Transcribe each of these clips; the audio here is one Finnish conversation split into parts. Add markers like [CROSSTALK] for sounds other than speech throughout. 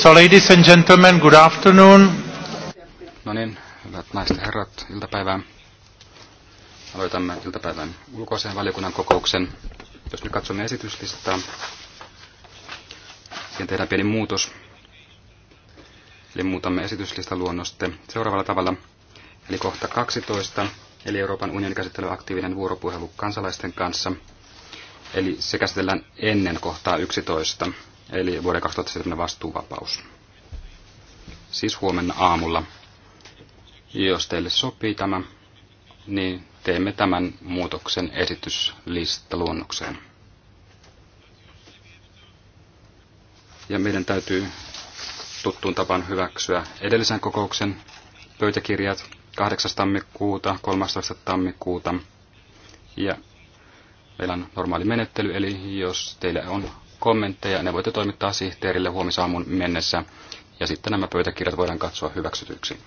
So ladies and gentlemen, good afternoon. No niin, hyvät naiset ja herrat, iltapäivää. Aloitamme iltapäivän ulkoisen valiokunnan kokouksen. Jos me katsomme esityslistaa, siihen tehdään pieni muutos. Eli muutamme esityslista luonnoste seuraavalla tavalla. Eli kohta 12, eli Euroopan unionin käsittely aktiivinen vuoropuhelu kansalaisten kanssa. Eli se käsitellään ennen kohtaa 11 eli vuoden 2007 vastuuvapaus. Siis huomenna aamulla. Jos teille sopii tämä, niin teemme tämän muutoksen esityslistaluonnokseen. Ja meidän täytyy tuttuun tapaan hyväksyä edellisen kokouksen pöytäkirjat 8. tammikuuta, 13. tammikuuta. Ja meillä on normaali menettely, eli jos teillä on kommentteja, ne voitte toimittaa sihteerille huomisaamun mennessä, ja sitten nämä pöytäkirjat voidaan katsoa hyväksytyksi.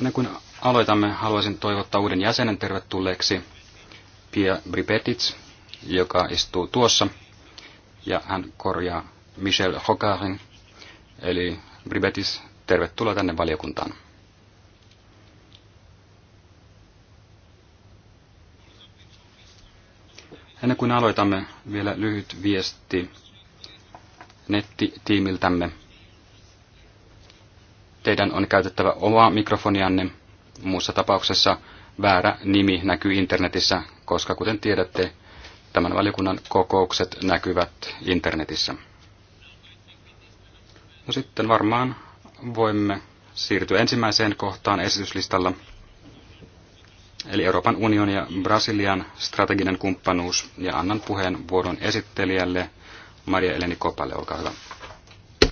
Ennen kuin aloitamme, haluaisin toivottaa uuden jäsenen tervetulleeksi, Pia Bripetic, joka istuu tuossa, ja hän korjaa Michel Hocarin, eli Bribetis, tervetuloa tänne valiokuntaan. Ennen kuin aloitamme, vielä lyhyt viesti nettitiimiltämme. Teidän on käytettävä omaa mikrofonianne. Muussa tapauksessa väärä nimi näkyy internetissä, koska kuten tiedätte, tämän valiokunnan kokoukset näkyvät internetissä. No sitten varmaan voimme siirtyä ensimmäiseen kohtaan esityslistalla eli Euroopan unionin ja Brasilian strateginen kumppanuus, ja annan puheen puheenvuoron esittelijälle Maria Eleni Kopalle, olkaa hyvä.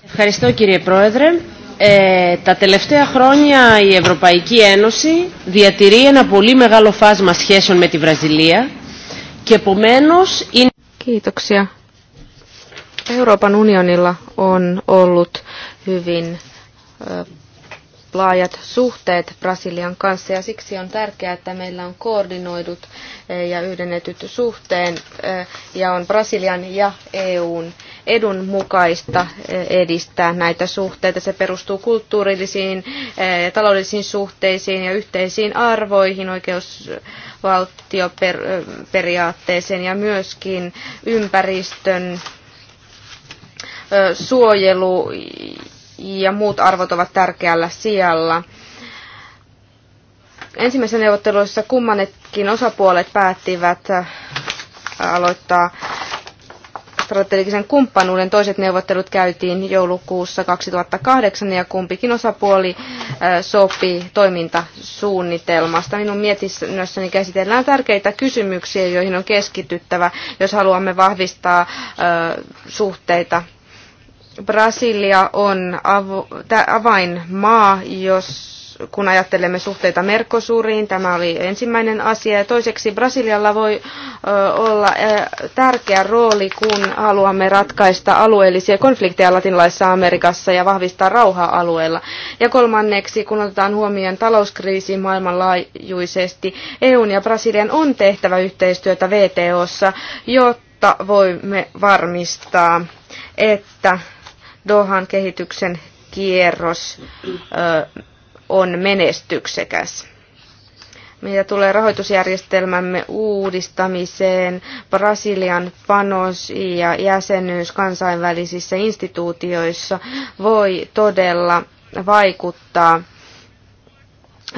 Ευχαριστώ κύριε Πρόεδρε. Ε, τα τελευταία χρόνια η Ευρωπαϊκή Ένωση διατηρεί ένα πολύ μεγάλο φάσμα σχέσεων με τη Βραζιλία και επομένως είναι... Κοίταξια. Euroopan unionilla on ollut hyvin laajat suhteet Brasilian kanssa ja siksi on tärkeää, että meillä on koordinoidut eh, ja yhdennetyt suhteen eh, ja on Brasilian ja EUn edun mukaista eh, edistää näitä suhteita. Se perustuu kulttuurillisiin ja taloudellisiin suhteisiin ja yhteisiin arvoihin, oikeusvaltioperiaatteeseen ja myöskin ympäristön suojelu ja muut arvot ovat tärkeällä sijalla. Ensimmäisessä neuvotteluissa kummanetkin osapuolet päättivät äh, aloittaa strategisen kumppanuuden. Toiset neuvottelut käytiin joulukuussa 2008 ja kumpikin osapuoli äh, sopi toimintasuunnitelmasta. Minun mietinnössäni käsitellään tärkeitä kysymyksiä, joihin on keskityttävä, jos haluamme vahvistaa äh, suhteita Brasilia on avainmaa, jos kun ajattelemme suhteita Mercosuriin, tämä oli ensimmäinen asia. Ja toiseksi Brasilialla voi olla tärkeä rooli, kun haluamme ratkaista alueellisia konflikteja Latinalaisessa Amerikassa ja vahvistaa rauhaa alueella. Ja kolmanneksi, kun otetaan huomioon talouskriisi maailmanlaajuisesti, EUn ja Brasilian on tehtävä yhteistyötä VTOssa, jotta voimme varmistaa, että Dohan kehityksen kierros on menestyksekäs. Mitä tulee rahoitusjärjestelmämme uudistamiseen, Brasilian panos ja jäsenyys kansainvälisissä instituutioissa voi todella vaikuttaa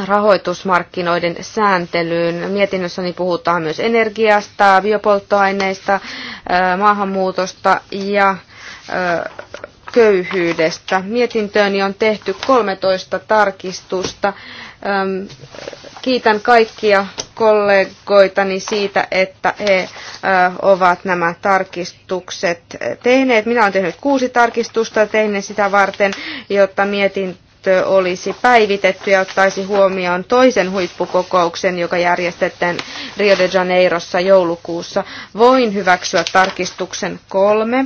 rahoitusmarkkinoiden sääntelyyn. Mietinnössäni puhutaan myös energiasta, biopolttoaineista, maahanmuutosta ja köyhyydestä. Mietintööni on tehty 13 tarkistusta. Kiitän kaikkia kollegoitani siitä, että he ovat nämä tarkistukset tehneet. Minä olen tehnyt kuusi tarkistusta tehnyt sitä varten, jotta mietin olisi päivitetty ja ottaisi huomioon toisen huippukokouksen, joka järjestetään Rio de Janeirossa joulukuussa. Voin hyväksyä tarkistuksen kolme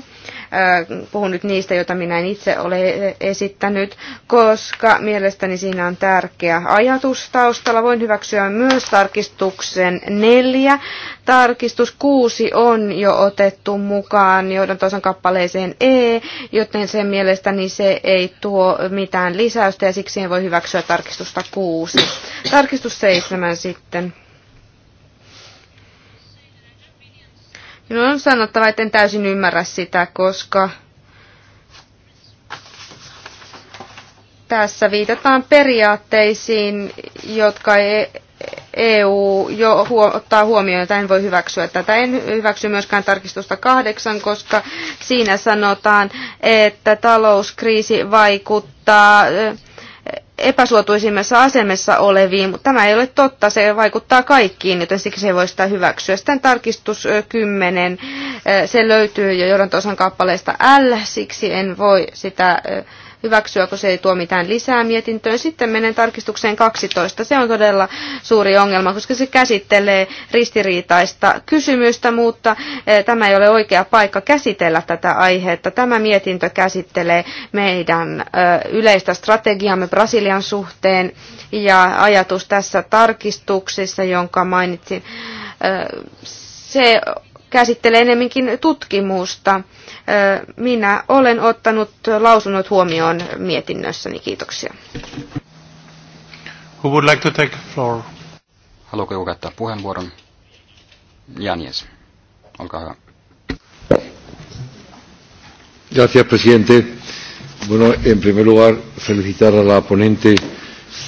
puhun nyt niistä, joita minä en itse ole esittänyt, koska mielestäni siinä on tärkeä ajatus taustalla. Voin hyväksyä myös tarkistuksen neljä. Tarkistus kuusi on jo otettu mukaan johdantosan kappaleeseen E, joten sen mielestäni se ei tuo mitään lisäystä ja siksi en voi hyväksyä tarkistusta kuusi. Tarkistus seitsemän sitten. Minun on sanottava, että en täysin ymmärrä sitä, koska tässä viitataan periaatteisiin, jotka EU e jo ottaa huomioon, että en voi hyväksyä tätä. En hyväksy myöskään tarkistusta kahdeksan, koska siinä sanotaan, että talouskriisi vaikuttaa epäsuotuisimmassa asemassa oleviin, mutta tämä ei ole totta, se vaikuttaa kaikkiin, joten siksi se voi sitä hyväksyä. Sitten tarkistus 10, se löytyy jo johdantosan kappaleesta L, siksi en voi sitä hyväksyä, kun se ei tuo mitään lisää mietintöön. Sitten menen tarkistukseen 12. Se on todella suuri ongelma, koska se käsittelee ristiriitaista kysymystä, mutta eh, tämä ei ole oikea paikka käsitellä tätä aihetta. Tämä mietintö käsittelee meidän eh, yleistä strategiamme Brasilian suhteen ja ajatus tässä tarkistuksessa, jonka mainitsin, eh, se käsittelee enemminkin tutkimusta. Minä olen ottanut lausunnot huomioon mietinnössäni. Kiitoksia. Who would like to take floor? Haluatko joku käyttää puheenvuoron? Janies, olkaa hyvä. Gracias, presidente. Bueno, en primer lugar, felicitar a la ponente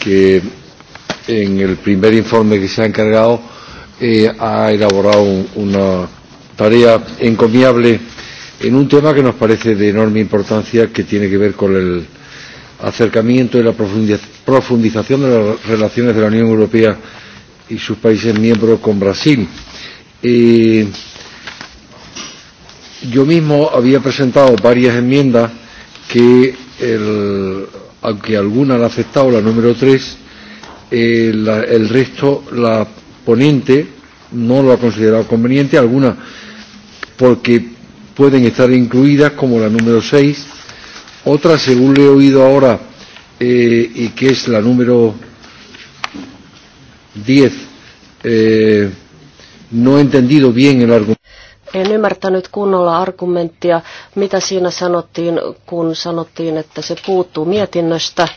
que en el primer informe que se ha encargado eh, ha elaborado un, una tarea encomiable en un tema que nos parece de enorme importancia, que tiene que ver con el acercamiento y la profundización de las relaciones de la Unión Europea y sus países miembros con Brasil. Eh, yo mismo había presentado varias enmiendas que, el, aunque algunas han aceptado, la número 3, eh, la, el resto, la ponente no lo ha considerado conveniente, algunas porque pueden estar incluidas como la número 6. Otra, según le he oído ahora, eh, y que es la número 10, eh, no he entendido bien el argumento. En ymmärtänyt kunnolla argumenttia, mitä siinä sanottiin, kun sanottiin, että se puuttuu mietinnöstä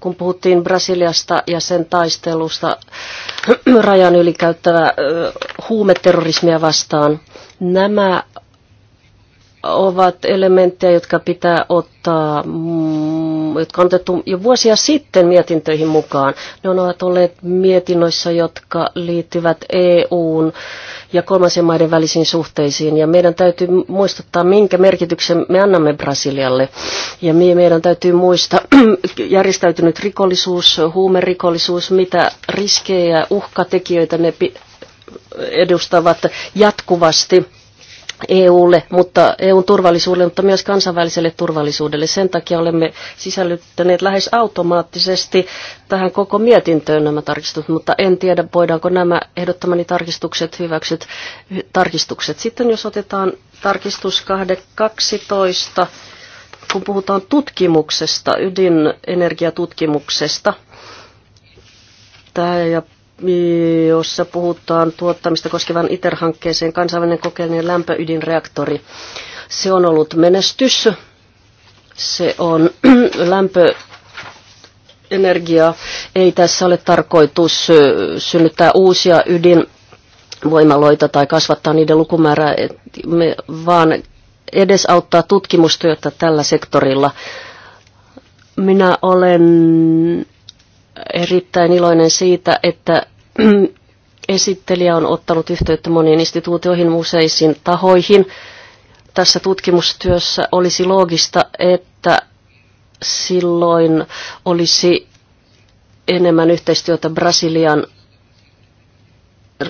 kun puhuttiin Brasiliasta ja sen taistelusta [CLEARS THROAT] rajan yli käyttävää huumeterrorismia vastaan. Nämä ovat elementtejä, jotka pitää ottaa, mm, jotka on otettu jo vuosia sitten mietintöihin mukaan. Ne ovat olleet mietinnöissä, jotka liittyvät EUn ja kolmansien maiden välisiin suhteisiin. Ja meidän täytyy muistuttaa, minkä merkityksen me annamme Brasilialle. Ja meidän täytyy muistaa [CLEARS THROAT] järjestäytynyt rikollisuus, huumerikollisuus, mitä riskejä ja uhkatekijöitä ne edustavat jatkuvasti EUlle, mutta EUn turvallisuudelle, mutta myös kansainväliselle turvallisuudelle. Sen takia olemme sisällyttäneet lähes automaattisesti tähän koko mietintöön nämä tarkistukset, mutta en tiedä voidaanko nämä ehdottamani tarkistukset hyväksyt tarkistukset. Sitten jos otetaan tarkistus 12, kun puhutaan tutkimuksesta, ydinenergiatutkimuksesta, tämä ja jossa puhutaan tuottamista koskevan ITER-hankkeeseen kansainvälinen kokeellinen lämpöydinreaktori. Se on ollut menestys. Se on [CLEARS THROAT] lämpö energiaa. Ei tässä ole tarkoitus synnyttää uusia ydinvoimaloita tai kasvattaa niiden lukumäärää, vaan edesauttaa tutkimustyötä tällä sektorilla. Minä olen erittäin iloinen siitä, että [CLEARS THROAT] esittelijä on ottanut yhteyttä moniin instituutioihin, museisiin tahoihin. Tässä tutkimustyössä olisi loogista, että silloin olisi enemmän yhteistyötä Brasilian,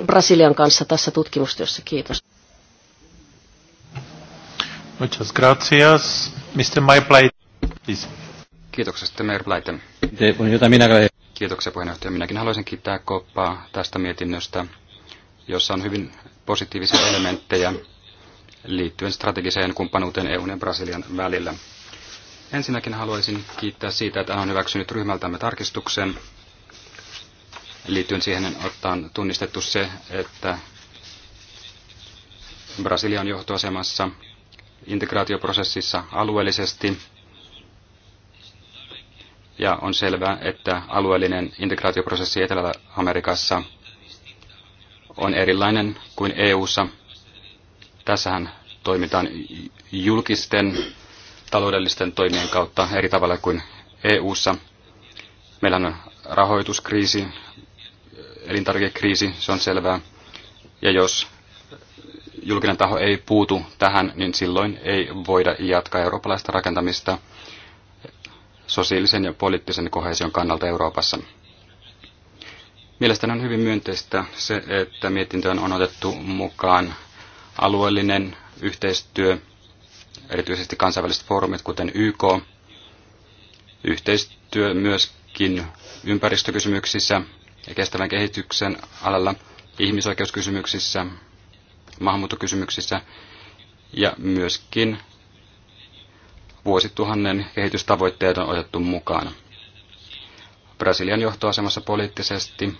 Brasilian kanssa tässä tutkimustyössä. Kiitos. Muchas gracias. Mr. Mayblaiten, please. Kiitoksia, Mr. Mayblaiten. Kiitoksia puheenjohtaja. Minäkin haluaisin kiittää Koppaa tästä mietinnöstä, jossa on hyvin positiivisia elementtejä liittyen strategiseen kumppanuuteen EUn ja Brasilian välillä. Ensinnäkin haluaisin kiittää siitä, että hän on hyväksynyt ryhmältämme tarkistuksen. Liittyen siihen ottaan tunnistettu se, että Brasilian johtoasemassa integraatioprosessissa alueellisesti ja on selvää, että alueellinen integraatioprosessi Etelä-Amerikassa on erilainen kuin EU:ssa. Tässähän toimitaan julkisten taloudellisten toimien kautta eri tavalla kuin EU:ssa. Meillä on rahoituskriisi, elintarvikekriisi, se on selvää. Ja jos julkinen taho ei puutu tähän, niin silloin ei voida jatkaa eurooppalaista rakentamista sosiaalisen ja poliittisen kohesion kannalta Euroopassa. Mielestäni on hyvin myönteistä se, että mietintöön on otettu mukaan alueellinen yhteistyö, erityisesti kansainväliset foorumit, kuten YK, yhteistyö myöskin ympäristökysymyksissä ja kestävän kehityksen alalla, ihmisoikeuskysymyksissä, maahanmuuttokysymyksissä ja myöskin vuosituhannen kehitystavoitteet on otettu mukaan. Brasilian johtoasemassa poliittisesti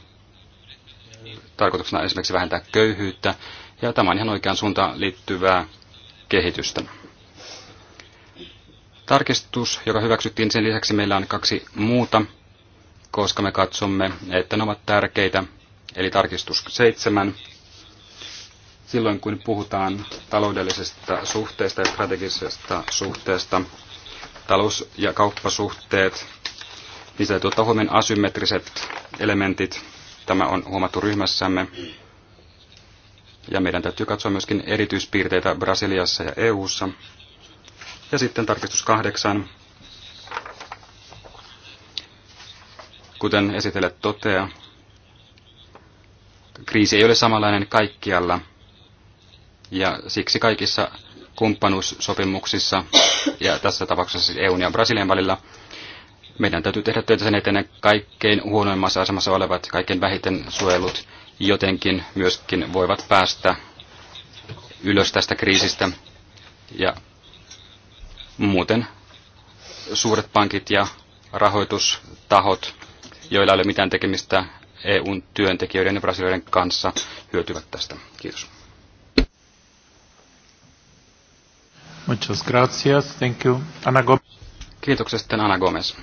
tarkoituksena on esimerkiksi vähentää köyhyyttä, ja tämä on ihan oikean suuntaan liittyvää kehitystä. Tarkistus, joka hyväksyttiin sen lisäksi, meillä on kaksi muuta, koska me katsomme, että ne ovat tärkeitä, eli tarkistus 7 silloin, kun puhutaan taloudellisesta suhteesta ja strategisesta suhteesta, talous- ja kauppasuhteet, niin täytyy ottaa huomioon asymmetriset elementit. Tämä on huomattu ryhmässämme. Ja meidän täytyy katsoa myöskin erityispiirteitä Brasiliassa ja EU:ssa. Ja sitten tarkistus kahdeksan. Kuten esitellet toteaa, kriisi ei ole samanlainen kaikkialla – ja siksi kaikissa kumppanuussopimuksissa, ja tässä tapauksessa siis EUn ja Brasilian välillä, meidän täytyy tehdä töitä sen eteen, kaikkein huonoimmassa asemassa olevat, kaikkein vähiten suojelut jotenkin myöskin voivat päästä ylös tästä kriisistä. Ja muuten suuret pankit ja rahoitustahot, joilla ei ole mitään tekemistä EUn työntekijöiden ja brasilijoiden kanssa, hyötyvät tästä. Kiitos. Muchas gracias. Thank you. Ana Gomes. Kiitoksia sitten Ana Gomes.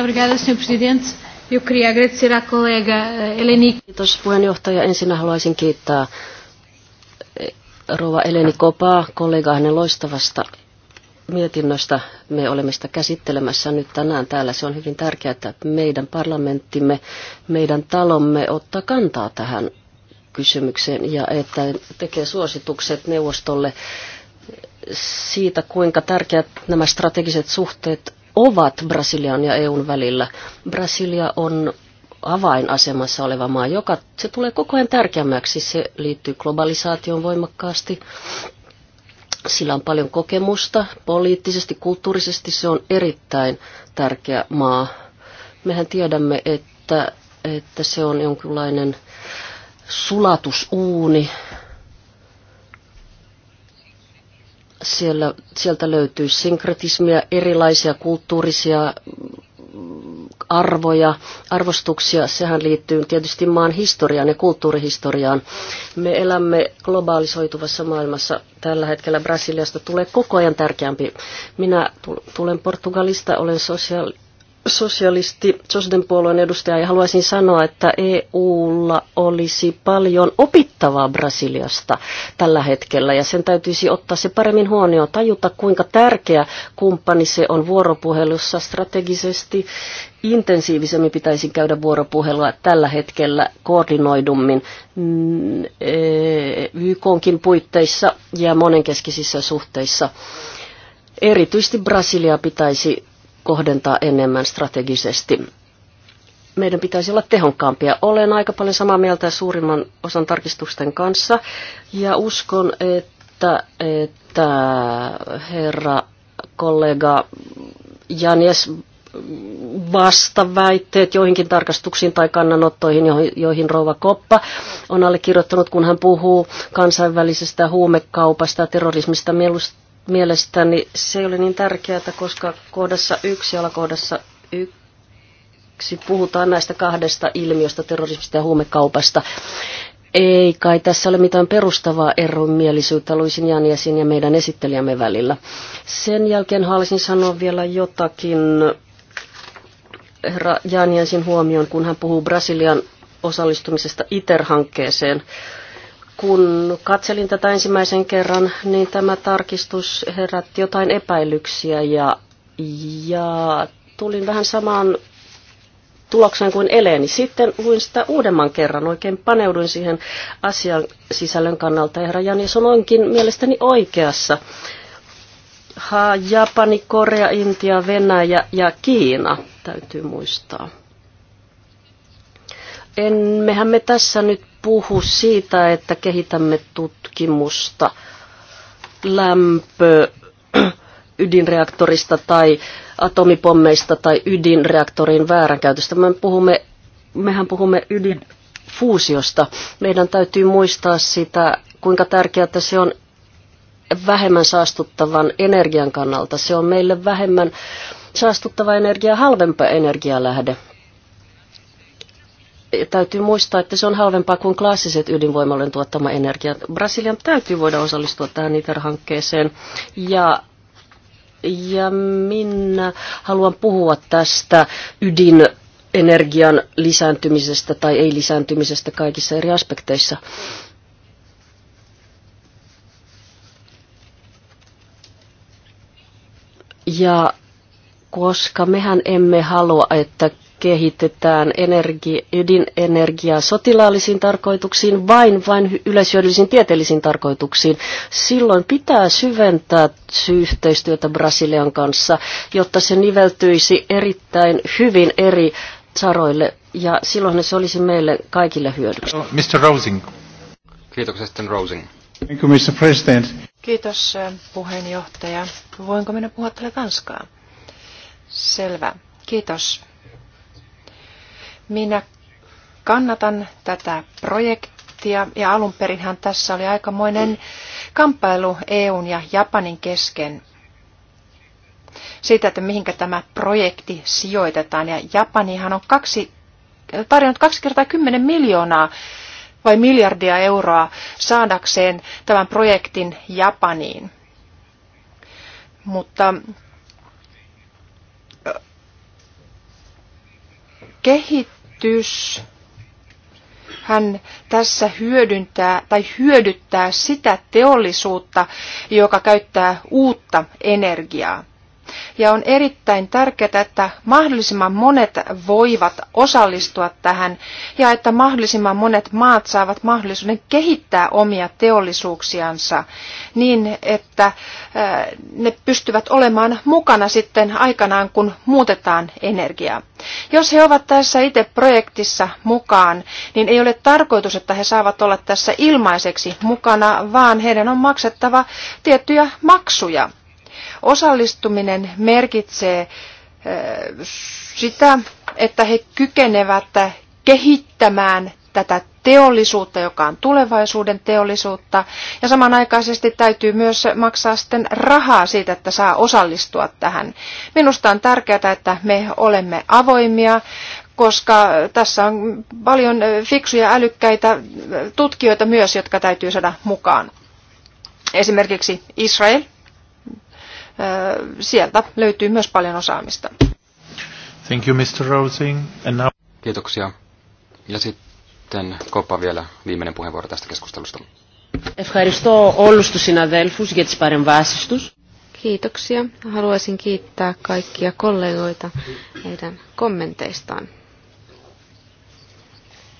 Obrigada, senhor presidente. Eu queria agradecer à colega eh, Eleni. Kiitos puheenjohtaja. Ensin haluaisin kiittää eh, rouva Eleni Kopaa, kollega hänen loistavasta mietinnöstä me olemme sitä käsittelemässä nyt tänään täällä. Se on hyvin tärkeää, että meidän parlamenttimme, meidän talomme ottaa kantaa tähän kysymykseen ja että tekee suositukset neuvostolle siitä, kuinka tärkeät nämä strategiset suhteet ovat Brasilian ja EUn välillä. Brasilia on avainasemassa oleva maa, joka se tulee koko ajan tärkeämmäksi. Se liittyy globalisaation voimakkaasti. Sillä on paljon kokemusta poliittisesti, kulttuurisesti. Se on erittäin tärkeä maa. Mehän tiedämme, että, että se on jonkinlainen sulatusuuni Siellä, sieltä löytyy synkretismia, erilaisia kulttuurisia mm, arvoja, arvostuksia. Sehän liittyy tietysti maan historiaan ja kulttuurihistoriaan. Me elämme globaalisoituvassa maailmassa. Tällä hetkellä Brasiliasta tulee koko ajan tärkeämpi. Minä tulen Portugalista, olen sosiaali sosialisti, sosiaalisen puolueen edustaja ja haluaisin sanoa, että EUlla olisi paljon opittavaa Brasiliasta tällä hetkellä ja sen täytyisi ottaa se paremmin huomioon, tajuta kuinka tärkeä kumppani se on vuoropuhelussa strategisesti. Intensiivisemmin pitäisi käydä vuoropuhelua tällä hetkellä koordinoidummin mm, e, YKonkin puitteissa ja monenkeskisissä suhteissa. Erityisesti Brasilia pitäisi kohdentaa enemmän strategisesti. Meidän pitäisi olla tehonkaampia. Olen aika paljon samaa mieltä suurimman osan tarkistusten kanssa ja uskon, että, että herra kollega Janes vastaväitteet joihinkin tarkastuksiin tai kannanottoihin, joihin Rouva Koppa on allekirjoittanut, kun hän puhuu kansainvälisestä huumekaupasta ja terrorismista mielestäni se ei ole niin tärkeää, koska kohdassa yksi, alakohdassa yksi puhutaan näistä kahdesta ilmiöstä, terrorismista ja huumekaupasta. Ei kai tässä ole mitään perustavaa mielisyyttä Luisin Janiesin ja meidän esittelijämme välillä. Sen jälkeen haluaisin sanoa vielä jotakin herra Janiesin huomioon, kun hän puhuu Brasilian osallistumisesta ITER-hankkeeseen kun katselin tätä ensimmäisen kerran, niin tämä tarkistus herätti jotain epäilyksiä ja, ja tulin vähän samaan tulokseen kuin Eleni. Sitten luin sitä uudemman kerran, oikein paneuduin siihen asian sisällön kannalta ja herra Jani onkin mielestäni oikeassa. Ha, Japani, Korea, Intia, Venäjä ja Kiina täytyy muistaa. En, mehän me tässä nyt puhu siitä, että kehitämme tutkimusta lämpö ydinreaktorista tai atomipommeista tai ydinreaktorin vääränkäytöstä. Me puhumme, mehän puhumme ydinfuusiosta. Meidän täytyy muistaa sitä, kuinka tärkeää että se on vähemmän saastuttavan energian kannalta. Se on meille vähemmän saastuttava energia, halvempa energialähde täytyy muistaa, että se on halvempaa kuin klassiset ydinvoimalojen tuottama energia. Brasilian täytyy voida osallistua tähän ITER-hankkeeseen. Ja, ja minä haluan puhua tästä ydin energian lisääntymisestä tai ei-lisääntymisestä kaikissa eri aspekteissa. Ja koska mehän emme halua, että kehitetään energi- ydinenergiaa sotilaallisiin tarkoituksiin, vain, vain yleishyödyllisiin tieteellisiin tarkoituksiin. Silloin pitää syventää yhteistyötä Brasilian kanssa, jotta se niveltyisi erittäin hyvin eri saroille, ja silloin se olisi meille kaikille hyödyksi. Oh, Mr. Rosing. Kiitoksia sitten Rosing. Thank you, Mr. President. Kiitos eh, puheenjohtaja. Voinko minä puhua tälle Tanskaa? Selvä. Kiitos. Minä kannatan tätä projektia ja alun perinhan tässä oli aikamoinen kamppailu EUn ja Japanin kesken siitä, että mihinkä tämä projekti sijoitetaan. Ja Japanihan on kaksi, tarjonnut kaksi kertaa kymmenen miljoonaa vai miljardia euroa saadakseen tämän projektin Japaniin. Mutta kehit yritys, hän tässä hyödyntää tai hyödyttää sitä teollisuutta, joka käyttää uutta energiaa. Ja on erittäin tärkeää, että mahdollisimman monet voivat osallistua tähän ja että mahdollisimman monet maat saavat mahdollisuuden kehittää omia teollisuuksiansa niin, että äh, ne pystyvät olemaan mukana sitten aikanaan, kun muutetaan energiaa. Jos he ovat tässä itse projektissa mukaan, niin ei ole tarkoitus, että he saavat olla tässä ilmaiseksi mukana, vaan heidän on maksettava tiettyjä maksuja. Osallistuminen merkitsee eh, sitä, että he kykenevät kehittämään tätä teollisuutta, joka on tulevaisuuden teollisuutta, ja samanaikaisesti täytyy myös maksaa sitten rahaa siitä, että saa osallistua tähän. Minusta on tärkeää, että me olemme avoimia, koska tässä on paljon eh, fiksuja, älykkäitä eh, tutkijoita myös, jotka täytyy saada mukaan. Esimerkiksi Israel sieltä löytyy myös paljon osaamista. Thank you, Mr. Rosing. And now... Kiitoksia. Ja sitten Koppa vielä viimeinen puheenvuoro tästä keskustelusta. Kiitoksia. Haluaisin kiittää kaikkia kollegoita heidän kommenteistaan.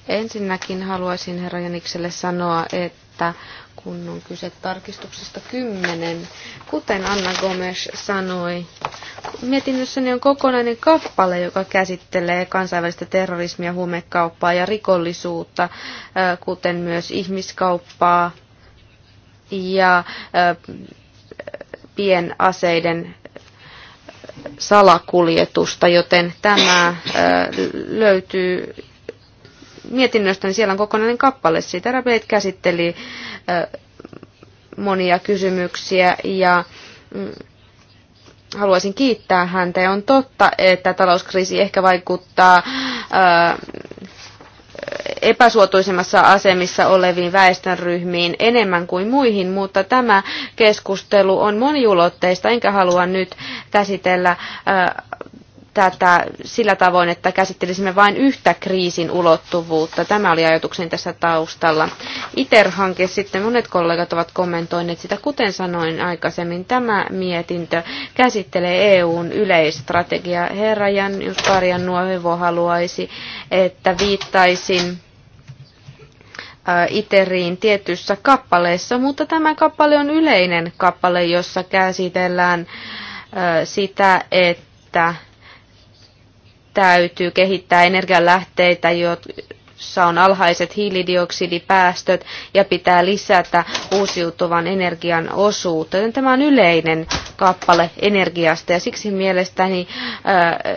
Ensinnäkin haluaisin herra Janikselle sanoa, että kun on kyse tarkistuksesta kymmenen, kuten Anna Gomes sanoi, mietinnössäni on kokonainen kappale, joka käsittelee kansainvälistä terrorismia, huumekauppaa ja rikollisuutta, kuten myös ihmiskauppaa ja pienaseiden salakuljetusta, joten tämä löytyy mietinnöstä, niin siellä on kokonainen kappale siitä. Rabeit käsitteli monia kysymyksiä ja mm, haluaisin kiittää häntä. Ja on totta, että talouskriisi ehkä vaikuttaa epäsuotuisemmassa asemissa oleviin väestönryhmiin enemmän kuin muihin, mutta tämä keskustelu on moniulotteista, enkä halua nyt käsitellä tätä sillä tavoin, että käsittelisimme vain yhtä kriisin ulottuvuutta. Tämä oli ajatuksen tässä taustalla. ITER-hanke sitten monet kollegat ovat kommentoineet sitä, kuten sanoin aikaisemmin, tämä mietintö käsittelee EUn yleistrategiaa. Herra Jan Juskarjan Nuohivo haluaisi, että viittaisin äh, ITERiin tietyssä kappaleessa, mutta tämä kappale on yleinen kappale, jossa käsitellään äh, sitä, että täytyy kehittää energialähteitä, joissa on alhaiset hiilidioksidipäästöt ja pitää lisätä uusiutuvan energian osuutta. Joten tämä on yleinen kappale energiasta ja siksi mielestäni äh,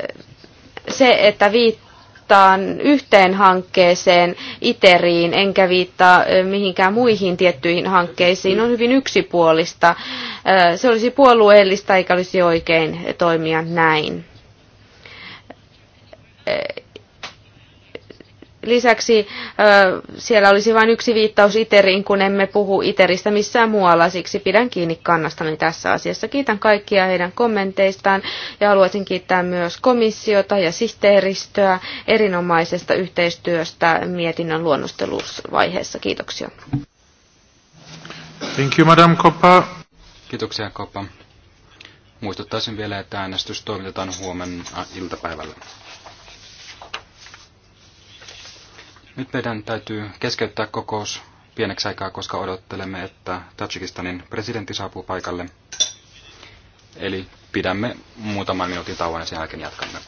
se, että viittaan yhteen hankkeeseen, ITERiin, enkä viittaa äh, mihinkään muihin tiettyihin hankkeisiin, on hyvin yksipuolista. Äh, se olisi puolueellista eikä olisi oikein toimia näin. Lisäksi siellä olisi vain yksi viittaus ITERiin, kun emme puhu ITERistä missään muualla, siksi pidän kiinni kannastani tässä asiassa. Kiitän kaikkia heidän kommenteistaan ja haluaisin kiittää myös komissiota ja sihteeristöä erinomaisesta yhteistyöstä mietinnön luonnostelusvaiheessa. Kiitoksia. Thank you, Madam Koppa. Kiitoksia, Koppa. Muistuttaisin vielä, että äänestys toimitetaan huomenna iltapäivällä. Nyt meidän täytyy keskeyttää kokous pieneksi aikaa, koska odottelemme, että Tajikistanin presidentti saapuu paikalle. Eli pidämme muutaman minuutin tauon ja sen jälkeen jatkamme.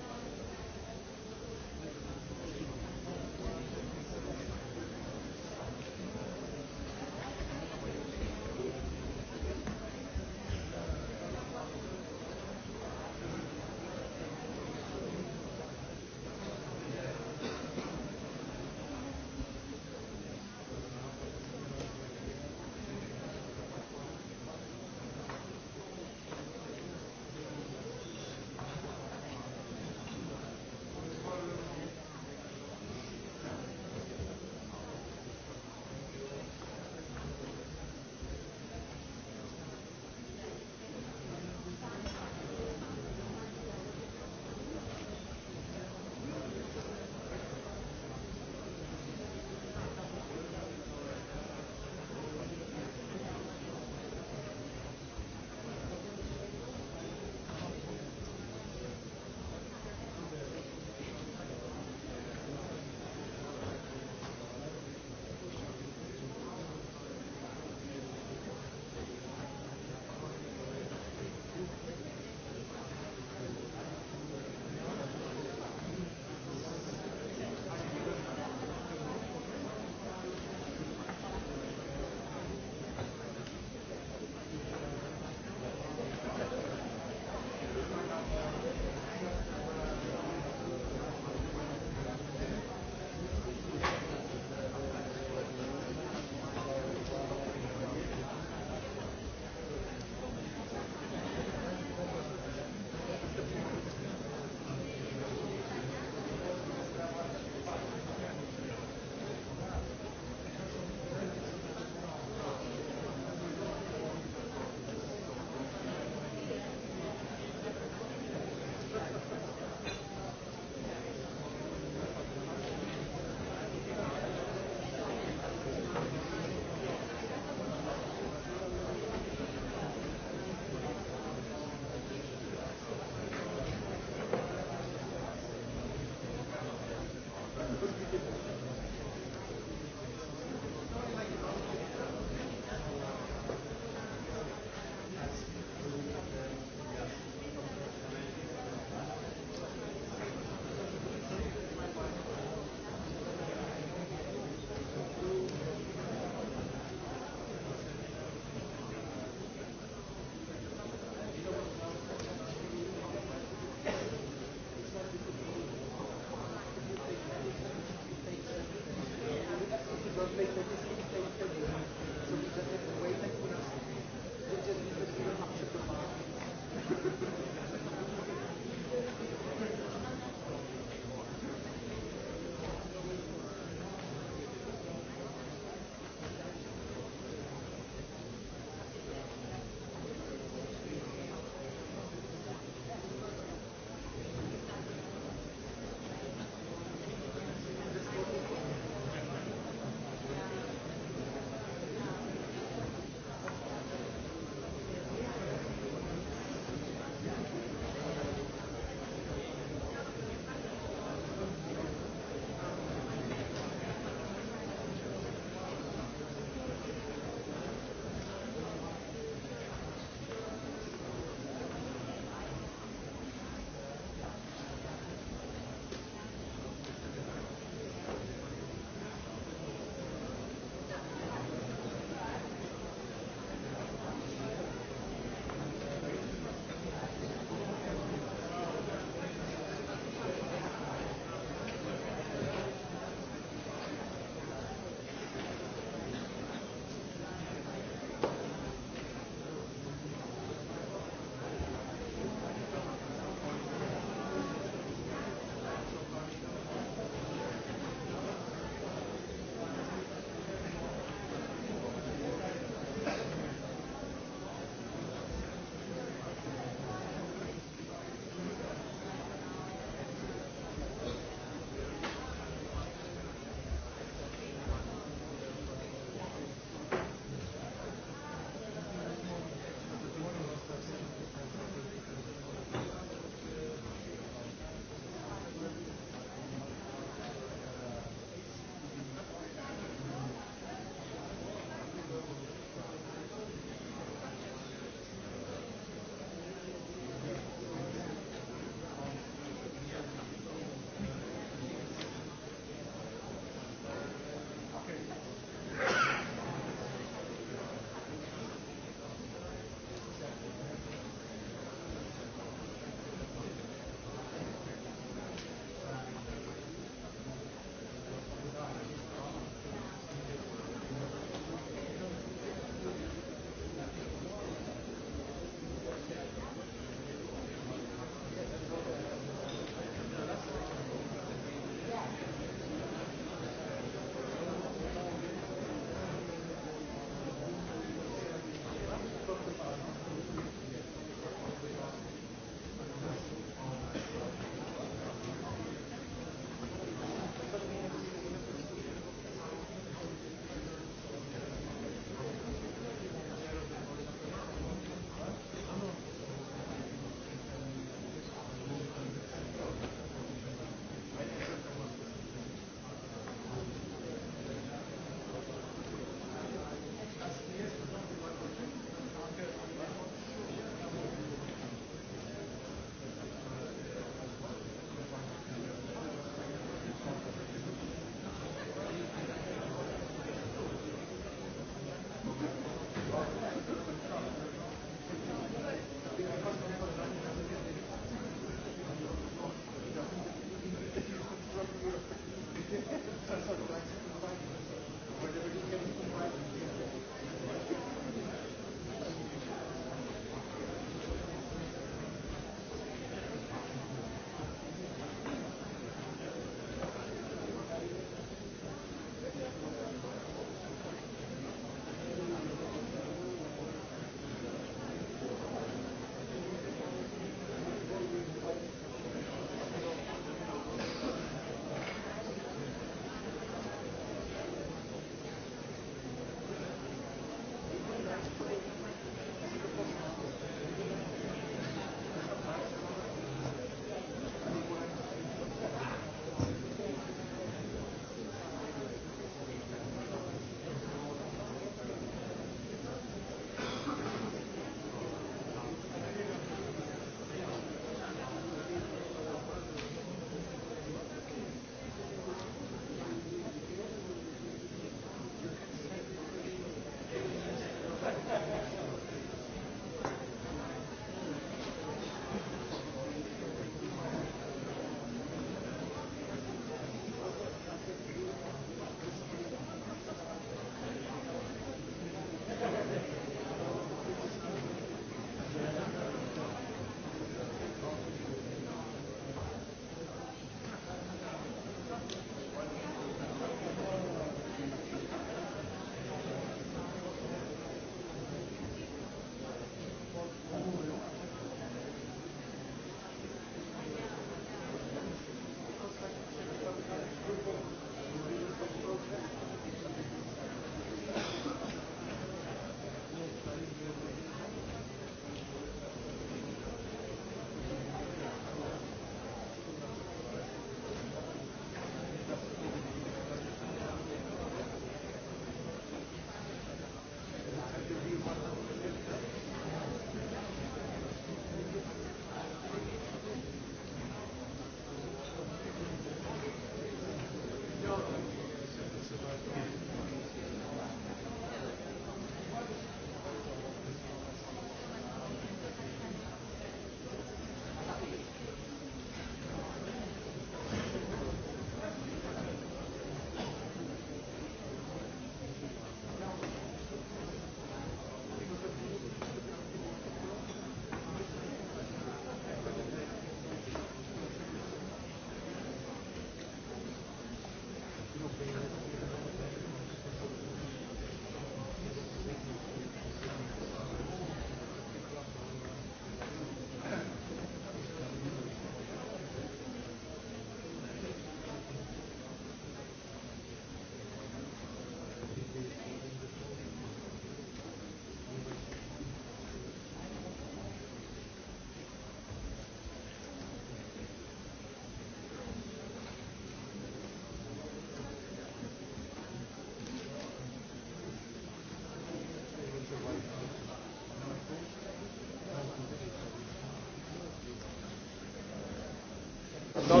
No,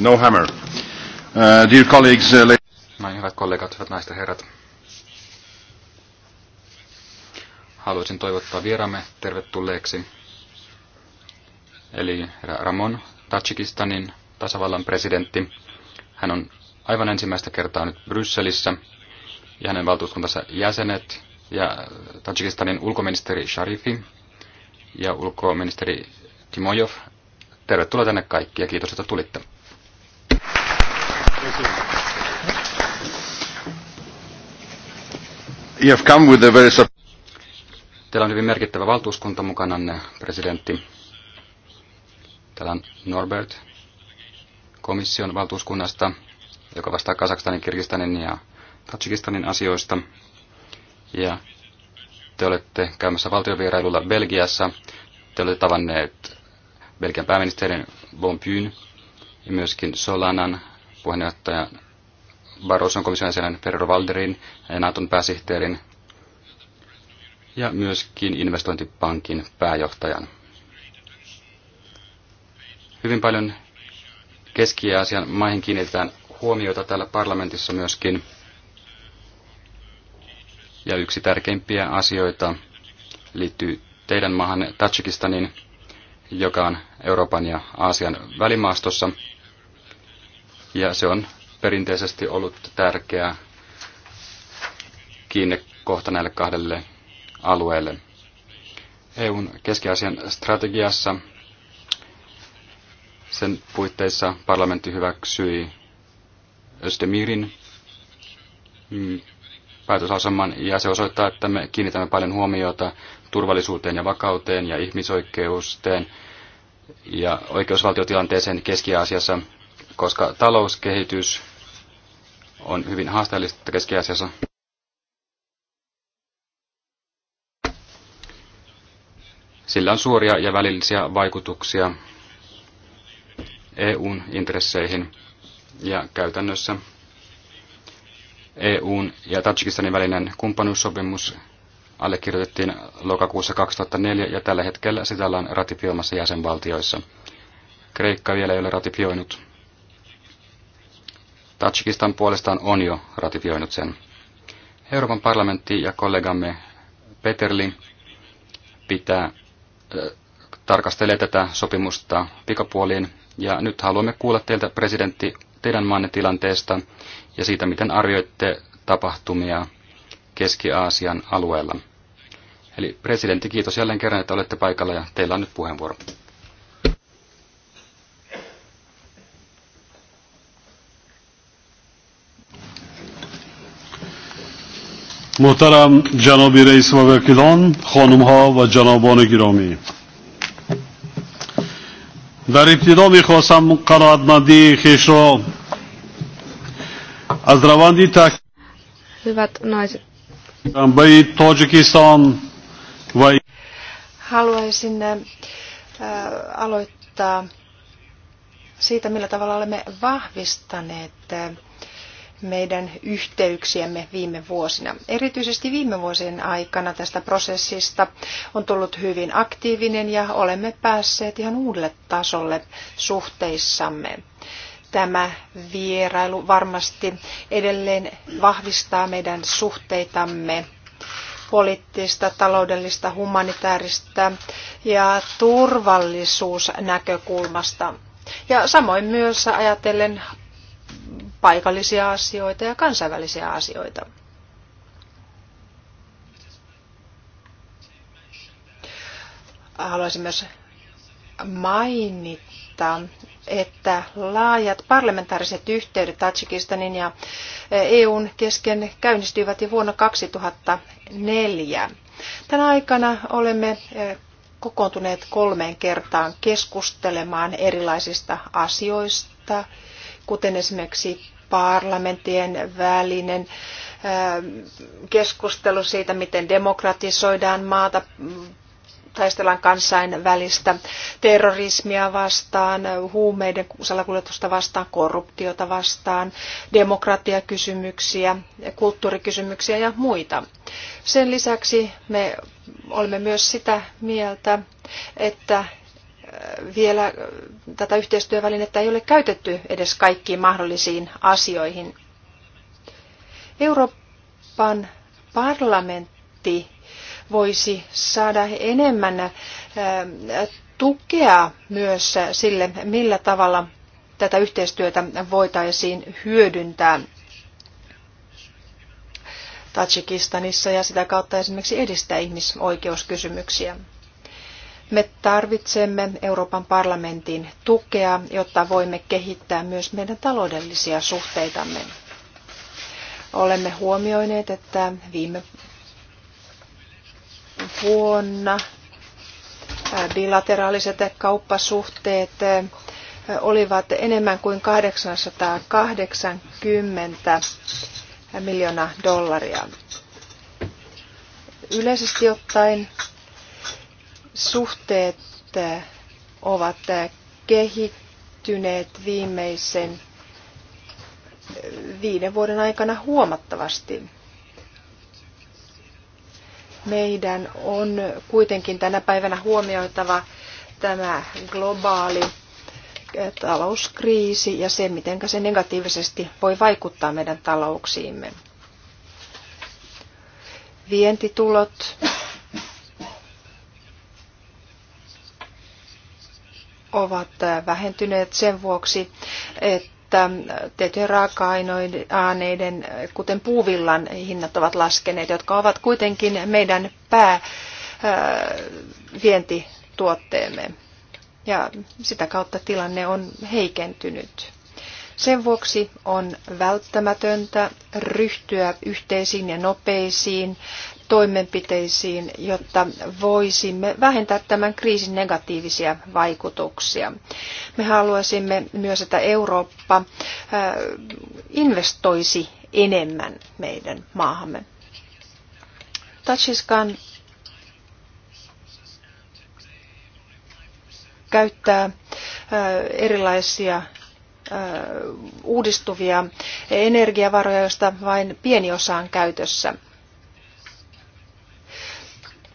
no, hammer. Uh, dear colleagues, uh, Näin hyvät kollegat, hyvät naiset ja herrat. haluaisin toivottaa vieramme tervetulleeksi, eli Ramon Tajikistanin tasavallan presidentti. Hän on aivan ensimmäistä kertaa nyt Brysselissä, ja hänen valtuuskuntansa jäsenet ja Tajikistanin ulkoministeri Sharifi ja ulkoministeri Timojov. Tervetuloa tänne kaikki ja kiitos, että tulitte. You have come with a very Teillä on hyvin merkittävä valtuuskunta mukananne, presidentti. Täällä on Norbert komission valtuuskunnasta, joka vastaa Kazakstanin, Kirgistanin ja Tatsikistanin asioista. Ja te olette käymässä valtiovierailulla Belgiassa. Te olette tavanneet Belgian pääministerin Von Bonpyn ja myöskin Solanan puheenjohtajan Barroson komission jäsenen Ferro Valderin ja Naton pääsihteerin ja myöskin investointipankin pääjohtajan. Hyvin paljon Keski- ja Aasian maihin kiinnitetään huomiota täällä parlamentissa myöskin. Ja yksi tärkeimpiä asioita liittyy teidän maahan Tajikistanin, joka on Euroopan ja Aasian välimaastossa. Ja se on perinteisesti ollut tärkeä kiinnekohta näille kahdelle alueelle. EUn keskiasian strategiassa sen puitteissa parlamentti hyväksyi Östemirin mm, päätösaseman ja se osoittaa, että me kiinnitämme paljon huomiota turvallisuuteen ja vakauteen ja ihmisoikeusteen ja oikeusvaltiotilanteeseen Keski-Aasiassa, koska talouskehitys on hyvin haasteellista Keski-Aasiassa. Sillä on suoria ja välillisiä vaikutuksia EUn intresseihin ja käytännössä EUn ja Tajikistanin välinen kumppanuussopimus allekirjoitettiin lokakuussa 2004 ja tällä hetkellä sitä ollaan ratifioimassa jäsenvaltioissa. Kreikka vielä ei ole ratifioinut. Tajikistan puolestaan on jo ratifioinut sen. Euroopan parlamentti ja kollegamme Peterli pitää tarkastelee tätä sopimusta pikapuoliin. Ja nyt haluamme kuulla teiltä, presidentti, teidän maanne tilanteesta ja siitä, miten arvioitte tapahtumia Keski-Aasian alueella. Eli presidentti, kiitos jälleen kerran, että olette paikalla ja teillä on nyt puheenvuoro. محترم جناب رئیس و وکیلان خانم ها و جنابان گرامی در ابتدا میخواستم قناعتمندی خیش را از رواندی تک Hyvät naiset. Tajikistan vai... Haluaisin äh, aloittaa siitä, millä tavalla olemme vahvistaneet äh, meidän yhteyksiämme viime vuosina. Erityisesti viime vuosien aikana tästä prosessista on tullut hyvin aktiivinen ja olemme päässeet ihan uudelle tasolle suhteissamme. Tämä vierailu varmasti edelleen vahvistaa meidän suhteitamme poliittista, taloudellista, humanitaarista ja turvallisuusnäkökulmasta. Ja samoin myös ajatellen paikallisia asioita ja kansainvälisiä asioita. Haluaisin myös mainita, että laajat parlamentaariset yhteydet Tajikistanin ja EUn kesken käynnistyivät jo vuonna 2004. Tänä aikana olemme eh, kokoontuneet kolmeen kertaan keskustelemaan erilaisista asioista, kuten esimerkiksi parlamenttien välinen ähm, keskustelu siitä, miten demokratisoidaan maata, taistellaan kansainvälistä terrorismia vastaan, huumeiden salakuljetusta vastaan, korruptiota vastaan, demokratiakysymyksiä, kulttuurikysymyksiä ja muita. Sen lisäksi me olemme myös sitä mieltä, että vielä tätä yhteistyövälinettä ei ole käytetty edes kaikkiin mahdollisiin asioihin. Euroopan parlamentti voisi saada enemmän tukea myös sille, millä tavalla tätä yhteistyötä voitaisiin hyödyntää Tajikistanissa ja sitä kautta esimerkiksi edistää ihmisoikeuskysymyksiä. Me tarvitsemme Euroopan parlamentin tukea, jotta voimme kehittää myös meidän taloudellisia suhteitamme. Olemme huomioineet, että viime vuonna bilateraaliset kauppasuhteet olivat enemmän kuin 880 miljoonaa dollaria. Yleisesti ottaen suhteet eh, ovat eh, kehittyneet viimeisen eh, viiden vuoden aikana huomattavasti. Meidän on kuitenkin tänä päivänä huomioitava tämä globaali talouskriisi ja se, miten se negatiivisesti voi vaikuttaa meidän talouksiimme. Vientitulot ovat vähentyneet sen vuoksi, että tiettyjen raaka-aineiden, kuten puuvillan, hinnat ovat laskeneet, jotka ovat kuitenkin meidän päävientituotteemme. Ja sitä kautta tilanne on heikentynyt. Sen vuoksi on välttämätöntä ryhtyä yhteisiin ja nopeisiin toimenpiteisiin, jotta voisimme vähentää tämän kriisin negatiivisia vaikutuksia. Me haluaisimme myös, että Eurooppa äh, investoisi enemmän meidän maahamme. Tatsiskan käyttää äh, erilaisia äh, uudistuvia energiavaroja, joista vain pieni osa on käytössä –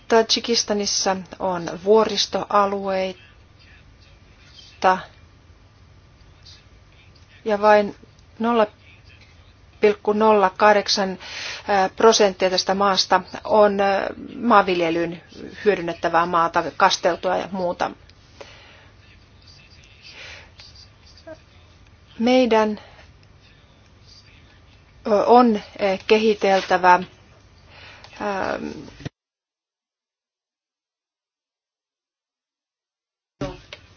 Tajikistanissa on vuoristoalueita ja vain 0,08 prosenttia tästä maasta on maanviljelyyn hyödynnettävää maata, kasteltua ja muuta. Meidän on kehiteltävä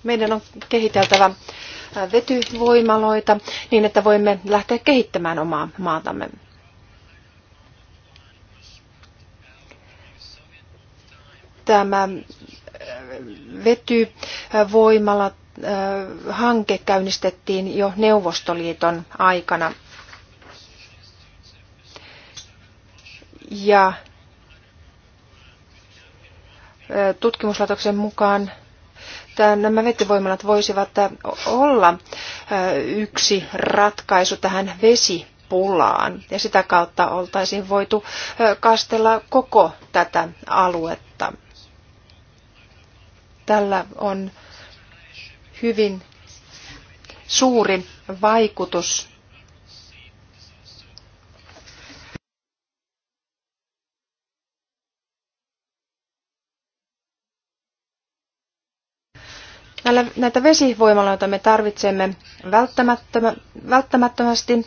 Meidän on kehiteltävä vetyvoimaloita niin, että voimme lähteä kehittämään omaa maatamme. Tämä vetyvoimala hanke käynnistettiin jo Neuvostoliiton aikana. Ja tutkimuslaitoksen mukaan nämä vetyvoimalat voisivat olla yksi ratkaisu tähän vesipulaan ja sitä kautta oltaisiin voitu kastella koko tätä aluetta. Tällä on hyvin suuri vaikutus Näillä, näitä vesivoimaloita me tarvitsemme välttämättömä, välttämättömästi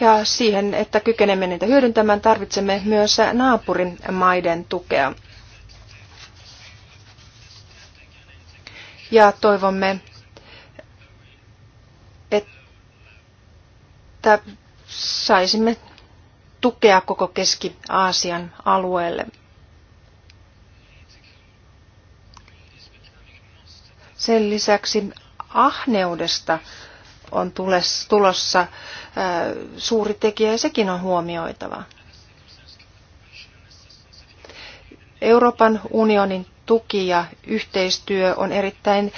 ja siihen, että kykenemme niitä hyödyntämään, tarvitsemme myös naapurin maiden tukea. Ja toivomme, että saisimme tukea koko Keski-Aasian alueelle. Sen lisäksi ahneudesta on tulossa äh, suuri tekijä ja sekin on huomioitava. Euroopan unionin tuki ja yhteistyö on erittäin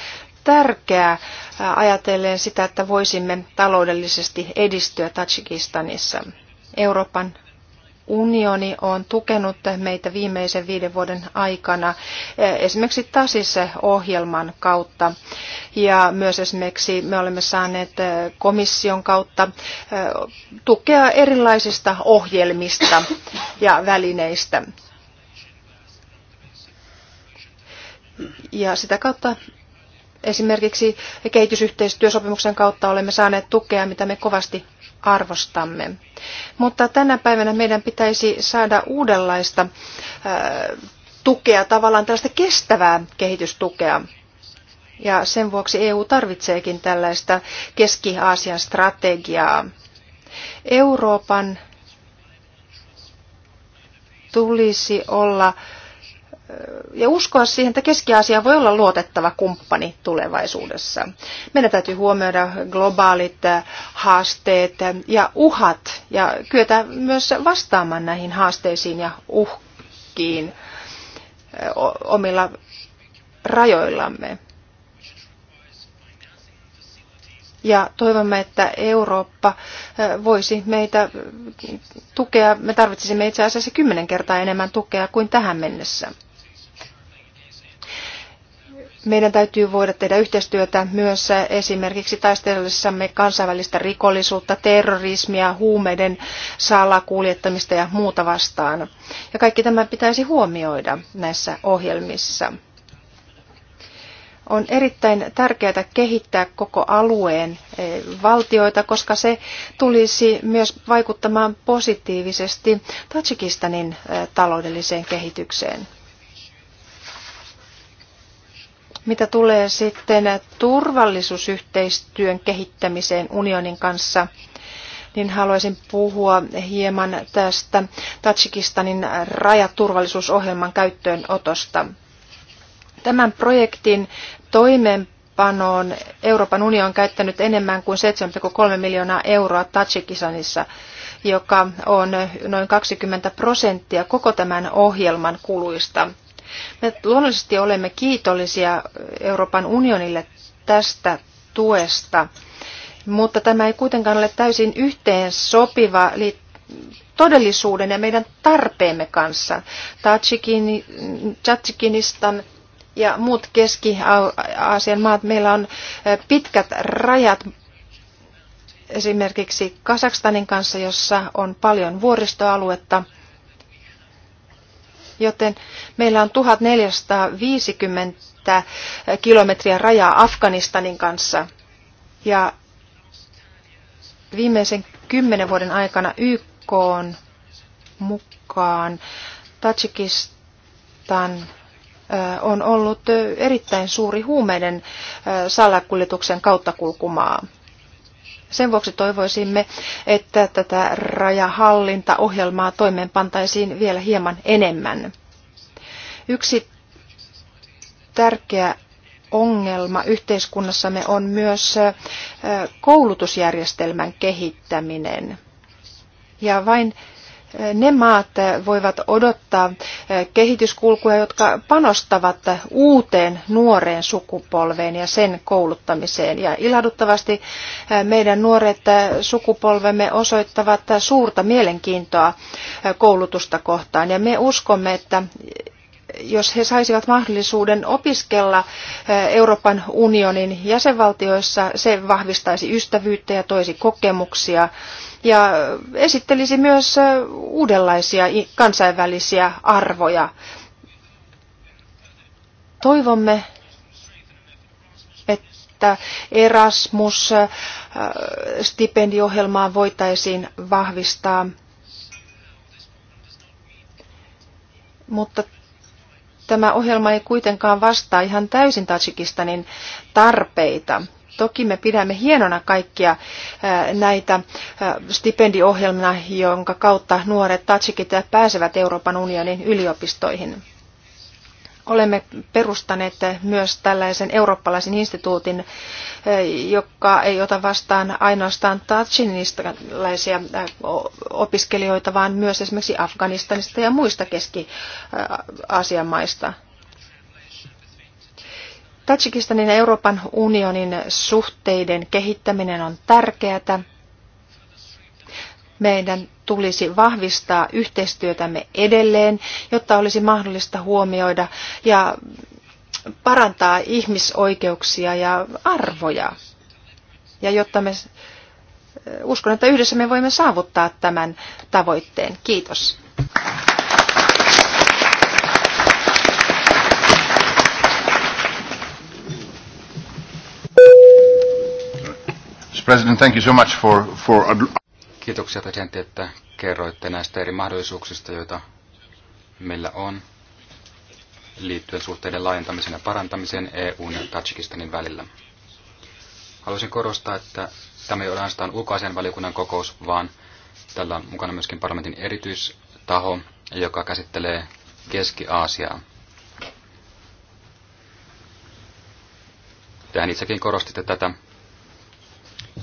tärkeää äh, ajatellen sitä, että voisimme taloudellisesti edistyä Tajikistanissa. Euroopan unioni on tukenut meitä viimeisen viiden vuoden aikana eh, esimerkiksi TASissa ohjelman kautta. Ja myös esimerkiksi me olemme saaneet eh, komission kautta eh, tukea erilaisista ohjelmista ja välineistä. Ja sitä kautta esimerkiksi kehitysyhteistyösopimuksen kautta olemme saaneet tukea, mitä me kovasti arvostamme. Mutta tänä päivänä meidän pitäisi saada uudenlaista tukea, tavallaan tällaista kestävää kehitystukea. Ja sen vuoksi EU tarvitseekin tällaista Keski-Aasian strategiaa. Euroopan tulisi olla äh, ja uskoa siihen, että Keski-Aasia voi olla luotettava kumppani tulevaisuudessa. Meidän täytyy huomioida globaalit äh, haasteet ja uhat ja kyetä myös vastaamaan näihin haasteisiin ja uhkiin äh, omilla rajoillamme. Ja toivomme, että Eurooppa äh, voisi meitä tukea. Me tarvitsisimme itse asiassa kymmenen kertaa enemmän tukea kuin tähän mennessä. Meidän täytyy voida tehdä yhteistyötä myös esimerkiksi taistellessamme kansainvälistä rikollisuutta, terrorismia, huumeiden salakuljettamista ja muuta vastaan. Ja kaikki tämä pitäisi huomioida näissä ohjelmissa. On erittäin tärkeää kehittää koko alueen eh, valtioita, koska se tulisi myös vaikuttamaan positiivisesti Tajikistanin eh, taloudelliseen kehitykseen. Mitä tulee sitten turvallisuusyhteistyön kehittämiseen unionin kanssa, niin haluaisin puhua hieman tästä Tatsikistanin rajaturvallisuusohjelman käyttöönotosta. Tämän projektin toimeenpanoon Euroopan unioni on käyttänyt enemmän kuin 7,3 miljoonaa euroa Tatsikistanissa, joka on noin 20 prosenttia koko tämän ohjelman kuluista. Me luonnollisesti olemme kiitollisia Euroopan unionille tästä tuesta, mutta tämä ei kuitenkaan ole täysin yhteen sopiva todellisuuden ja meidän tarpeemme kanssa. Tatsikinistan ja muut Keski-Aasian maat, meillä on pitkät rajat esimerkiksi Kasakstanin kanssa, jossa on paljon vuoristoaluetta – joten meillä on 1450 kilometriä rajaa Afganistanin kanssa. Ja viimeisen kymmenen vuoden aikana YK on mukaan Tajikistan on ollut erittäin suuri huumeiden salakuljetuksen kauttakulkumaa. Sen vuoksi toivoisimme, että tätä rajahallintaohjelmaa toimeenpantaisiin vielä hieman enemmän. Yksi tärkeä ongelma yhteiskunnassamme on myös koulutusjärjestelmän kehittäminen. Ja vain ne maat voivat odottaa eh, kehityskulkuja, jotka panostavat uuteen nuoreen sukupolveen ja sen kouluttamiseen. Ja ilahduttavasti eh, meidän nuoret eh, sukupolvemme osoittavat suurta mielenkiintoa koulutusta kohtaan. Ja me uskomme, että jos he saisivat mahdollisuuden opiskella Euroopan unionin jäsenvaltioissa, se vahvistaisi ystävyyttä ja toisi kokemuksia ja esittelisi myös uudenlaisia kansainvälisiä arvoja. Toivomme, että Erasmus-stipendiohjelmaa voitaisiin vahvistaa, mutta tämä ohjelma ei kuitenkaan vastaa ihan täysin Tajikistanin tarpeita. Toki me pidämme hienona kaikkia äh, näitä äh, stipendiohjelmia, jonka kautta nuoret tatsikit pääsevät Euroopan unionin yliopistoihin. Olemme perustaneet myös tällaisen eurooppalaisen instituutin, äh, joka ei ota vastaan ainoastaan tatsinistalaisia opiskelijoita, vaan myös esimerkiksi Afganistanista ja muista Keski-Aasian maista. Tajikistanin ja Euroopan unionin suhteiden kehittäminen on tärkeää. Meidän tulisi vahvistaa yhteistyötämme edelleen, jotta olisi mahdollista huomioida ja parantaa ihmisoikeuksia ja arvoja. Ja jotta me uskon, että yhdessä me voimme saavuttaa tämän tavoitteen. Kiitos. Mr. President, thank you so much for, for... Kiitoksia presidentti, että kerroitte näistä eri mahdollisuuksista, joita meillä on liittyen suhteiden laajentamiseen ja parantamiseen EUn ja Tajikistanin välillä. Haluaisin korostaa, että tämä ei ole ainoastaan ulkoasian valiokunnan kokous, vaan tällä on mukana myöskin parlamentin erityistaho, joka käsittelee Keski-Aasiaa. Tähän itsekin korostitte tätä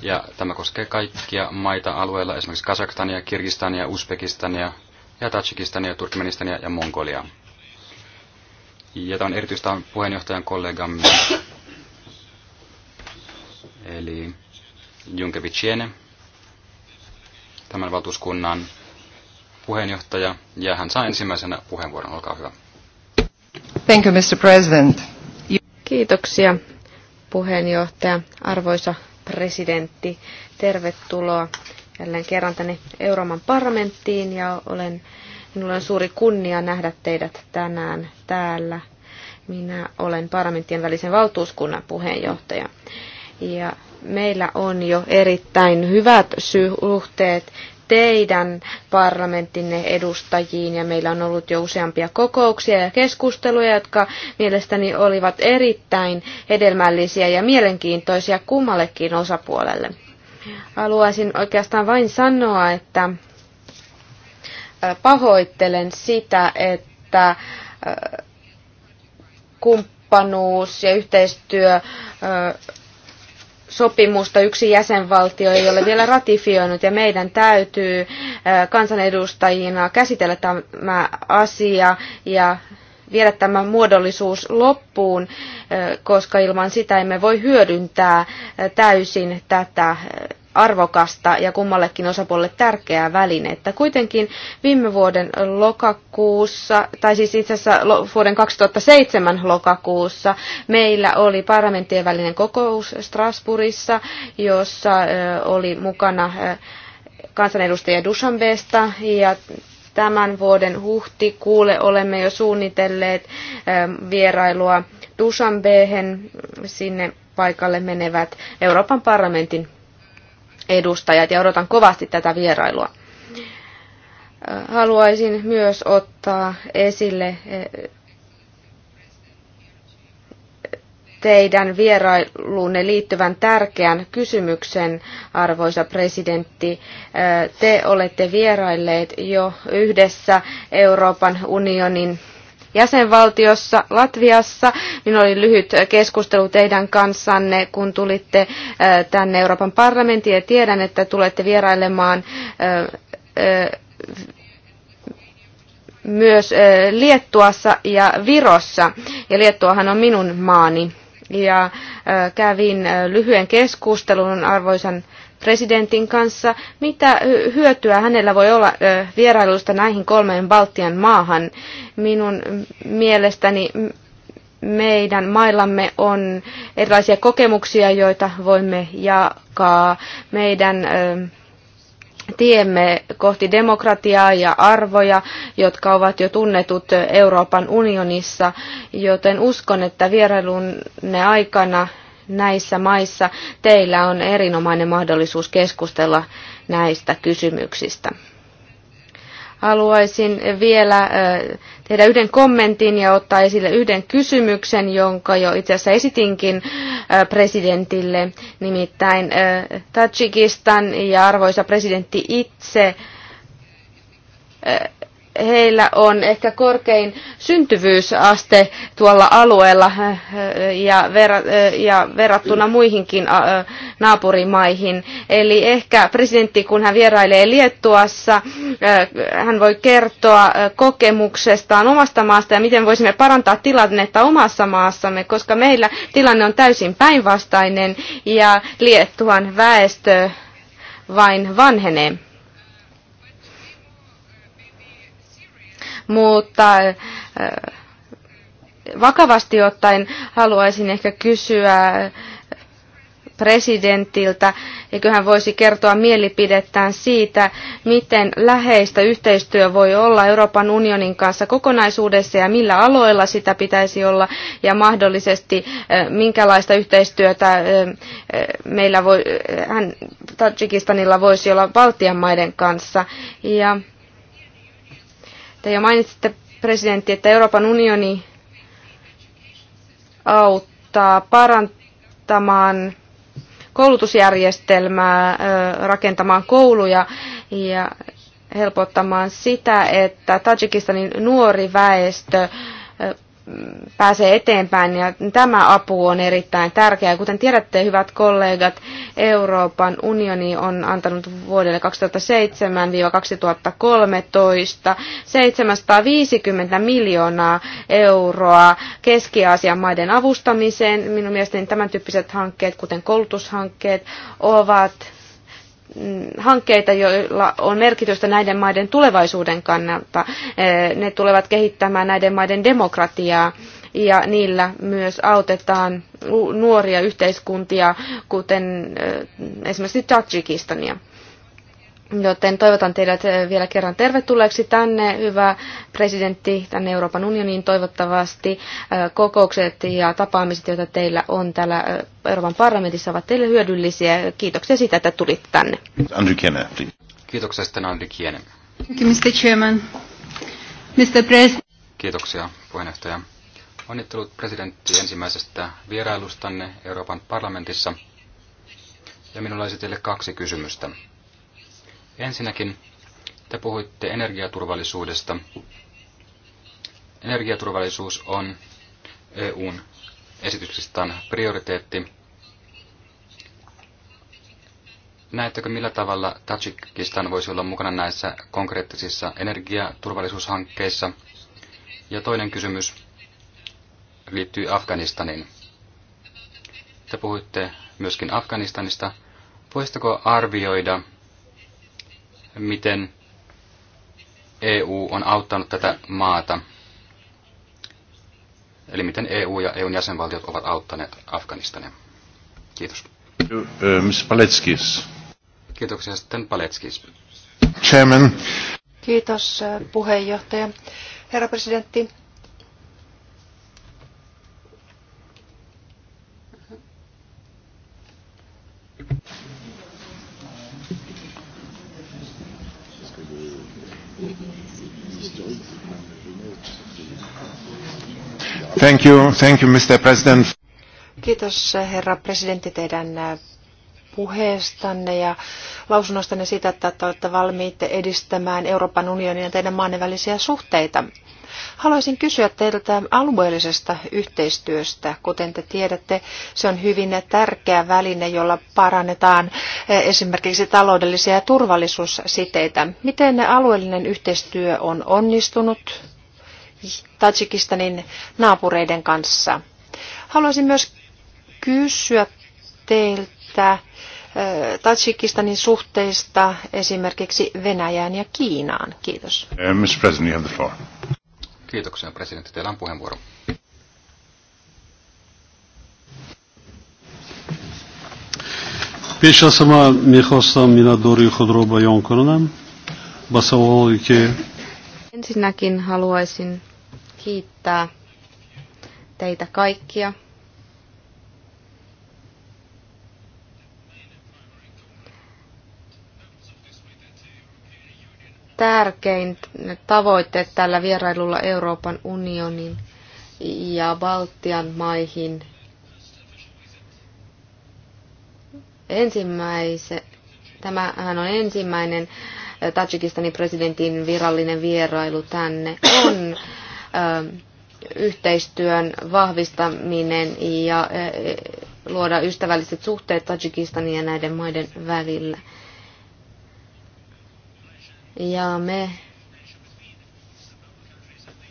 ja tämä koskee kaikkia maita alueella, esimerkiksi Kazakstania, Kirgistania, Uzbekistania ja Tatsikistania, Turkmenistania ja Mongoliaa. Ja tämä on erityistä puheenjohtajan kollegamme, eli Junkeviciene, tämän valtuuskunnan puheenjohtaja, ja hän saa ensimmäisenä puheenvuoron. Olkaa hyvä. Thank you, Mr. President. Kiitoksia, puheenjohtaja, arvoisa presidentti. Tervetuloa jälleen kerran tänne Euroopan parlamenttiin ja olen, minulla on suuri kunnia nähdä teidät tänään täällä. Minä olen parlamenttien välisen valtuuskunnan puheenjohtaja. Ja meillä on jo erittäin hyvät suhteet teidän parlamenttinne edustajiin ja meillä on ollut jo useampia kokouksia ja keskusteluja, jotka mielestäni olivat erittäin hedelmällisiä ja mielenkiintoisia kummallekin osapuolelle. Haluaisin oikeastaan vain sanoa, että äh, pahoittelen sitä, että äh, kumppanuus ja yhteistyö äh, sopimusta yksi jäsenvaltio ei ole vielä ratifioinut ja meidän täytyy kansanedustajina käsitellä tämä asia ja viedä tämä muodollisuus loppuun, koska ilman sitä emme voi hyödyntää täysin tätä arvokasta ja kummallekin osapuolelle tärkeää välinettä. Kuitenkin viime vuoden lokakuussa, tai siis itse asiassa vuoden 2007 lokakuussa, meillä oli parlamenttien välinen kokous Strasbourgissa, jossa oli mukana kansanedustajia Dushanbeesta ja tämän vuoden huhtikuulle olemme jo suunnitelleet vierailua Dushanbehen sinne paikalle menevät Euroopan parlamentin edustajat ja odotan kovasti tätä vierailua. Haluaisin myös ottaa esille eh, teidän vierailuunne liittyvän tärkeän kysymyksen, arvoisa presidentti. Eh, te olette vierailleet jo yhdessä Euroopan unionin jäsenvaltiossa Latviassa. Minulla oli lyhyt keskustelu teidän kanssanne, kun tulitte tänne Euroopan parlamenttiin ja tiedän, että tulette vierailemaan myös Liettuassa ja Virossa. Ja Liettuahan on minun maani. Ja kävin lyhyen keskustelun arvoisan presidentin kanssa. Mitä hyötyä hänellä voi olla vierailusta näihin kolmeen Baltian maahan? Minun mielestäni meidän maillamme on erilaisia kokemuksia, joita voimme jakaa. Meidän tiemme kohti demokratiaa ja arvoja, jotka ovat jo tunnetut Euroopan unionissa, joten uskon, että vierailunne aikana näissä maissa teillä on erinomainen mahdollisuus keskustella näistä kysymyksistä. Haluaisin vielä tehdä yhden kommentin ja ottaa esille yhden kysymyksen, jonka jo itse asiassa esitinkin presidentille, nimittäin Tajikistan ja arvoisa presidentti itse heillä on ehkä korkein syntyvyysaste tuolla alueella eh, eh, ja, verra, eh, ja verrattuna muihinkin naapurimaihin. Eli ehkä presidentti, kun hän vierailee Liettuassa, hän voi kertoa kokemuksestaan omasta maasta ja miten voisimme parantaa tilannetta omassa maassamme, koska meillä tilanne on täysin päinvastainen ja Liettuan väestö vain vanhenee. mutta äh, vakavasti ottaen haluaisin ehkä kysyä presidentiltä, eikö hän voisi kertoa mielipidettään siitä, miten läheistä yhteistyö voi olla Euroopan unionin kanssa kokonaisuudessa ja millä aloilla sitä pitäisi olla ja mahdollisesti äh, minkälaista yhteistyötä äh, meillä voi, hän, Tajikistanilla voisi olla Baltian maiden kanssa. Ja te jo mainitsitte, presidentti, että Euroopan unioni auttaa parantamaan koulutusjärjestelmää, rakentamaan kouluja ja helpottamaan sitä, että Tajikistanin nuori väestö pääsee eteenpäin ja tämä apu on erittäin tärkeää. Kuten tiedätte, hyvät kollegat, Euroopan unioni on antanut vuodelle 2007-2013 750 miljoonaa euroa Keski-Aasian maiden avustamiseen. Minun mielestäni tämän tyyppiset hankkeet, kuten koulutushankkeet, ovat Mm, hankkeita, joilla on merkitystä näiden maiden tulevaisuuden kannalta. Eh, ne tulevat kehittämään näiden maiden demokratiaa ja niillä myös autetaan nuoria yhteiskuntia, kuten eh, esimerkiksi Tajikistania. Joten toivotan teidät eh, vielä kerran tervetulleeksi tänne, hyvä presidentti, tänne Euroopan unioniin toivottavasti. Eh, kokoukset ja tapaamiset, joita teillä on täällä eh, Euroopan parlamentissa, ovat teille hyödyllisiä. Kiitoksia siitä, että tulit tänne. Kiitoksia sitten Andri Kiene. Mr. Chairman. Mr. President. Kiitoksia puheenjohtaja. Onnittelut presidentti ensimmäisestä vierailustanne Euroopan parlamentissa. Ja minulla olisi teille kaksi kysymystä. Ensinnäkin te puhuitte energiaturvallisuudesta. Energiaturvallisuus on EUn esityksistään prioriteetti. Näettekö millä tavalla Tajikistan voisi olla mukana näissä konkreettisissa energiaturvallisuushankkeissa? Ja toinen kysymys liittyy Afganistaniin. Te puhuitte myöskin Afganistanista. Voisitteko arvioida miten EU on auttanut tätä maata, eli miten EU ja EUn jäsenvaltiot ovat auttaneet Afganistania. Kiitos. Mr. Paletskis. Kiitoksia sitten Paletskis. Chairman. Kiitos puheenjohtaja. Herra presidentti, Thank you, thank you, Mr. President. Kiitos herra presidentti teidän äh, puheestanne ja lausunnostanne siitä, että olette valmiit edistämään Euroopan unionin ja teidän maanne välisiä suhteita. Haluaisin kysyä teiltä alueellisesta yhteistyöstä. Kuten te tiedätte, se on hyvin tärkeä väline, jolla parannetaan äh, esimerkiksi taloudellisia ja turvallisuussiteitä. Miten alueellinen yhteistyö on onnistunut? Tajikistanin naapureiden kanssa. Haluaisin myös kysyä teiltä Tajikistanin suhteista esimerkiksi Venäjään ja Kiinaan. Kiitos. Uh, Mr. President, you have the floor. Kiitoksia, presidentti. Teillä on puheenvuoro. пеша сама мехостам минадори ходро Jonkonen. конам Ensinnäkin haluaisin kiittää teitä kaikkia. Tärkein tavoite tällä vierailulla Euroopan unionin ja Baltian maihin ensimmäise, tämähän on ensimmäinen Tajikistanin presidentin virallinen vierailu tänne, on Ähm, yhteistyön vahvistaminen ja äh, luoda ystävälliset suhteet Tajikistanin ja näiden maiden välillä. Ja me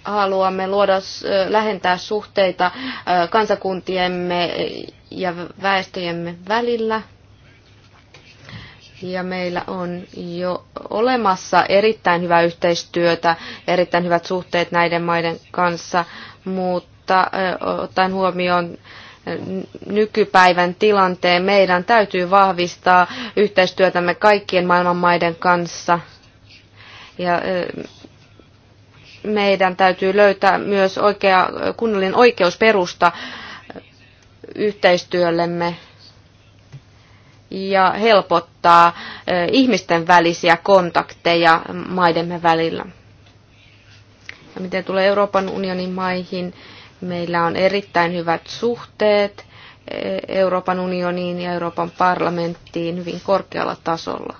haluamme luoda, äh, lähentää suhteita äh, kansakuntiemme ja väestöjemme välillä – ja meillä on jo olemassa erittäin hyvää yhteistyötä, erittäin hyvät suhteet näiden maiden kanssa, mutta ottaen huomioon nykypäivän tilanteen, meidän täytyy vahvistaa yhteistyötämme kaikkien maailman maiden kanssa. Ja meidän täytyy löytää myös oikea, kunnollinen oikeusperusta yhteistyöllemme ja helpottaa ihmisten välisiä kontakteja maidemme välillä. Ja miten tulee Euroopan unionin maihin, meillä on erittäin hyvät suhteet Euroopan unioniin ja Euroopan parlamenttiin hyvin korkealla tasolla.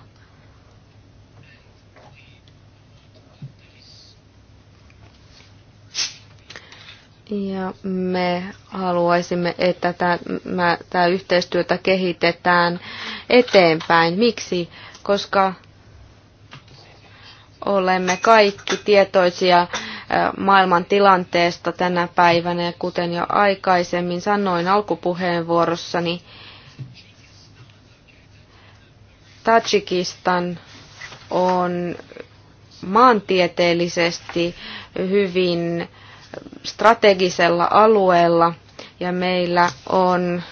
Ja me haluaisimme, että tämä, tämä yhteistyötä kehitetään eteenpäin. Miksi? Koska olemme kaikki tietoisia maailman tilanteesta tänä päivänä ja kuten jo aikaisemmin sanoin alkupuheenvuorossani, Tajikistan on maantieteellisesti hyvin strategisella alueella ja meillä on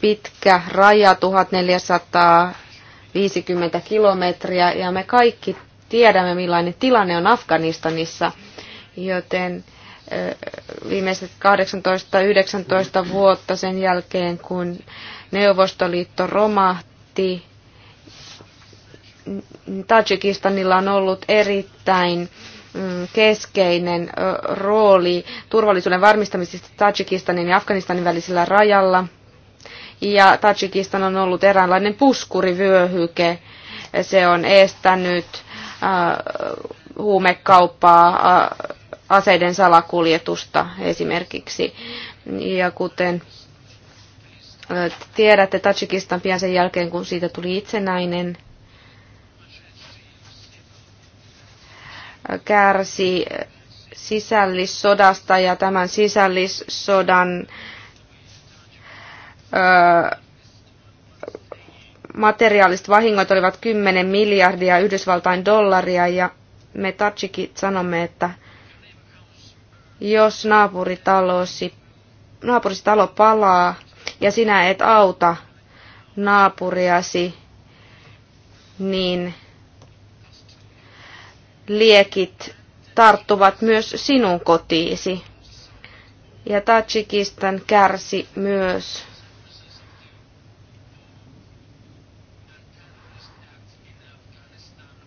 pitkä raja 1450 kilometriä ja me kaikki tiedämme millainen tilanne on Afganistanissa, joten viimeiset 18-19 vuotta sen jälkeen, kun Neuvostoliitto romahti, Tajikistanilla on ollut erittäin Mm, keskeinen rooli turvallisuuden varmistamisesta Tajikistanin ja Afganistanin välisellä rajalla. Ja Tajikistan on ollut eräänlainen puskurivyöhyke. Se on estänyt huumekauppaa, aseiden salakuljetusta esimerkiksi. Ja kuten tiedätte, Tajikistan pian sen jälkeen, kun siitä tuli itsenäinen, kärsi sisällissodasta ja tämän sisällissodan ö, materiaaliset vahingot olivat 10 miljardia Yhdysvaltain dollaria ja me Tatsikit sanomme, että jos naapuritalosi, talo palaa ja sinä et auta naapuriasi, niin liekit tarttuvat myös sinun kotiisi. Ja Tajikistan kärsi myös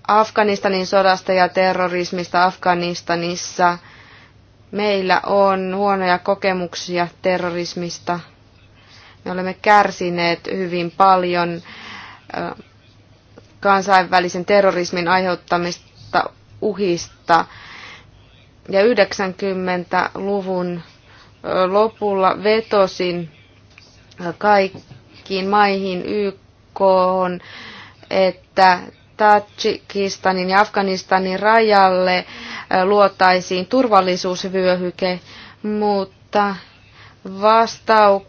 Afganistanin sodasta ja terrorismista Afganistanissa. Meillä on huonoja kokemuksia terrorismista. Me olemme kärsineet hyvin paljon kansainvälisen terrorismin aiheuttamista uhista. Ja 90-luvun lopulla vetosin kaikkiin maihin YK, että Tajikistanin ja Afganistanin rajalle luotaisiin turvallisuusvyöhyke, mutta vastauk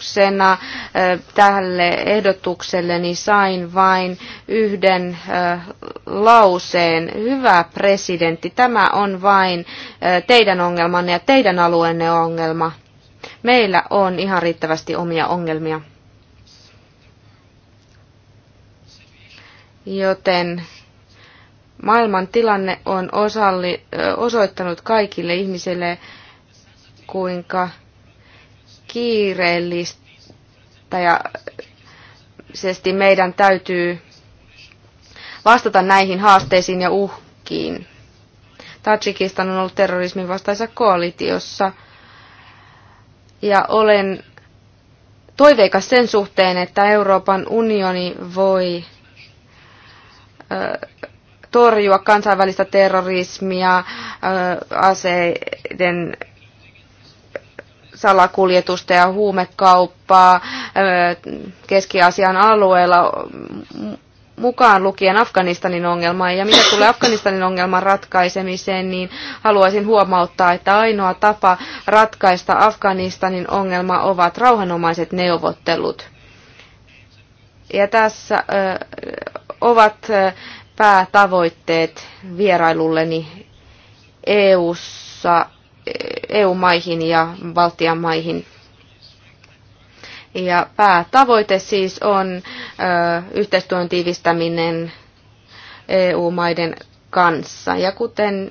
vastauksena tälle ehdotukselle niin sain vain yhden lauseen. Hyvä presidentti, tämä on vain teidän ongelmanne ja teidän alueenne ongelma. Meillä on ihan riittävästi omia ongelmia. Joten maailman tilanne on osalli, osoittanut kaikille ihmisille, kuinka kiireellistä ja meidän täytyy vastata näihin haasteisiin ja uhkiin. Tajikistan on ollut terrorismin vastaisessa koalitiossa ja olen toiveikas sen suhteen, että Euroopan unioni voi torjua kansainvälistä terrorismia, aseiden salakuljetusta ja huumekauppaa Keski-Aasian alueella mukaan lukien Afganistanin ongelmaa. Ja mitä tulee Afganistanin ongelman ratkaisemiseen, niin haluaisin huomauttaa, että ainoa tapa ratkaista Afganistanin ongelma ovat rauhanomaiset neuvottelut. Ja tässä äh, ovat äh, päätavoitteet vierailulleni EU-ssa EU-maihin ja Baltian maihin. Ja päätavoite siis on yhteistyön tiivistäminen EU-maiden kanssa. Ja kuten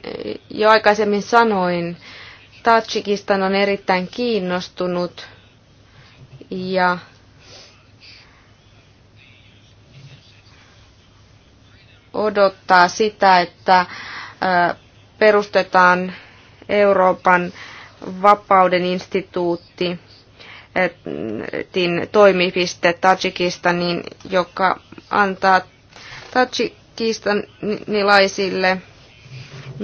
jo aikaisemmin sanoin, Tatsikistan on erittäin kiinnostunut ja odottaa sitä, että perustetaan Euroopan vapauden instituutti toimipiste Tajikistanin, joka antaa tajikistanilaisille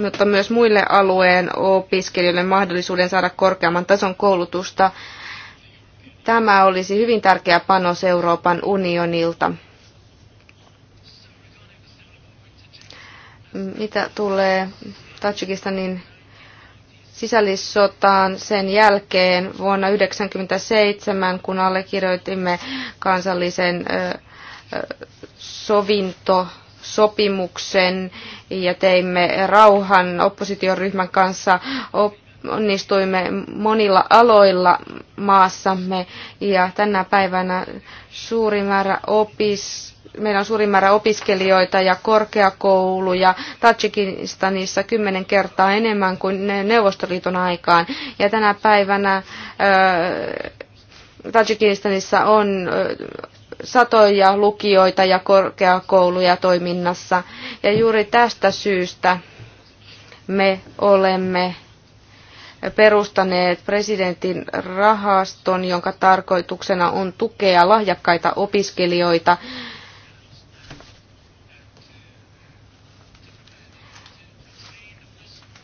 mutta myös muille alueen opiskelijoille mahdollisuuden saada korkeamman tason koulutusta. Tämä olisi hyvin tärkeä panos Euroopan unionilta. Mitä tulee Tajikistanin sisällissotaan sen jälkeen vuonna 1997, kun allekirjoitimme kansallisen sovintosopimuksen ja teimme rauhan oppositioryhmän kanssa onnistuimme monilla aloilla maassamme ja tänä päivänä suuri määrä opis, meillä on suuri määrä opiskelijoita ja korkeakouluja Tajikistanissa kymmenen kertaa enemmän kuin Neuvostoliiton aikaan. Ja tänä päivänä Tajikistanissa on satoja lukioita ja korkeakouluja toiminnassa. Ja juuri tästä syystä me olemme perustaneet presidentin rahaston, jonka tarkoituksena on tukea lahjakkaita opiskelijoita.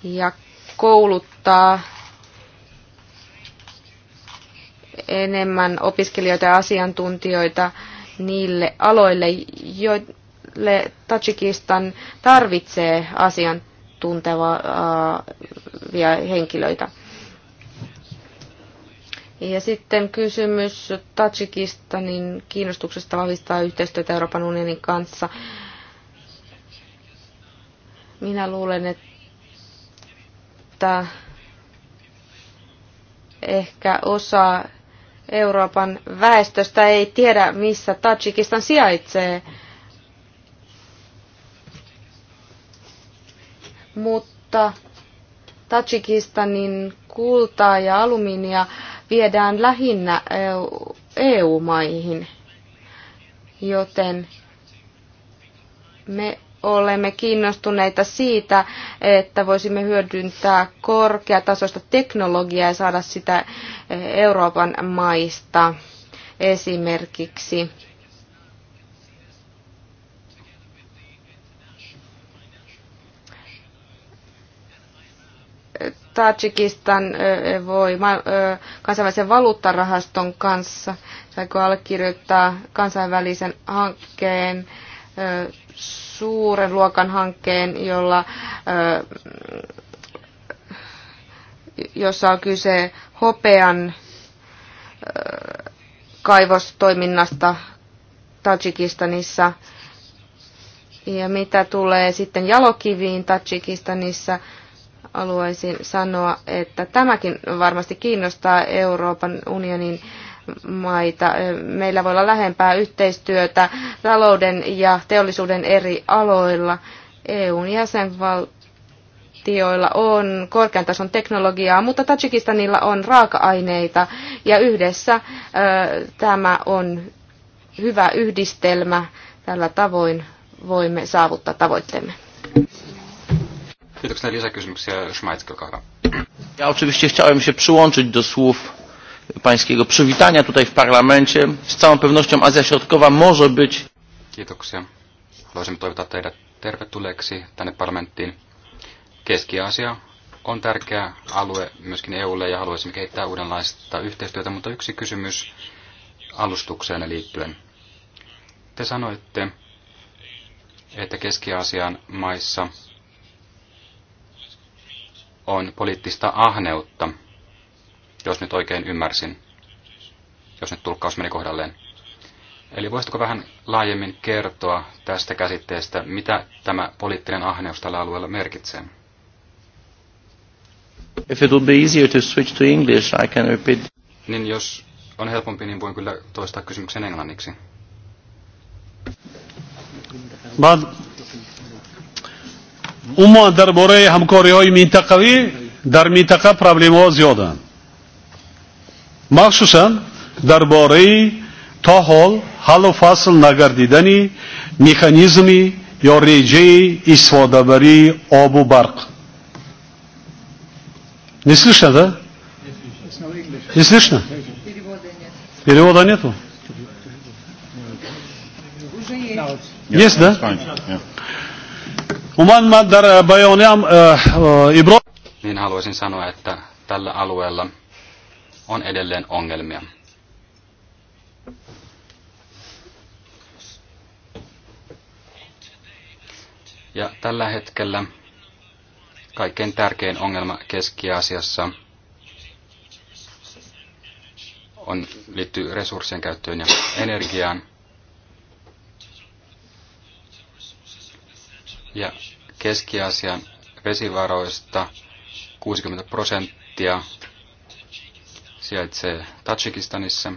Ja kouluttaa enemmän opiskelijoita ja asiantuntijoita niille aloille, joille Tajikistan tarvitsee asiantuntijoita tuntevia henkilöitä. Ja sitten kysymys Tajikistanin kiinnostuksesta vahvistaa yhteistyötä Euroopan unionin kanssa. Minä luulen, että ehkä osa Euroopan väestöstä ei tiedä, missä Tajikistan sijaitsee. mutta Tajikistanin kultaa ja alumiinia viedään lähinnä EU-maihin, joten me olemme kiinnostuneita siitä, että voisimme hyödyntää korkeatasoista teknologiaa ja saada sitä Euroopan maista esimerkiksi Tajikistan voi kansainvälisen valuuttarahaston kanssa saiko allekirjoittaa kansainvälisen hankkeen, suuren luokan hankkeen, jolla, jossa on kyse hopean kaivostoiminnasta Tajikistanissa. Ja mitä tulee sitten jalokiviin Tajikistanissa, haluaisin sanoa, että tämäkin varmasti kiinnostaa Euroopan unionin maita. Meillä voi olla lähempää yhteistyötä talouden ja teollisuuden eri aloilla. EUn jäsenvaltioilla on korkean tason teknologiaa, mutta Tajikistanilla on raaka-aineita ja yhdessä ö, tämä on hyvä yhdistelmä. Tällä tavoin voimme saavuttaa tavoitteemme. Kiitoksia lisäkysymyksiä. Szmajcki, olkaa hyvä. Ja oczywiście chciałem się przyłączyć do słów pańskiego przywitania tutaj w parlamencie. Z całą pewnością Azja Środkowa może być... Kiitoksia. Haluaisimme toivottaa teidät tervetulleeksi tänne parlamenttiin. keski asia on tärkeä alue myöskin EUlle ja haluaisimme kehittää uudenlaista yhteistyötä, mutta yksi kysymys alustukseen liittyen. Te sanoitte, että keski asian maissa on poliittista ahneutta, jos nyt oikein ymmärsin, jos nyt tulkkaus meni kohdalleen. Eli voisitko vähän laajemmin kertoa tästä käsitteestä, mitä tämä poliittinen ahneus tällä alueella merkitsee? If it would be easier to switch to English, I can repeat. Niin jos on helpompi, niin voin kyllä toistaa kysymyksen englanniksi. But умуман дар бораи ҳамкориҳои минтақавӣ дар минтақа проблемаҳо зиёданд махсусан дар бораи то ҳол ҳаллу фасл нагардидани механизми ё реҷаи истифодабарии обу барқ не слышно да не слышно перевода нету есть да Oman madar äh, äh, äh, Niin haluaisin sanoa, että tällä alueella on edelleen ongelmia. Ja tällä hetkellä kaikkein tärkein ongelma Keski-Aasiassa on, liittyy resurssien käyttöön ja energiaan. Ja Keski-Aasian vesivaroista 60 prosenttia sijaitsee Tajikistanissa.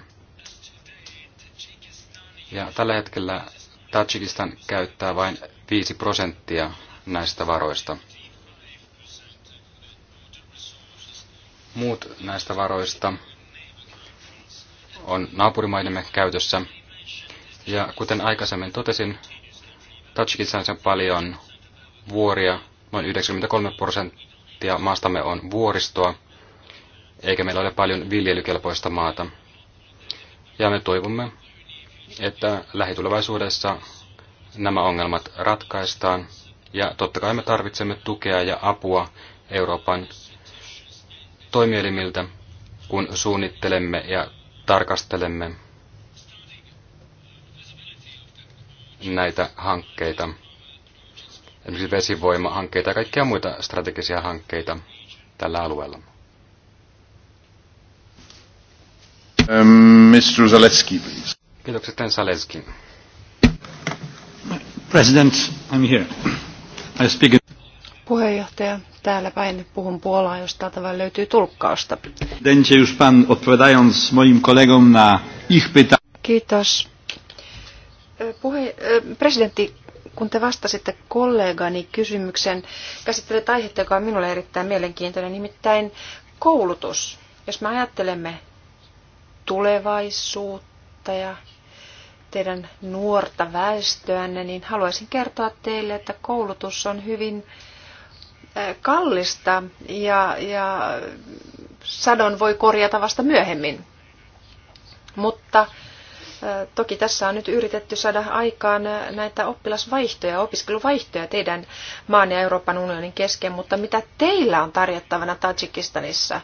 Ja tällä hetkellä Tajikistan käyttää vain 5 prosenttia näistä varoista. Muut näistä varoista on naapurimaidemme käytössä. Ja kuten aikaisemmin totesin, Tajikistanissa on paljon vuoria, noin 93 prosenttia maastamme on vuoristoa, eikä meillä ole paljon viljelykelpoista maata. Ja me toivomme, että lähitulevaisuudessa nämä ongelmat ratkaistaan, ja totta kai me tarvitsemme tukea ja apua Euroopan toimielimiltä, kun suunnittelemme ja tarkastelemme näitä hankkeita, esimerkiksi vesivoimahankkeita ja kaikkia muita strategisia hankkeita tällä alueella. Um, ähm, Mr. Zaleski, please. Kiitokset, Zaleski. President, I'm here. I speak in... Puheenjohtaja, täällä päin puhun Puolaa, jos täältä vain löytyy tulkkausta. pan odpowiadając moim kolegom na ich Kiitos Puhe, presidentti, kun te vastasitte kollegani kysymyksen, käsittelet aihetta, joka on minulle erittäin mielenkiintoinen, nimittäin koulutus. Jos me ajattelemme tulevaisuutta ja teidän nuorta väestöänne, niin haluaisin kertoa teille, että koulutus on hyvin kallista ja, ja sadon voi korjata vasta myöhemmin. Mutta Toki tässä on nyt yritetty saada aikaan näitä oppilasvaihtoja, opiskeluvaihtoja teidän maan ja Euroopan unionin kesken, mutta mitä teillä on tarjottavana Tajikistanissa?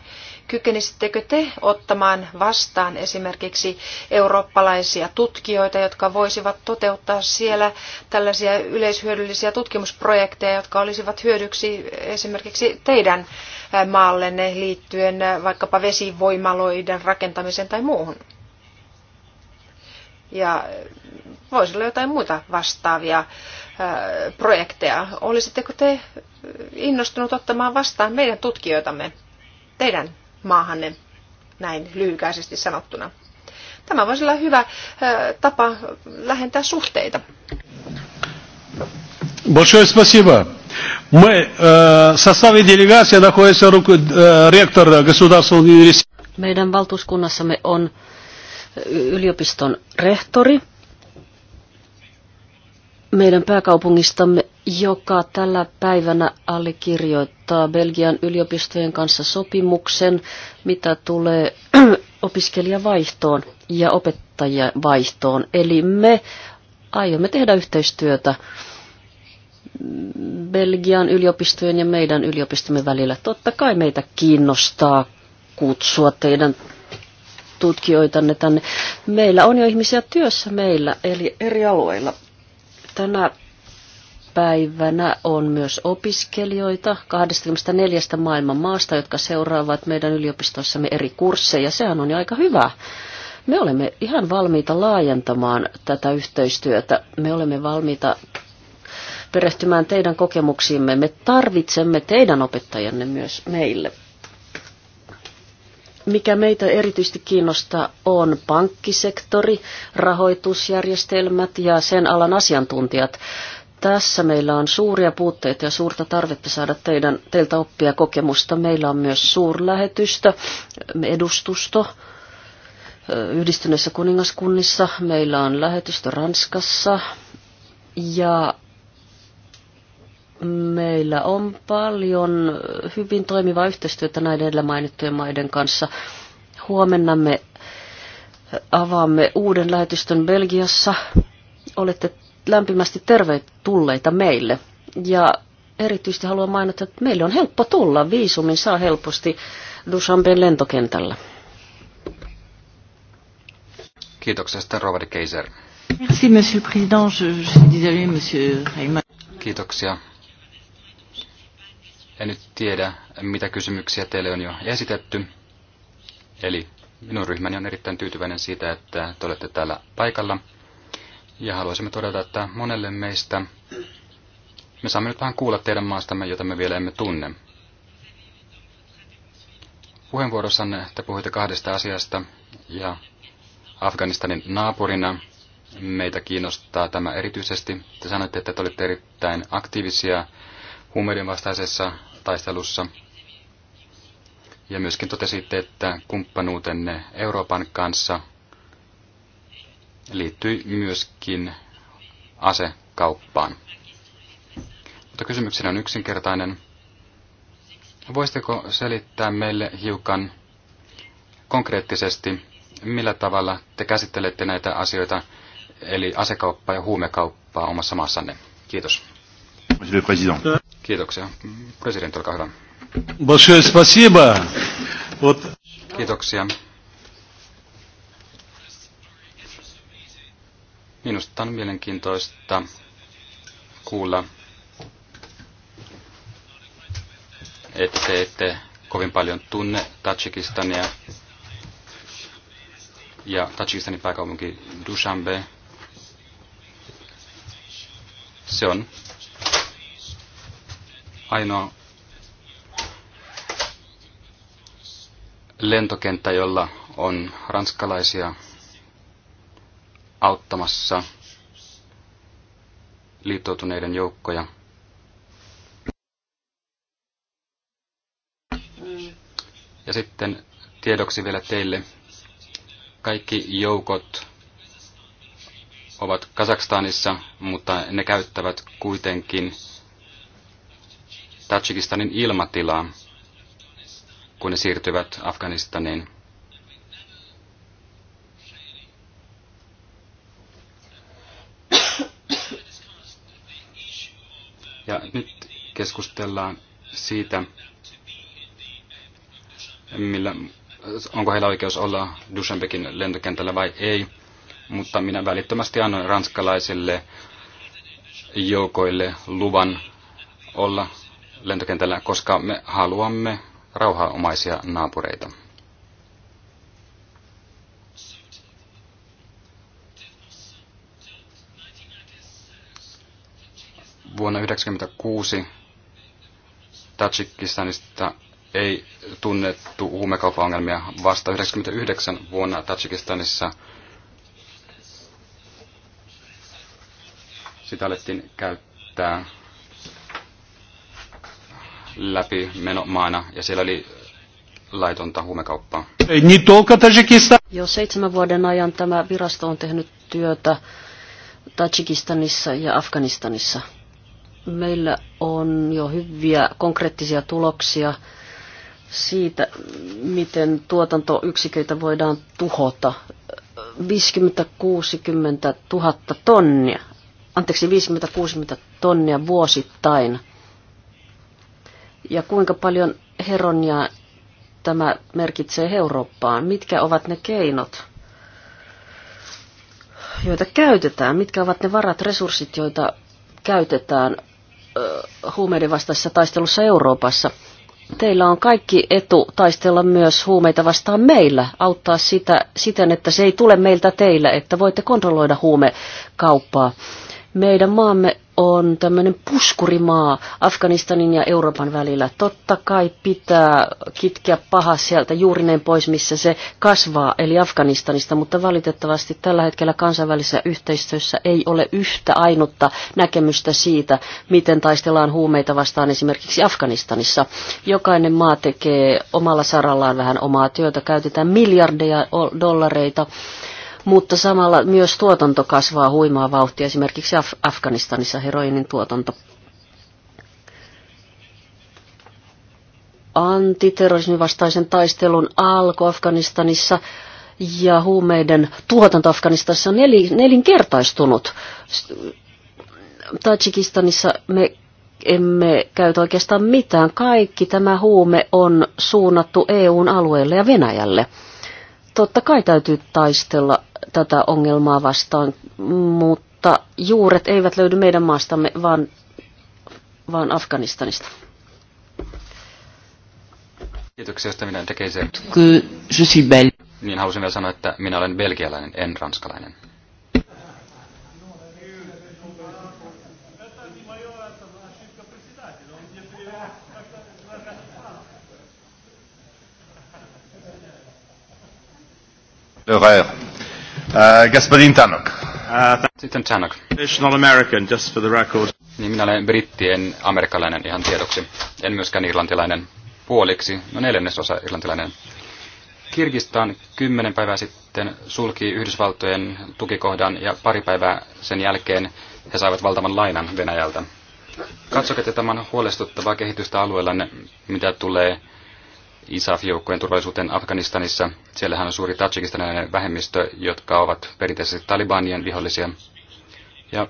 Kykenisittekö te ottamaan vastaan esimerkiksi eurooppalaisia tutkijoita, jotka voisivat toteuttaa siellä tällaisia yleishyödyllisiä tutkimusprojekteja, jotka olisivat hyödyksi esimerkiksi teidän maallenne liittyen vaikkapa vesivoimaloiden rakentamiseen tai muuhun? ja voisi olla jotain muita vastaavia äh, projekteja. Olisitteko te innostunut ottamaan vastaan meidän tutkijoitamme, teidän maahanne, näin lyhykäisesti sanottuna? Tämä voisi olla hyvä äh, tapa lähentää suhteita. Большое спасибо. Мы э, в составе делегации находится руку, э, ректор государственного университета. Meidän valtuuskunnassamme on yliopiston rehtori meidän pääkaupungistamme, joka tällä päivänä allekirjoittaa Belgian yliopistojen kanssa sopimuksen, mitä tulee [CLEARS THROAT] opiskelijavaihtoon ja opettajavaihtoon. Eli me aiomme tehdä yhteistyötä Belgian yliopistojen ja meidän yliopistomme välillä. Totta kai meitä kiinnostaa kutsua teidän tutkijoitanne tänne. Meillä on jo ihmisiä työssä meillä, eli eri alueilla. Tänä päivänä on myös opiskelijoita 24 maailman maasta, jotka seuraavat meidän yliopistoissamme eri kursseja. Sehän on jo aika hyvä. Me olemme ihan valmiita laajentamaan tätä yhteistyötä. Me olemme valmiita perehtymään teidän kokemuksiimme. Me tarvitsemme teidän opettajanne myös meille. Mikä meitä erityisesti kiinnostaa on pankkisektori, rahoitusjärjestelmät ja sen alan asiantuntijat. Tässä meillä on suuria puutteita ja suurta tarvetta saada teidän, teiltä oppia kokemusta. Meillä on myös suurlähetystö, edustusto yhdistyneissä kuningaskunnissa. Meillä on lähetystö Ranskassa ja meillä on paljon hyvin toimivaa yhteistyötä näiden edellä mainittujen maiden kanssa. Huomenna me avaamme uuden lähetystön Belgiassa. Olette lämpimästi tervetulleita meille. Ja erityisesti haluan mainita, että meille on helppo tulla. Viisumin saa helposti Dushanben lentokentällä. Kiitoksia sitten Robert Keiser. Merci, monsieur le président. Je, je suis désolé, monsieur Reimann. Kiitoksia en nyt tiedä, mitä kysymyksiä teille on jo esitetty. Eli minun ryhmäni on erittäin tyytyväinen siitä, että te olette täällä paikalla. Ja haluaisimme todeta, että monelle meistä me saamme nyt vähän kuulla teidän maastamme, jota me vielä emme tunne. Puheenvuorossanne te puhuitte kahdesta asiasta ja Afganistanin naapurina meitä kiinnostaa tämä erityisesti. Te sanoitte, että te olitte erittäin aktiivisia huumeiden vastaisessa taistelussa. Ja myöskin totesitte, että kumppanuutenne Euroopan kanssa liittyi myöskin asekauppaan. Mutta kysymykseni on yksinkertainen. Voisitteko selittää meille hiukan konkreettisesti, millä tavalla te käsittelette näitä asioita, eli asekauppaa ja huumekauppaa omassa maassanne? Kiitos. Monsieur le Président. Kiitoksia. Presidentti, olkaa hyvä. Kiitoksia. Minusta on mielenkiintoista kuulla, että te ette kovin paljon tunne Tajikistania ja Tajikistanin pääkaupunki Dushanbe. Se on ainoa lentokenttä, jolla on ranskalaisia auttamassa liittoutuneiden joukkoja. Ja sitten tiedoksi vielä teille, kaikki joukot ovat Kazakstanissa, mutta ne käyttävät kuitenkin Tajikistanin ilmatilaa, kun ne siirtyvät Afganistaniin. Ja nyt keskustellaan siitä, millä, onko heillä oikeus olla Dushanbekin lentokentällä vai ei. Mutta minä välittömästi annoin ranskalaisille joukoille luvan olla lentokentällä, koska me haluamme rauhaomaisia naapureita. Vuonna 1996 Tajikistanista ei tunnettu huumekauppaongelmia vasta 1999 vuonna Tajikistanissa. Sitä alettiin käyttää läpi menomaana ja siellä oli laitonta huumekauppaa. Jo seitsemän vuoden ajan tämä virasto on tehnyt työtä Tajikistanissa ja Afganistanissa. Meillä on jo hyviä konkreettisia tuloksia siitä, miten tuotantoyksiköitä voidaan tuhota. 50-60 000 tonnia, anteeksi 50-60 tonnia vuosittain – ja kuinka paljon heronia tämä merkitsee Eurooppaan? Mitkä ovat ne keinot, joita käytetään? Mitkä ovat ne varat, resurssit, joita käytetään huumeiden vastaisessa taistelussa Euroopassa? Teillä on kaikki etu taistella myös huumeita vastaan meillä, auttaa sitä siten, että se ei tule meiltä teillä, että voitte kontrolloida huumekauppaa meidän maamme on tämmöinen puskurimaa Afganistanin ja Euroopan välillä. Totta kai pitää kitkeä paha sieltä juurineen pois, missä se kasvaa, eli Afganistanista, mutta valitettavasti tällä hetkellä kansainvälisessä yhteistyössä ei ole yhtä ainutta näkemystä siitä, miten taistellaan huumeita vastaan esimerkiksi Afganistanissa. Jokainen maa tekee omalla sarallaan vähän omaa työtä, käytetään miljardeja dollareita mutta samalla myös tuotanto kasvaa huimaa vauhtia, esimerkiksi Af- Afganistanissa heroinin tuotanto. Antiterrorismin vastaisen taistelun alku Afganistanissa ja huumeiden tuotanto Afganistanissa on nel- nelinkertaistunut. Tajikistanissa me emme käytä oikeastaan mitään. Kaikki tämä huume on suunnattu EUn alueelle ja Venäjälle totta kai täytyy taistella tätä ongelmaa vastaan, mutta juuret eivät löydy meidän maastamme, vaan, vaan Afganistanista. Kiitoksia, josta minä tekee se. Niin halusin vielä sanoa, että minä olen belgialainen, en ranskalainen. horaire. Uh, Tanok. Uh, Sitten Not American, just for the record. Niin minä olen brittien amerikkalainen ihan tiedoksi. En myöskään irlantilainen puoliksi, no neljännesosa irlantilainen. Kirgistan kymmenen päivää sitten sulki Yhdysvaltojen tukikohdan ja pari päivää sen jälkeen he saivat valtavan lainan Venäjältä. Katsokaa te tämän huolestuttavaa kehitystä alueella, mitä tulee ISAF-joukkojen turvallisuuteen Afganistanissa. Siellähän on suuri tajikistanilainen vähemmistö, jotka ovat perinteisesti talibanien vihollisia. Ja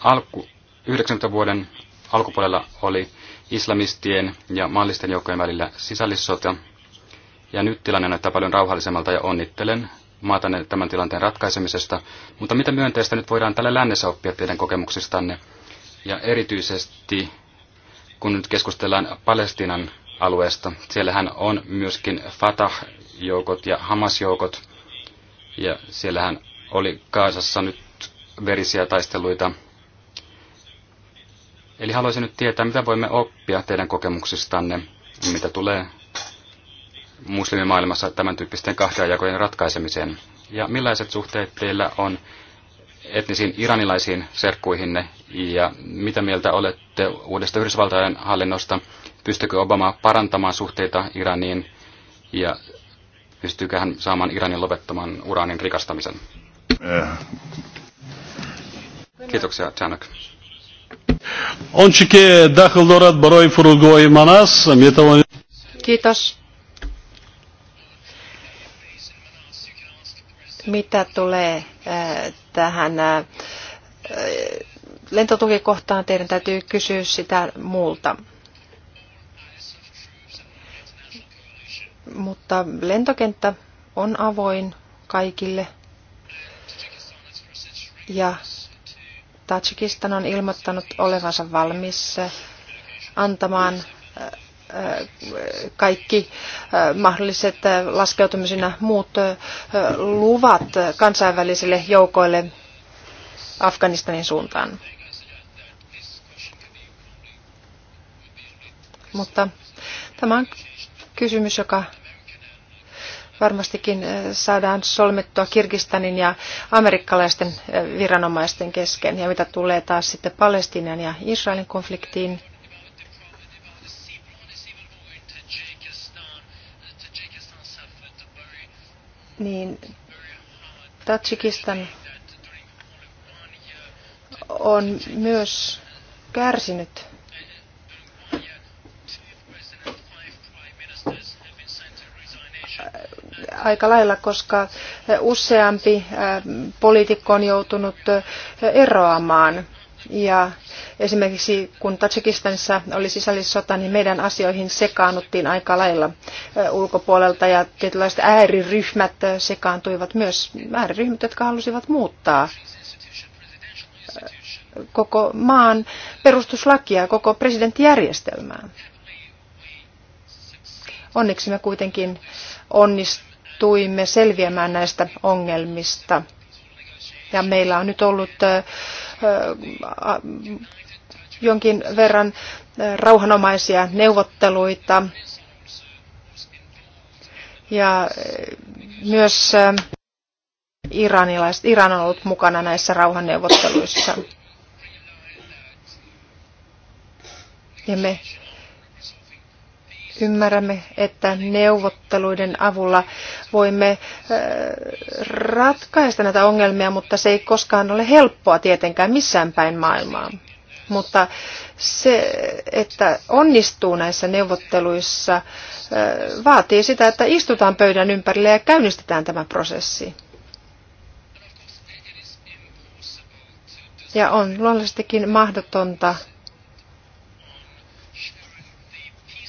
alku, 90 vuoden alkupuolella oli islamistien ja maallisten joukkojen välillä sisällissota. Ja nyt tilanne näyttää paljon rauhallisemmalta ja onnittelen maata tämän tilanteen ratkaisemisesta. Mutta mitä myönteistä nyt voidaan tälle lännessä oppia teidän kokemuksistanne? Ja erityisesti kun nyt keskustellaan Palestinan alueesta. Siellähän on myöskin Fatah-joukot ja Hamas-joukot, ja siellähän oli Kaasassa nyt verisiä taisteluita. Eli haluaisin nyt tietää, mitä voimme oppia teidän kokemuksistanne, mitä tulee muslimimaailmassa tämän tyyppisten kahtiajakojen ratkaisemiseen. Ja millaiset suhteet teillä on etnisiin iranilaisiin serkkuihinne ja mitä mieltä olette uudesta Yhdysvaltain hallinnosta, Pystykö Obama parantamaan suhteita Iraniin ja pystyykö hän saamaan Iranin lopettamaan uraanin rikastamisen? Kiitoksia, Chanok. Kiitos. Mitä tulee э, tähän э, э, lentotukikohtaan, teidän täytyy kysyä sitä muulta. Mutta lentokenttä on avoin kaikille. Ja Tajikistan on ilmoittanut olevansa valmis äh, antamaan äh, äh, kaikki mahdolliset laskeutumisina muut luvat kansainvälisille joukoille Afganistanin suuntaan. Mutta tämä on kysymys, joka varmastikin eh, saadaan solmittua Kirgistanin ja amerikkalaisten eh, viranomaisten kesken. Ja mitä tulee taas sitten Palestiinan ja Israelin konfliktiin, niin Tatsikistan on myös kärsinyt aika lailla, koska useampi poliitikko on joutunut eroamaan. Ja esimerkiksi kun Tatsikistanissa oli sisällissota, niin meidän asioihin sekaannuttiin aika lailla ulkopuolelta ja tietynlaiset ääriryhmät sekaantuivat myös. Ääriryhmät, jotka halusivat muuttaa koko maan perustuslakia, koko presidenttijärjestelmää. Onneksi me kuitenkin äh, onnistuimme selviämään näistä ongelmista. Ja meillä on nyt ollut jonkin verran rauhanomaisia neuvotteluita ja myös iranilaiset, Iran on ollut mukana näissä rauhanneuvotteluissa. Ja me ymmärrämme, että neuvotteluiden avulla voimme äh, ratkaista näitä ongelmia, mutta se ei koskaan ole helppoa tietenkään missään päin maailmaa. Mutta se, että onnistuu näissä neuvotteluissa, äh, vaatii sitä, että istutaan pöydän ympärille ja käynnistetään tämä prosessi. Ja on luonnollisestikin mahdotonta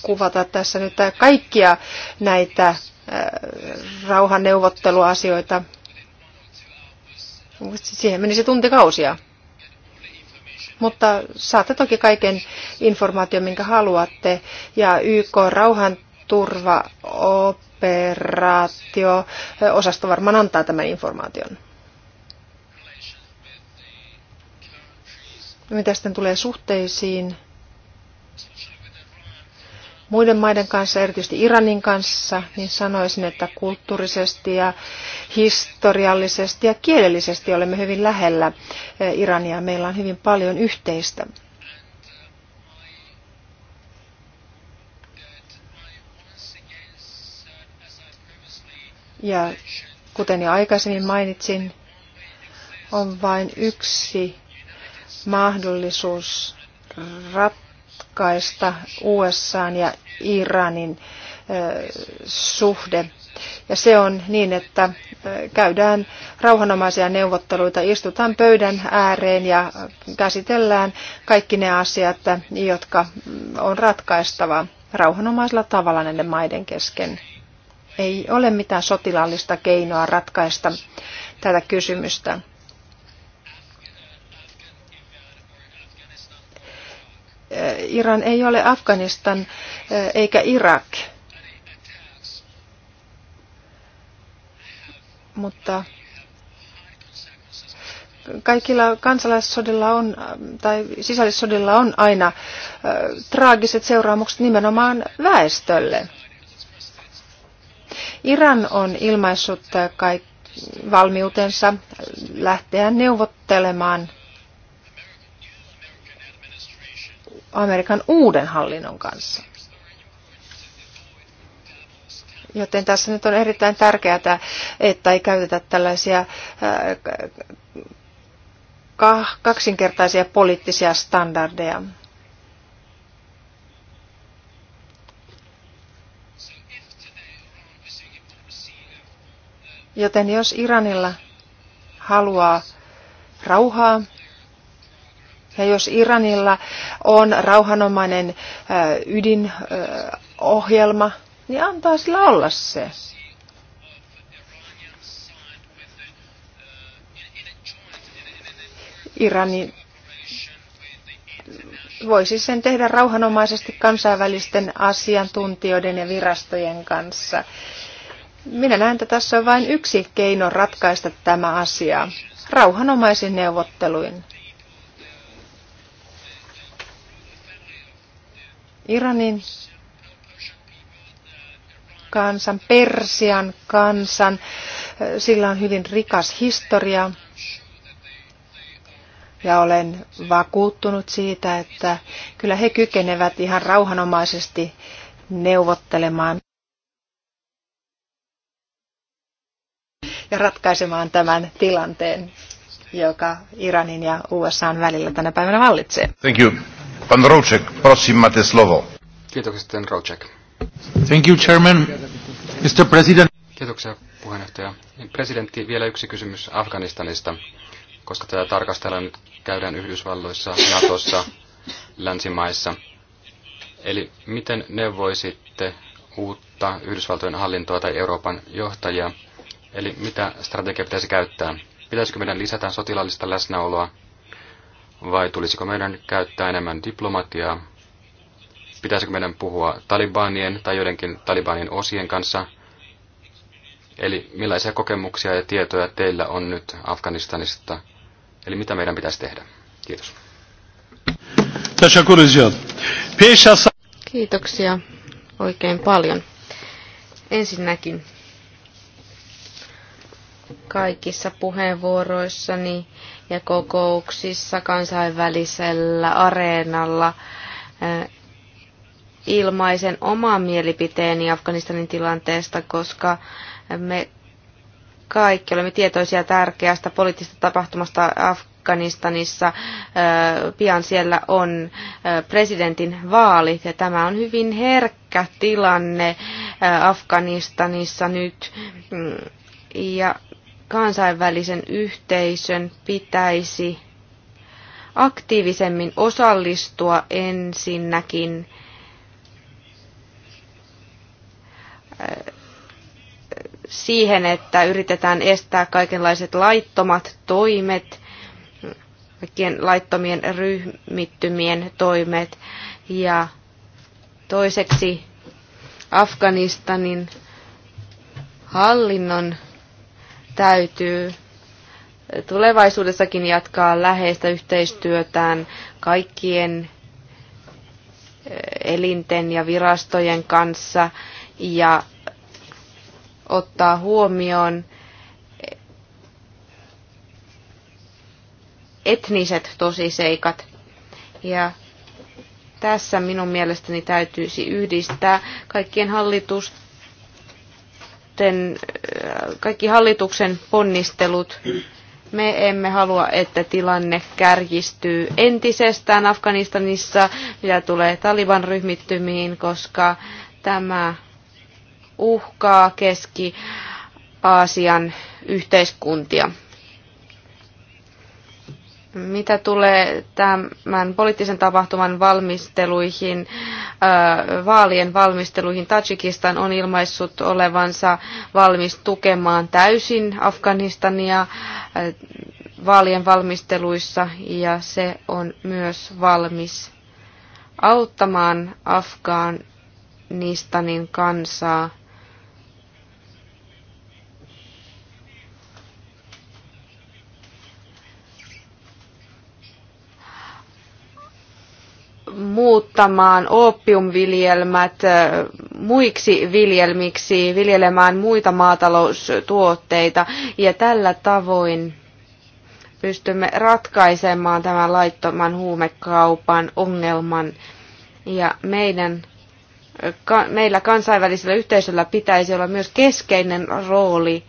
kuvata tässä nyt kaikkia näitä äh, rauhanneuvotteluasioita. Siihen menisi tuntikausia. Mutta saatte toki kaiken informaation, minkä haluatte. Ja YK rauhanturvaoperaatio äh, osasto varmaan antaa tämän informaation. Mitä sitten tulee suhteisiin muiden maiden kanssa, erityisesti Iranin kanssa, niin sanoisin, että kulttuurisesti ja historiallisesti ja kielellisesti olemme hyvin lähellä eh, Irania. Meillä on hyvin paljon yhteistä. Ja kuten jo aikaisemmin mainitsin, on vain yksi mahdollisuus rat- ratkaista USA ja Iranin suhde. Ja se on niin, että käydään rauhanomaisia neuvotteluita, istutaan pöydän ääreen ja käsitellään kaikki ne asiat, jotka mm, on ratkaistava rauhanomaisella tavalla näiden maiden kesken. Ei ole mitään sotilaallista keinoa ratkaista tätä kysymystä. Eh, Iran ei ole Afganistan eh, eikä Irak. Mutta kaikilla kansalaissodilla on, tai sisällissodilla on aina eh, traagiset seuraamukset nimenomaan väestölle. Iran on ilmaissut kaik- valmiutensa lähteä neuvottelemaan Amerikan uuden hallinnon kanssa. Joten tässä nyt on erittäin tärkeää, että ei käytetä tällaisia äh, kaksinkertaisia poliittisia standardeja. Joten jos Iranilla haluaa rauhaa, ja jos Iranilla on rauhanomainen ydinohjelma, niin antaa sillä olla se. Irani voisi sen tehdä rauhanomaisesti kansainvälisten asiantuntijoiden ja virastojen kanssa. Minä näen, että tässä on vain yksi keino ratkaista tämä asia. Rauhanomaisin neuvotteluin. Iranin kansan, Persian kansan. Sillä on hyvin rikas historia. Ja olen vakuuttunut siitä, että kyllä he kykenevät ihan rauhanomaisesti neuvottelemaan ja ratkaisemaan tämän tilanteen, joka Iranin ja USAn välillä tänä päivänä vallitsee. Thank you. Pan Rouček, prosím, máte slovo. Kiitokset, Rouček. Thank you, Chairman. Mr. President. Kiitoksia, puheenjohtaja. Presidentti, vielä yksi kysymys Afganistanista, koska tätä tarkastellaan nyt käydään Yhdysvalloissa, Natossa, länsimaissa. Eli miten neuvoisitte uutta Yhdysvaltojen hallintoa tai Euroopan johtajia? Eli mitä strategia pitäisi käyttää? Pitäisikö meidän lisätä sotilaallista läsnäoloa vai tulisiko meidän käyttää enemmän diplomatiaa? Pitäisikö meidän puhua talibanien tai joidenkin talibanien osien kanssa? Eli millaisia kokemuksia ja tietoja teillä on nyt Afganistanista? Eli mitä meidän pitäisi tehdä? Kiitos. Kiitoksia oikein paljon. Ensinnäkin kaikissa puheenvuoroissani ja kokouksissa kansainvälisellä areenalla äh, ilmaisen oman mielipiteeni Afganistanin tilanteesta, koska me kaikki olemme tietoisia tärkeästä poliittisesta tapahtumasta Afganistanissa. Äh, pian siellä on äh, presidentin vaali ja tämä on hyvin herkkä tilanne Afganistanissa nyt. Mm, ja kansainvälisen yhteisön pitäisi aktiivisemmin osallistua ensinnäkin äh, siihen, että yritetään estää kaikenlaiset laittomat toimet, kaikkien laittomien ryhmittymien toimet ja toiseksi Afganistanin hallinnon täytyy tulevaisuudessakin jatkaa läheistä yhteistyötään kaikkien eh, elinten ja virastojen kanssa ja ottaa huomioon eh, etniset tosiseikat. Ja tässä minun mielestäni täytyisi yhdistää kaikkien hallitusten sitten äh, kaikki hallituksen ponnistelut. Me emme halua, että tilanne kärjistyy entisestään Afganistanissa, mitä tulee Taliban ryhmittymiin, koska tämä uhkaa Keski-Aasian yhteiskuntia. Mitä tulee tämän poliittisen tapahtuman valmisteluihin, vaalien valmisteluihin, Tajikistan on ilmaissut olevansa valmis tukemaan täysin Afganistania vaalien valmisteluissa ja se on myös valmis auttamaan Afganistanin kansaa muuttamaan oppiumviljelmät muiksi viljelmiksi, viljelemään muita maataloustuotteita ja tällä tavoin pystymme ratkaisemaan tämän laittoman huumekaupan ongelman. Ja meidän, meillä kansainvälisellä yhteisöllä pitäisi olla myös keskeinen rooli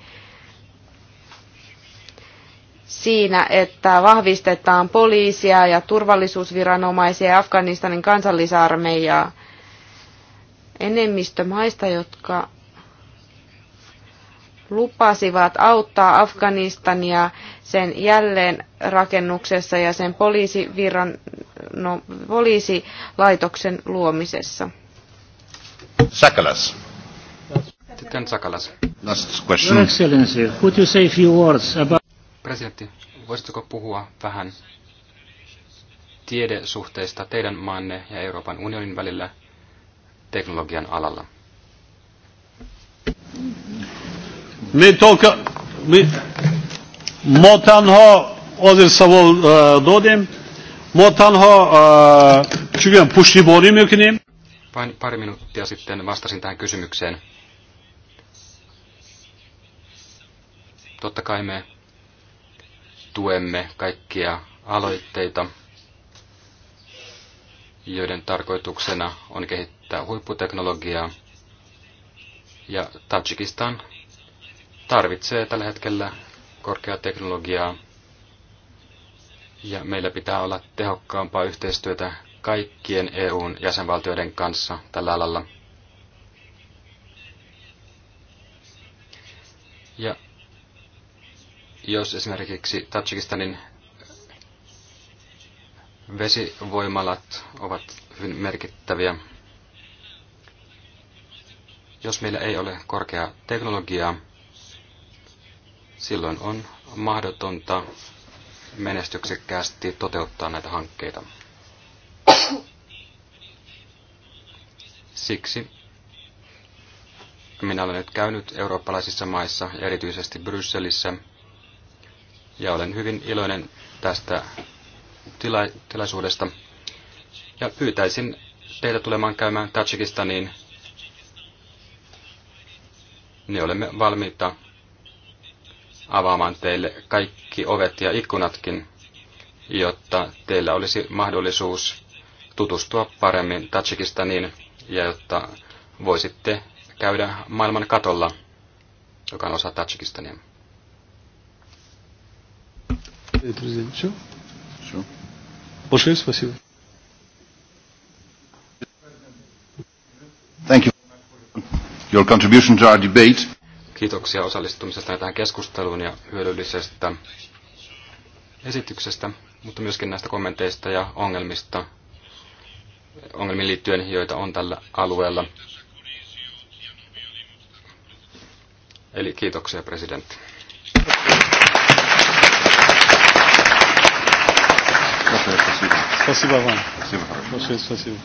siinä, että vahvistetaan poliisia ja turvallisuusviranomaisia ja Afganistanin kansallisarmeijaa. Enemmistö maista, jotka lupasivat auttaa Afganistania sen jälleenrakennuksessa ja sen poliisiviran, no, poliisilaitoksen luomisessa. Sakalas. Sitten Sakalas. Last question. Your Excellency, could you say a few words about... Presidentti, voisitteko puhua vähän tiedesuhteista teidän maanne ja Euroopan unionin välillä teknologian alalla? Me tolka, me, motanha ozir savol e, dodim, motanha çügen pushtiborim yökinim. Vain pari minuuttia sitten vastasin tähän kysymykseen. Totta kai me tuemme kaikkia aloitteita, joiden tarkoituksena on kehittää huipputeknologiaa. Ja Tajikistan tarvitsee tällä hetkellä korkeaa teknologiaa. Ja meillä pitää olla tehokkaampaa yhteistyötä kaikkien EUn jäsenvaltioiden kanssa tällä alalla. Ja jos esimerkiksi Tajikistanin vesivoimalat ovat hyvin merkittäviä. Jos meillä ei ole korkeaa teknologiaa, silloin on mahdotonta menestyksekkäästi toteuttaa näitä hankkeita. Siksi minä olen nyt käynyt eurooppalaisissa maissa, erityisesti Brysselissä, ja olen hyvin iloinen tästä tila- tilaisuudesta. Ja pyytäisin teitä tulemaan käymään Tajikistaniin. Niin olemme valmiita avaamaan teille kaikki ovet ja ikkunatkin, jotta teillä olisi mahdollisuus tutustua paremmin Tajikistaniin ja jotta voisitte käydä maailman katolla, joka on osa Tajikistania. Большое спасибо. Thank you your contribution to our debate. Kiitoksia osallistumisesta tähän keskusteluun ja hyödyllisestä esityksestä, mutta myöskin näistä kommenteista ja ongelmista, ongelmiin liittyen, joita on tällä alueella. Eli kiitoksia presidentti. большое спасибо. Спасибо вам. Спасибо, хорошо. Большое спасибо.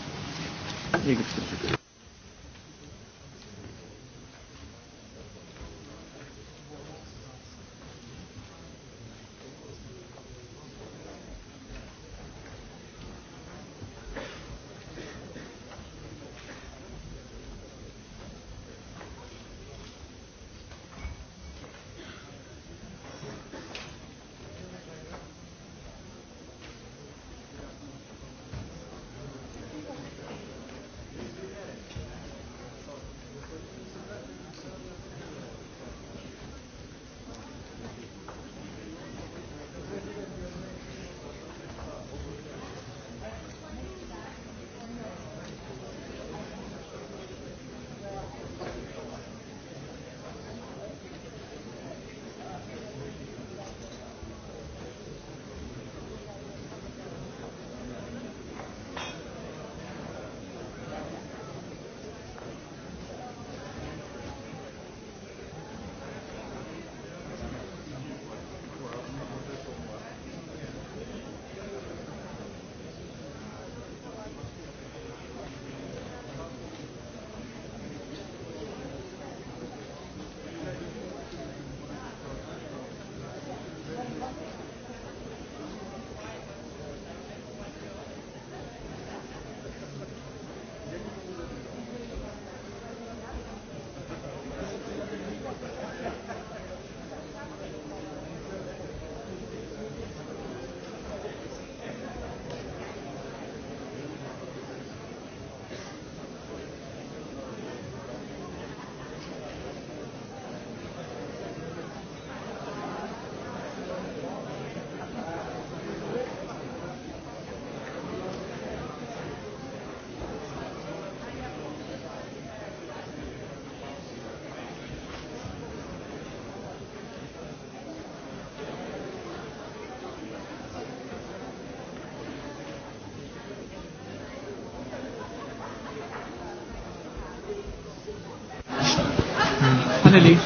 finally.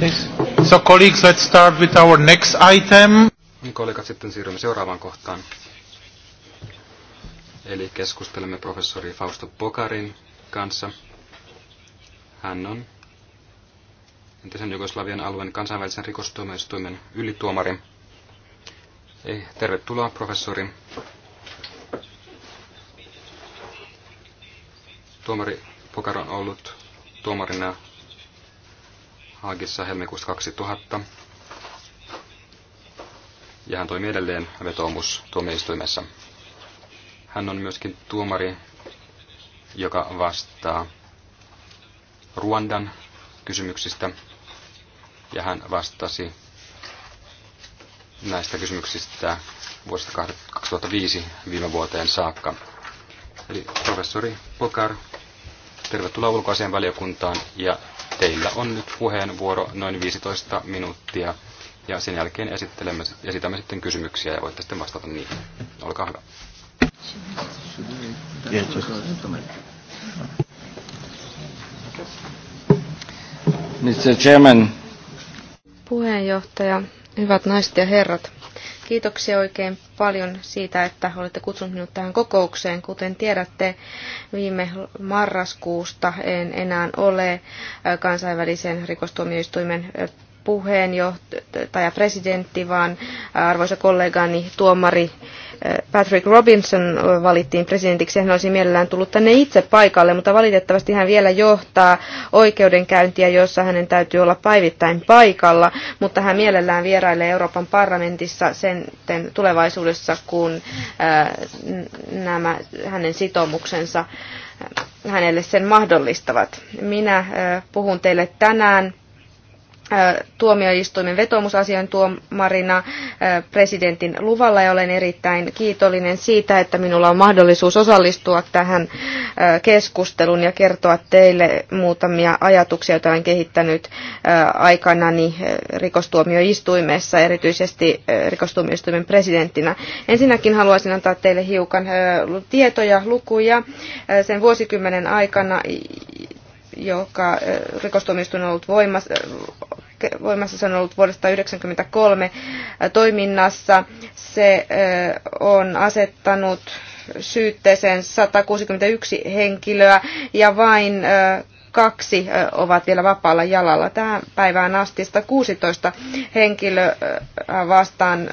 Yes. So colleagues, let's start with our next item. Niin, kollegat, sitten siirrymme seuraavaan kohtaan. Eli keskustelemme professori Fausto Pokarin kanssa. Hän on entisen Jugoslavian alueen kansainvälisen rikostuomioistuimen ylituomari. Ei, eh, tervetuloa professori. Tuomari Pokar on ollut tuomarina Haagissa helmikuussa 2000. Ja hän toimii edelleen vetoomus tuomioistuimessa. Hän on myöskin tuomari, joka vastaa Ruandan kysymyksistä. Ja hän vastasi näistä kysymyksistä vuodesta 2005 viime vuoteen saakka. Eli professori Pokar Tervetuloa ulkoasian valiokuntaan ja teillä on nyt puheenvuoro noin 15 minuuttia ja sen jälkeen esittelemme, esitämme sitten kysymyksiä ja voitte sitten vastata niihin. Olkaa hyvä. Mr. Chairman. Puheenjohtaja, hyvät naiset ja herrat. Kiitoksia oikein paljon siitä, että olette kutsunut minut tähän kokoukseen. Kuten tiedätte, viime marraskuusta en enää ole kansainvälisen rikostuomioistuimen puheenjohtaja presidentti, vaan äh, arvoisa kollegani tuomari äh, Patrick Robinson äh, valittiin presidentiksi. Hän olisi mielellään tullut tänne itse paikalle, mutta valitettavasti hän vielä johtaa oikeudenkäyntiä, jossa hänen täytyy olla päivittäin paikalla, mutta hän mielellään vierailee Euroopan parlamentissa sen tulevaisuudessa, kun nämä hänen sitoumuksensa hänelle sen mahdollistavat. Minä puhun teille tänään tuomioistuimen vetomusasian tuomarina presidentin luvalla ja olen erittäin kiitollinen siitä, että minulla on mahdollisuus osallistua tähän keskusteluun ja kertoa teille muutamia ajatuksia, joita olen kehittänyt aikanani rikostuomioistuimessa, erityisesti rikostuomioistuimen presidenttinä. Ensinnäkin haluaisin antaa teille hiukan tietoja, lukuja sen vuosikymmenen aikana, joka rikostuomioistuin on ollut voimassa, voimassa se on ollut vuodesta 1993 toiminnassa. Se on asettanut syytteeseen 161 henkilöä ja vain kaksi ovat vielä vapaalla jalalla. Tähän päivään asti 116 henkilöä vastaan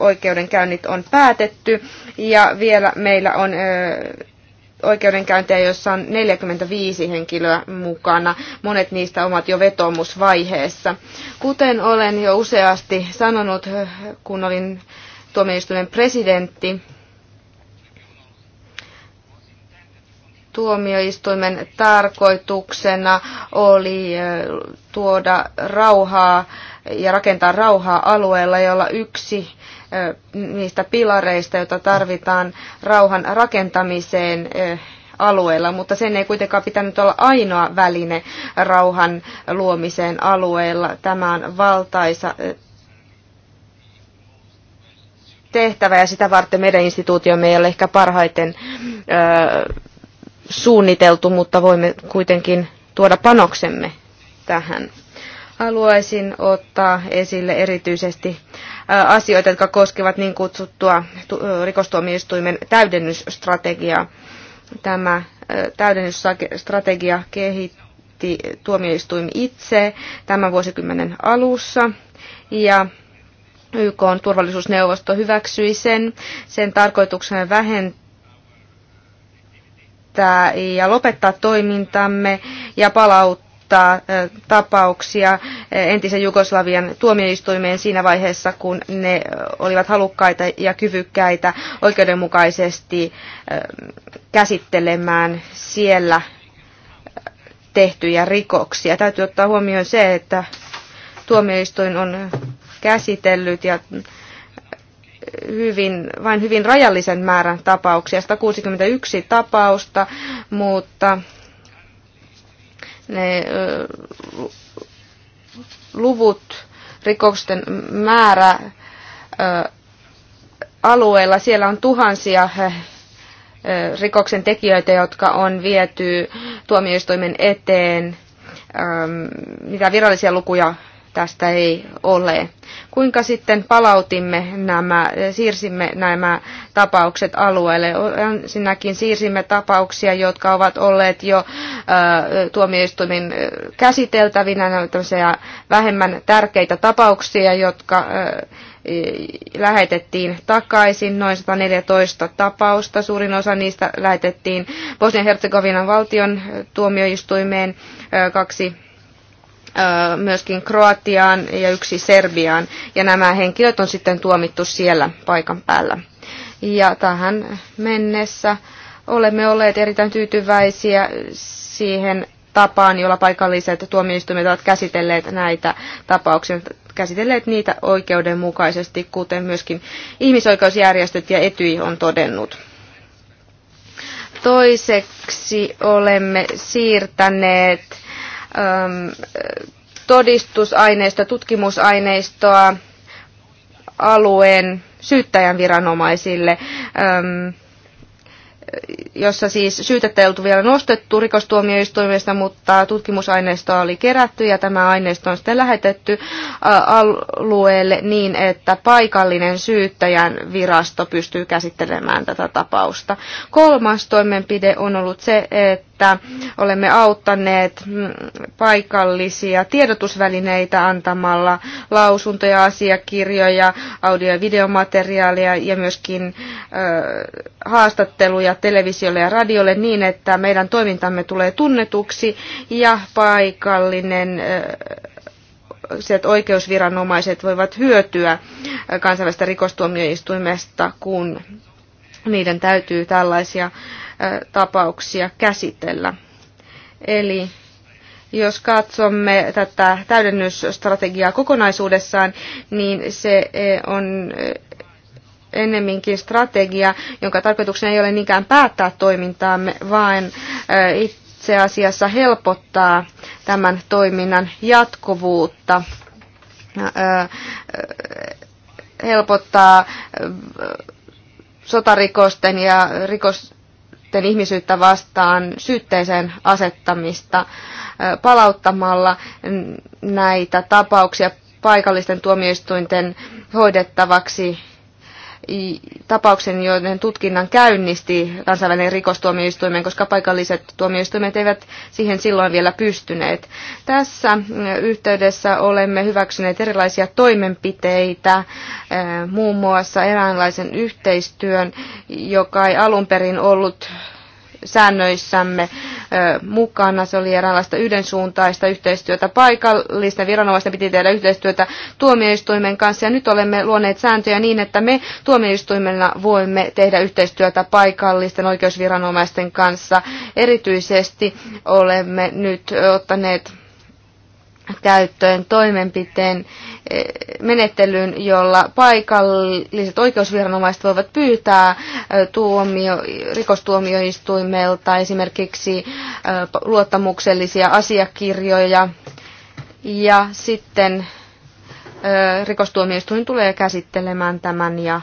oikeudenkäynnit on päätetty ja vielä meillä on oikeudenkäyntejä, joissa on 45 henkilöä mukana, monet niistä ovat jo vetomusvaiheessa. Kuten olen jo useasti sanonut, kun olin tuomioistuimen presidentti, tuomioistuimen tarkoituksena oli tuoda rauhaa ja rakentaa rauhaa alueella, jolla yksi niistä pilareista, joita tarvitaan rauhan rakentamiseen alueella, mutta sen ei kuitenkaan pitänyt olla ainoa väline rauhan luomiseen alueella. Tämä on valtaisa tehtävä ja sitä varten meidän instituutiomme ei ole ehkä parhaiten ö, suunniteltu, mutta voimme kuitenkin tuoda panoksemme tähän. Haluaisin ottaa esille erityisesti asioita, jotka koskevat niin kutsuttua rikostuomioistuimen täydennysstrategiaa. Tämä täydennysstrategia kehitti tuomioistuin itse tämän vuosikymmenen alussa ja YK on turvallisuusneuvosto hyväksyi sen. Sen tarkoituksena vähentää ja lopettaa toimintamme ja palauttaa johtaa tapauksia entisen Jugoslavian tuomioistuimeen siinä vaiheessa, kun ne olivat halukkaita ja kyvykkäitä oikeudenmukaisesti käsittelemään siellä tehtyjä rikoksia. Täytyy ottaa huomioon se, että tuomioistuin on käsitellyt ja hyvin, vain hyvin rajallisen määrän tapauksia, 161 tapausta, mutta ne ö, luvut, rikosten määrä ö, alueella, siellä on tuhansia rikoksen tekijöitä, jotka on viety tuomioistuimen eteen. Mitä virallisia lukuja tästä ei ole. Kuinka sitten palautimme nämä, siirsimme nämä tapaukset alueelle? Ensinnäkin siirsimme tapauksia, jotka ovat olleet jo äh, tuomioistuimin äh, käsiteltävinä, tämmöisiä vähemmän tärkeitä tapauksia, jotka äh, lähetettiin takaisin, noin 114 tapausta. Suurin osa niistä lähetettiin Bosnian-Herzegovinan valtion tuomioistuimeen, kaksi myöskin Kroatiaan ja yksi Serbiaan. Ja nämä henkilöt on sitten tuomittu siellä paikan päällä. Ja tähän mennessä olemme olleet erittäin tyytyväisiä siihen tapaan, jolla paikalliset tuomioistuimet ovat käsitelleet näitä tapauksia, käsitelleet niitä oikeudenmukaisesti, kuten myöskin ihmisoikeusjärjestöt ja Etyi on todennut. Toiseksi olemme siirtäneet Ähm, todistusaineistoa, tutkimusaineistoa alueen syyttäjän viranomaisille, ähm, jossa siis syytettä ei oltu vielä nostettu rikostuomioistuimesta, mutta tutkimusaineistoa oli kerätty ja tämä aineisto on sitten lähetetty alueelle niin, että paikallinen syyttäjän virasto pystyy käsittelemään tätä tapausta. Kolmas toimenpide on ollut se, että että olemme auttaneet paikallisia tiedotusvälineitä antamalla lausuntoja, asiakirjoja, audio- ja videomateriaalia ja myöskin haastatteluja televisiolle ja radiolle niin, että meidän toimintamme tulee tunnetuksi ja paikallinen sieltä oikeusviranomaiset voivat hyötyä kansainvälistä rikostuomioistuimesta, kun niiden täytyy tällaisia tapauksia käsitellä. Eli jos katsomme tätä täydennysstrategiaa kokonaisuudessaan, niin se on ennemminkin strategia, jonka tarkoituksena ei ole niinkään päättää toimintaamme, vaan itse asiassa helpottaa tämän toiminnan jatkuvuutta, helpottaa sotarikosten ja rikos, sitten ihmisyyttä vastaan syytteeseen asettamista palauttamalla näitä tapauksia paikallisten tuomioistuinten hoidettavaksi tapauksen, joiden tutkinnan käynnisti kansainvälinen rikostuomioistuimen, koska paikalliset tuomioistuimet eivät siihen silloin vielä pystyneet. Tässä mm, yhteydessä olemme hyväksyneet erilaisia toimenpiteitä, eh, muun muassa eräänlaisen yhteistyön, joka ei alun perin ollut säännöissämme mukana. Se oli eräänlaista yhdensuuntaista yhteistyötä paikallisten viranomaisten piti tehdä yhteistyötä tuomioistuimen kanssa ja nyt olemme luoneet sääntöjä niin, että me tuomioistuimena voimme tehdä yhteistyötä paikallisten oikeusviranomaisten kanssa. Erityisesti olemme nyt ottaneet käyttöön toimenpiteen eh, menettelyn, jolla paikalliset oikeusviranomaiset voivat pyytää eh, tuomio, rikostuomioistuimelta esimerkiksi eh, luottamuksellisia asiakirjoja ja sitten rikostuomioistuin tulee käsittelemään tämän ja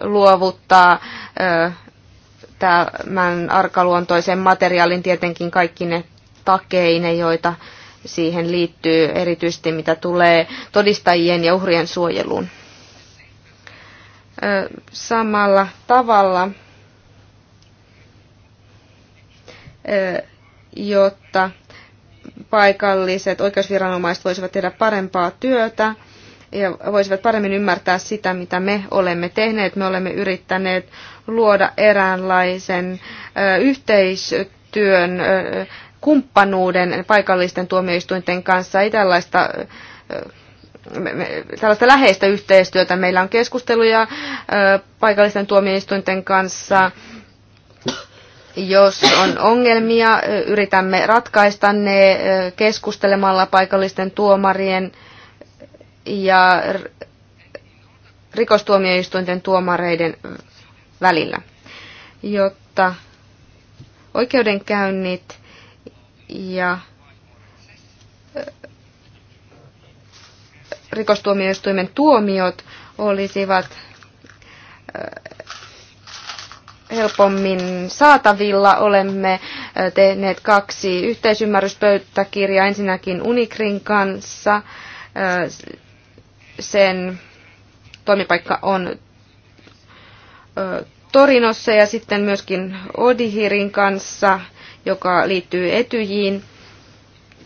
luovuttaa tämän arkaluontoisen materiaalin tietenkin kaikki ne takeine, joita siihen liittyy erityisesti mitä tulee todistajien ja uhrien suojeluun. Samalla tavalla, jotta paikalliset oikeusviranomaiset voisivat tehdä parempaa työtä ja voisivat paremmin ymmärtää sitä, mitä me olemme tehneet. Me olemme yrittäneet luoda eräänlaisen yhteistyön kumppanuuden paikallisten tuomioistuinten kanssa. Ei tällaista tällaista läheistä yhteistyötä. Meillä on keskusteluja paikallisten tuomioistuinten kanssa. Jos on ongelmia, yritämme ratkaista ne keskustelemalla paikallisten tuomarien ja rikostuomioistuinten tuomareiden välillä, jotta oikeudenkäynnit ja rikostuomioistuimen tuomiot olisivat helpommin saatavilla. Olemme tehneet kaksi yhteisymmärryspöytäkirjaa. Ensinnäkin Unikrin kanssa. Sen toimipaikka on Torinossa ja sitten myöskin Odihirin kanssa joka liittyy etyjiin,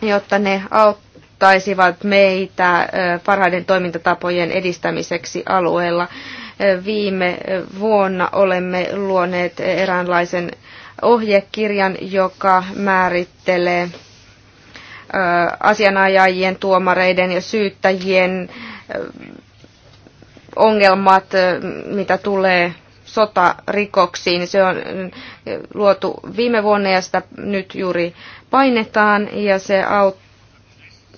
jotta ne auttaisivat meitä parhaiden toimintatapojen edistämiseksi alueella. Viime vuonna olemme luoneet eräänlaisen ohjekirjan, joka määrittelee asianajajien, tuomareiden ja syyttäjien ongelmat, mitä tulee sotarikoksiin. Se on eh, luotu viime vuonna ja sitä nyt juuri painetaan ja se aut-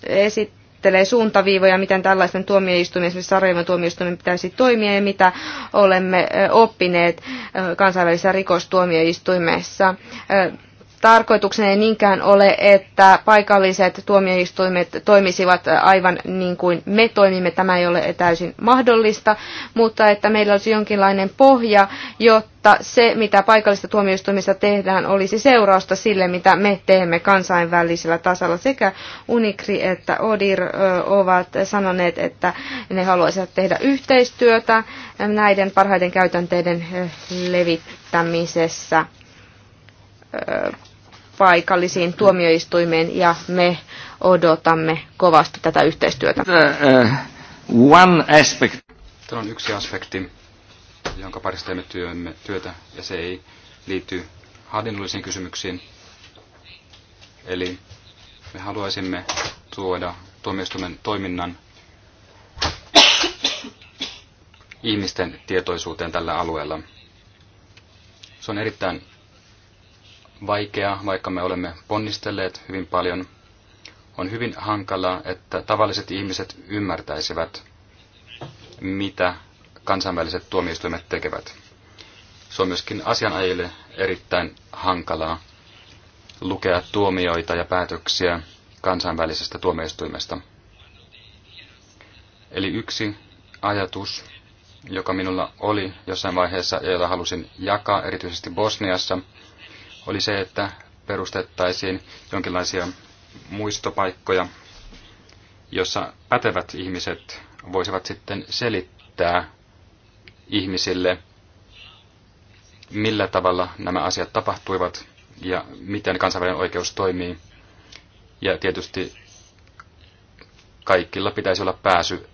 esittelee suuntaviivoja, miten tällaisten tuomioistuimien, esimerkiksi Sarajevan tuomioistuminen pitäisi toimia ja mitä olemme eh, oppineet eh, kansainvälisessä rikostuomioistuimessa tarkoituksena ei niinkään ole, että paikalliset tuomioistuimet toimisivat aivan niin kuin me toimimme. Tämä ei ole täysin mahdollista, mutta että meillä olisi jonkinlainen pohja, jotta se, mitä paikallista tuomioistuimissa tehdään, olisi seurausta sille, mitä me teemme kansainvälisellä tasolla. Sekä Unikri että Odir ovat sanoneet, että ne haluaisivat tehdä yhteistyötä näiden parhaiden käytänteiden levittämisessä paikallisiin tuomioistuimeen ja me odotamme kovasti tätä yhteistyötä. Uh, one aspect. Tämä on yksi aspekti, jonka parissa teemme työmme, työtä ja se ei liity hallinnollisiin kysymyksiin. Eli me haluaisimme tuoda tuomioistuimen toiminnan ihmisten tietoisuuteen tällä alueella. Se on erittäin vaikeaa, vaikka me olemme ponnistelleet hyvin paljon. On hyvin hankalaa, että tavalliset ihmiset ymmärtäisivät, mitä kansainväliset tuomioistuimet tekevät. Se on myöskin asianajille erittäin hankalaa lukea tuomioita ja päätöksiä kansainvälisestä tuomioistuimesta. Eli yksi ajatus, joka minulla oli jossain vaiheessa ja jota halusin jakaa erityisesti Bosniassa, oli se, että perustettaisiin jonkinlaisia muistopaikkoja, jossa pätevät ihmiset voisivat sitten selittää ihmisille, millä tavalla nämä asiat tapahtuivat ja miten kansainvälinen oikeus toimii. Ja tietysti kaikilla pitäisi olla pääsy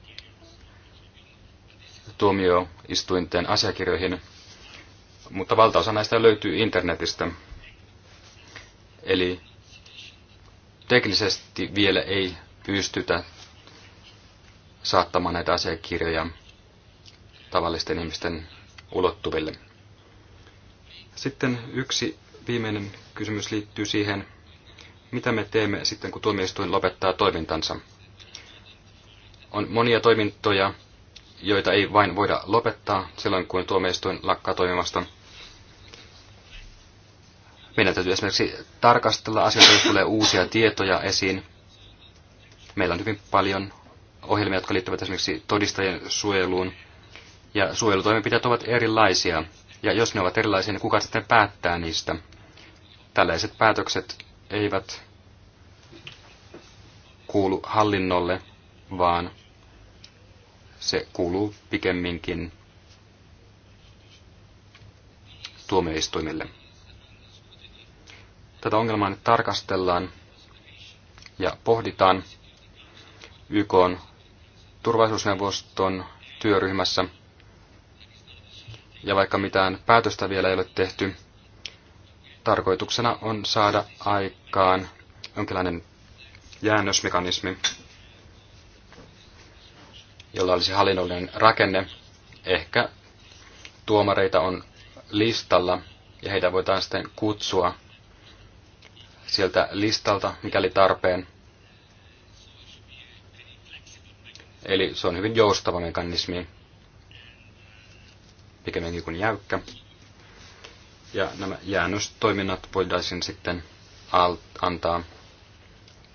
tuomioistuinten asiakirjoihin, mutta valtaosa näistä löytyy internetistä. Eli teknisesti vielä ei pystytä saattamaan näitä asiakirjoja tavallisten ihmisten ulottuville. Sitten yksi viimeinen kysymys liittyy siihen, mitä me teemme sitten, kun tuomioistuin lopettaa toimintansa. On monia toimintoja, joita ei vain voida lopettaa silloin, kun tuomioistuin lakkaa toimimasta – meidän täytyy esimerkiksi tarkastella asioita, jos tulee uusia tietoja esiin. Meillä on hyvin paljon ohjelmia, jotka liittyvät esimerkiksi todistajien suojeluun. Ja suojelutoimenpiteet ovat erilaisia. Ja jos ne ovat erilaisia, niin kuka sitten päättää niistä? Tällaiset päätökset eivät kuulu hallinnolle, vaan se kuuluu pikemminkin tuomioistuimille. Tätä ongelmaa nyt tarkastellaan ja pohditaan YK on turvallisuusneuvoston työryhmässä. Ja vaikka mitään päätöstä vielä ei ole tehty, tarkoituksena on saada aikaan jonkinlainen jäännösmekanismi, jolla olisi hallinnollinen rakenne. Ehkä tuomareita on listalla ja heitä voidaan sitten kutsua sieltä listalta, mikäli tarpeen. Eli se on hyvin joustava mekanismi, pikemminkin kuin jäykkä. Ja nämä jäännöstoiminnat voidaan sitten antaa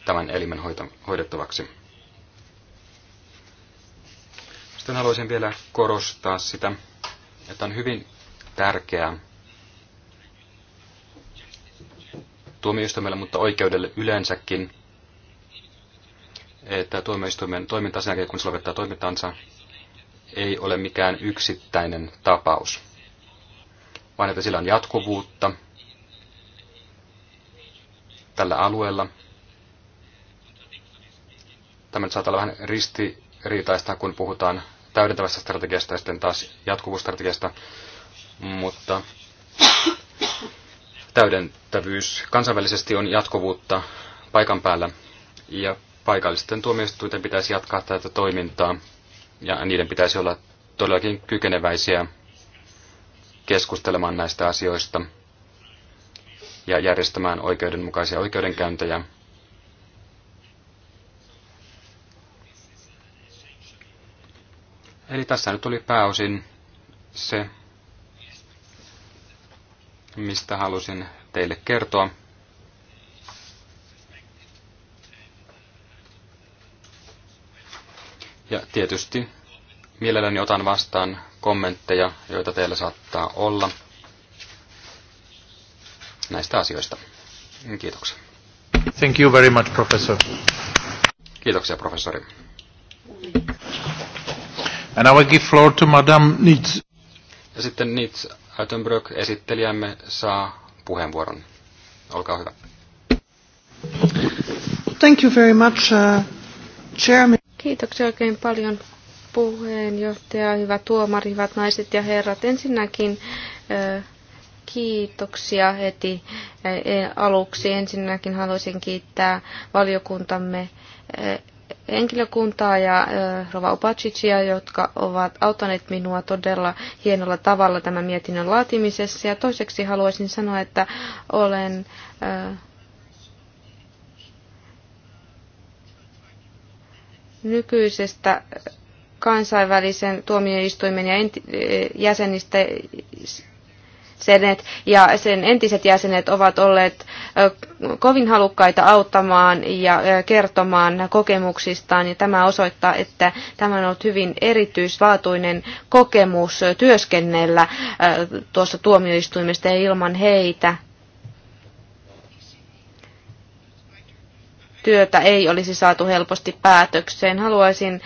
tämän elimen hoidettavaksi. Sitten haluaisin vielä korostaa sitä, että on hyvin tärkeää, tuomioistuimelle, mutta oikeudelle yleensäkin, että tuomioistuimen toiminta sen jälkeen, kun se lopettaa toimintansa, ei ole mikään yksittäinen tapaus, vaan että sillä on jatkuvuutta tällä alueella. Tämä saattaa olla vähän ristiriitaista, kun puhutaan täydentävästä strategiasta ja sitten taas jatkuvuusstrategiasta, mutta täydentävyys kansainvälisesti on jatkuvuutta paikan päällä ja paikallisten tuomioistuinten pitäisi jatkaa tätä toimintaa ja niiden pitäisi olla todellakin kykeneväisiä keskustelemaan näistä asioista ja järjestämään oikeudenmukaisia oikeudenkäyntejä. Eli tässä nyt oli pääosin se, mistä halusin teille kertoa. Ja tietysti mielelläni otan vastaan kommentteja, joita teillä saattaa olla näistä asioista. Kiitoksia. Thank you very much, professor. Kiitoksia, professori. And I will give floor to Madame Nitz. Ja sitten Nitz Ötenbröck, esittelijämme, saa puheenvuoron. Olkaa hyvä. Thank you very much, uh, chairman. Kiitoksia oikein paljon puheenjohtaja, hyvä tuomari, hyvät naiset ja herrat. Ensinnäkin uh, kiitoksia heti uh, aluksi. Ensinnäkin haluaisin kiittää valiokuntamme uh, henkilökuntaa ja Rova Opacicia, jotka ovat auttaneet minua todella hienolla tavalla tämän mietinnön laatimisessa. Ja toiseksi haluaisin sanoa, että olen nykyisestä kansainvälisen tuomioistuimen ja jäsenistä jäsenet ja sen entiset jäsenet ovat olleet kovin halukkaita auttamaan ja kertomaan kokemuksistaan. Ja tämä osoittaa, että tämä on ollut hyvin erityisvaatuinen kokemus työskennellä tuossa tuomioistuimesta ja ilman heitä työtä ei olisi saatu helposti päätökseen. Haluaisin,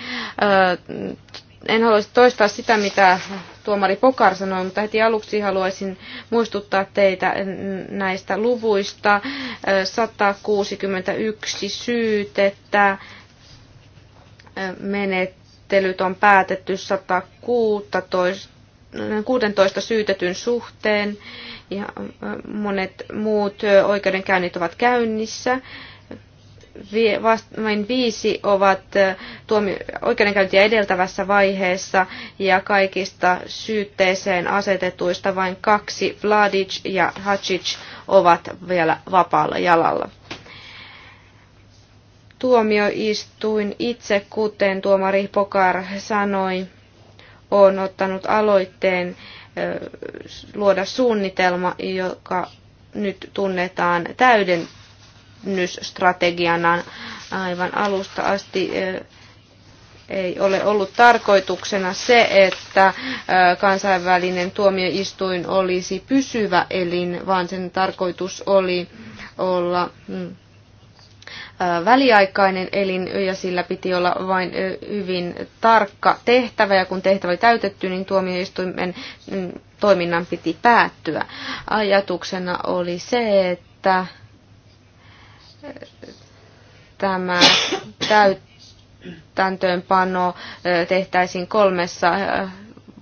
en haluaisi toistaa sitä, mitä tuomari Pokar sanoi, mutta heti aluksi haluaisin muistuttaa teitä näistä luvuista. 161 syytettä, menettelyt on päätetty 116 16 syytetyn suhteen ja monet muut oikeudenkäynnit ovat käynnissä vain viisi ovat tuomi- oikeudenkäyntiä edeltävässä vaiheessa ja kaikista syytteeseen asetetuista vain kaksi, Vladic ja Hacic, ovat vielä vapaalla jalalla. Tuomioistuin itse, kuten tuomari Pokar sanoi, on ottanut aloitteen luoda suunnitelma, joka nyt tunnetaan täyden täydennysstrategianaan aivan alusta asti eh, ei ole ollut tarkoituksena se, että eh, kansainvälinen tuomioistuin olisi pysyvä elin, vaan sen tarkoitus oli olla mm, eh, väliaikainen elin ja sillä piti olla vain hyvin tarkka tehtävä ja kun tehtävä oli täytetty, niin tuomioistuimen mm, toiminnan piti päättyä. Ajatuksena oli se, että tämä täytäntöönpano eh, tehtäisiin kolmessa eh,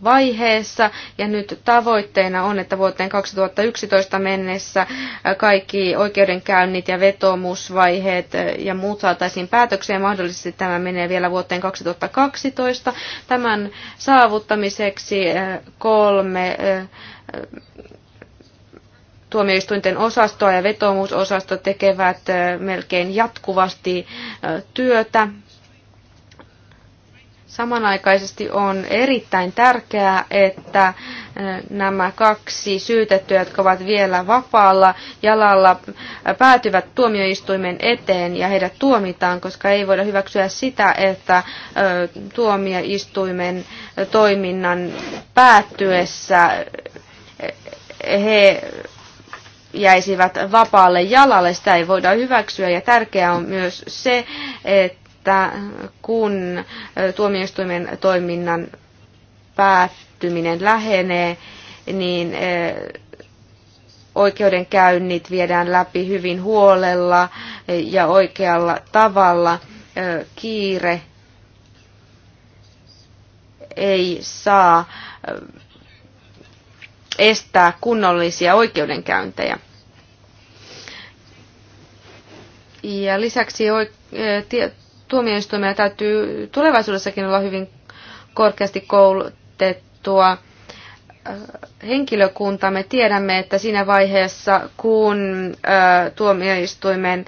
vaiheessa ja nyt tavoitteena on, että vuoteen 2011 mennessä eh, kaikki oikeudenkäynnit ja vetomusvaiheet ja muut saataisiin päätökseen. Mahdollisesti tämä menee vielä vuoteen 2012. Tämän saavuttamiseksi kolme tuomioistuinten osastoa ja vetoomusosasto tekevät melkein jatkuvasti työtä. Samanaikaisesti on erittäin tärkeää, että nämä kaksi syytettyä, jotka ovat vielä vapaalla jalalla, päätyvät tuomioistuimen eteen ja heidät tuomitaan, koska ei voida hyväksyä sitä, että tuomioistuimen toiminnan päättyessä he jäisivät vapaalle jalalle. Sitä ei voida hyväksyä ja tärkeää on myös se, että kun tuomioistuimen toiminnan päättyminen lähenee, niin oikeudenkäynnit viedään läpi hyvin huolella ja oikealla tavalla. Kiire ei saa estää kunnollisia oikeudenkäyntejä. Ja lisäksi eh, tuomioistuimia täytyy tulevaisuudessakin olla hyvin korkeasti koulutettua henkilökunta, me tiedämme, että siinä vaiheessa, kun tuomioistuimen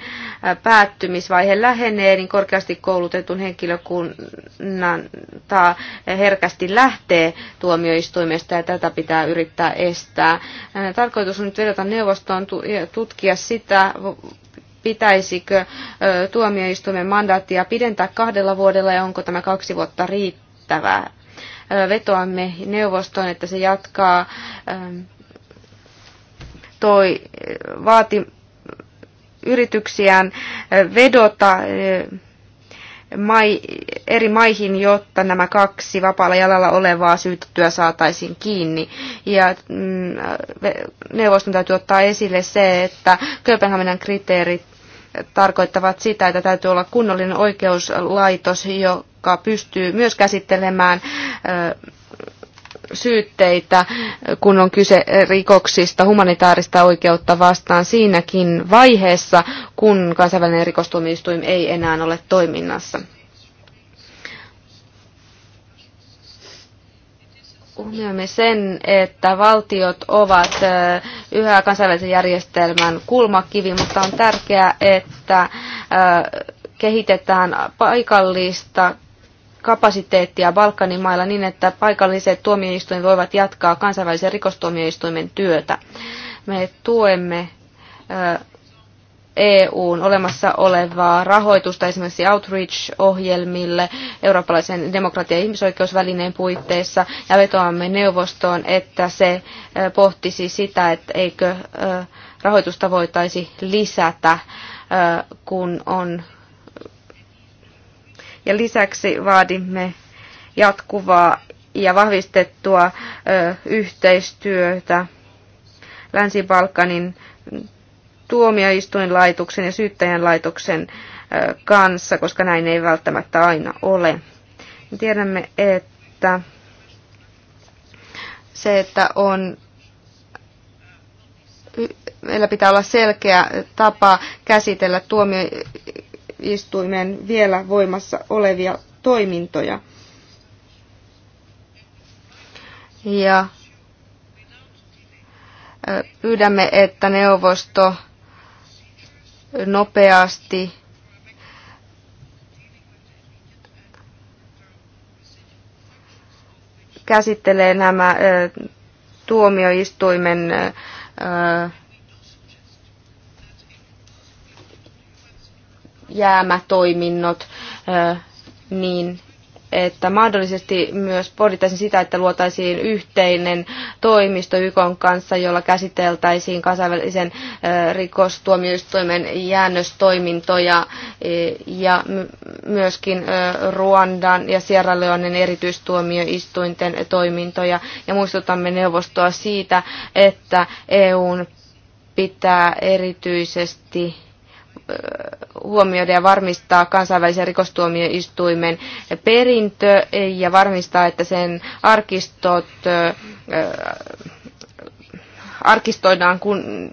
päättymisvaihe lähenee, niin korkeasti koulutetun henkilökunnan herkästi lähtee tuomioistuimesta ja tätä pitää yrittää estää. Tarkoitus on nyt vedota neuvostoon tutkia sitä, pitäisikö tuomioistuimen mandaattia pidentää kahdella vuodella ja onko tämä kaksi vuotta riittävää vetoamme neuvostoon, että se jatkaa toi, vaati, yrityksiään vedota mai, eri maihin, jotta nämä kaksi vapaalla jalalla olevaa syytettyä saataisiin kiinni. Ja mm, neuvoston täytyy ottaa esille se, että Kööpenhaminan kriteerit tarkoittavat sitä, että täytyy olla kunnollinen oikeuslaitos, jo joka pystyy myös käsittelemään syytteitä, kun on kyse rikoksista humanitaarista oikeutta vastaan siinäkin vaiheessa, kun kansainvälinen rikostuomioistuin ei enää ole toiminnassa. huomioimme sen, että valtiot ovat yhä kansainvälisen järjestelmän kulmakivi, mutta on tärkeää, että kehitetään paikallista kapasiteettia Balkanin mailla niin, että paikalliset tuomioistuimet voivat jatkaa kansainvälisen rikostuomioistuimen työtä. Me tuemme EUn olemassa olevaa rahoitusta esimerkiksi Outreach-ohjelmille eurooppalaisen demokratia- ja ihmisoikeusvälineen puitteissa ja vetoamme neuvostoon, että se pohtisi sitä, että eikö rahoitusta voitaisi lisätä, kun on ja lisäksi vaadimme jatkuvaa ja vahvistettua yhteistyötä Länsi-Balkanin tuomioistuinlaitoksen ja syyttäjän laitoksen kanssa, koska näin ei välttämättä aina ole. Tiedämme, että se, että on meillä pitää olla selkeä tapa käsitellä tuomio, tuomioistuimen vielä voimassa olevia toimintoja. Ja pyydämme, että neuvosto nopeasti käsittelee nämä tuomioistuimen jäämätoiminnot, niin että mahdollisesti myös pohdittaisiin sitä, että luotaisiin yhteinen toimisto YKn kanssa, jolla käsiteltäisiin kansainvälisen rikostuomioistuimen jäännöstoimintoja e, ja myöskin Ruandan ja Sierra Leonen erityistuomioistuinten toimintoja. Ja muistutamme neuvostoa siitä, että EUn pitää erityisesti huomioida ja varmistaa kansainvälisen rikostuomioistuimen perintö ja varmistaa, että sen arkistot arkistoidaan kun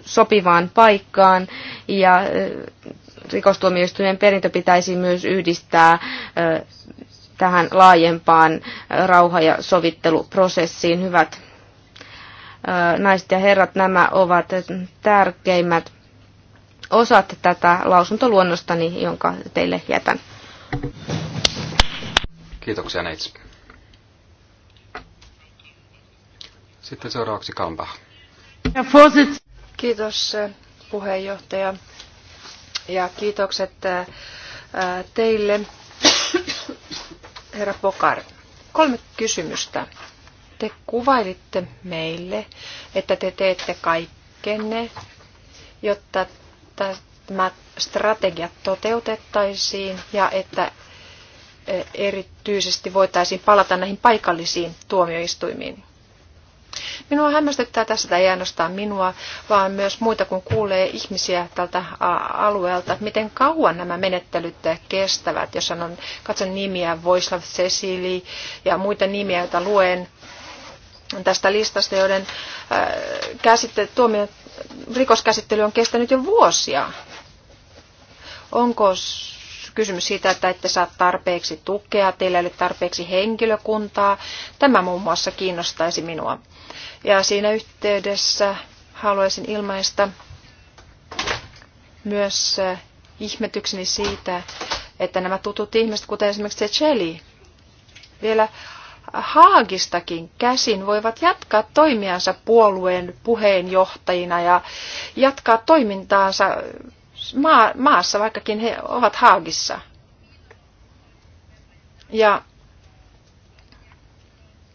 sopivaan paikkaan ja rikostuomioistuimen perintö pitäisi myös yhdistää tähän laajempaan rauha- ja sovitteluprosessiin. Hyvät naiset ja herrat, nämä ovat tärkeimmät osat tätä lausuntoluonnostani, jonka teille jätän. Kiitoksia Neits. Sitten seuraavaksi Kampa. Kiitos puheenjohtaja ja kiitokset äh, teille, herra Pokar. Kolme kysymystä. Te kuvailitte meille, että te teette kaikkenne, jotta että tämä strategia toteutettaisiin ja että e, erityisesti voitaisiin palata näihin paikallisiin tuomioistuimiin. Minua hämmästyttää tässä, ei ainoastaan minua, vaan myös muita, kun kuulee ihmisiä tältä alueelta, miten kauan nämä menettelyt kestävät. Jos sanon, katson nimiä, Voislav Cecili ja muita nimiä, joita luen, tästä listasta, joiden äh, käsitte, tuomio, rikoskäsittely on kestänyt jo vuosia. Onko kysymys siitä, että ette saa tarpeeksi tukea, teillä ei ole tarpeeksi henkilökuntaa? Tämä muun muassa kiinnostaisi minua. Ja siinä yhteydessä haluaisin ilmaista myös äh, ihmetykseni siitä, että nämä tutut ihmiset, kuten esimerkiksi Cheli, vielä Haagistakin käsin voivat jatkaa toimiansa puolueen puheenjohtajina ja jatkaa toimintaansa maa, maassa, vaikkakin he ovat Haagissa. Ja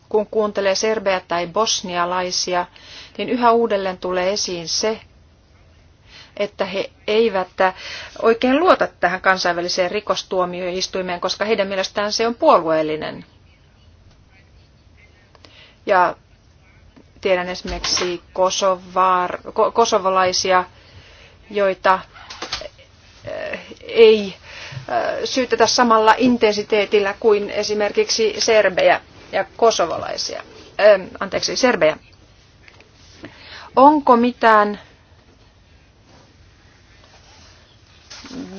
kun kuuntelee serbeä tai bosnialaisia, niin yhä uudelleen tulee esiin se, että he eivät oikein luota tähän kansainväliseen rikostuomioistuimeen, koska heidän mielestään se on puolueellinen. Ja tiedän esimerkiksi kosovar, ko, kosovalaisia, joita eh, ei eh, syytetä samalla intensiteetillä kuin esimerkiksi serbejä ja kosovalaisia. äh, anteeksi, serbejä. Onko mitään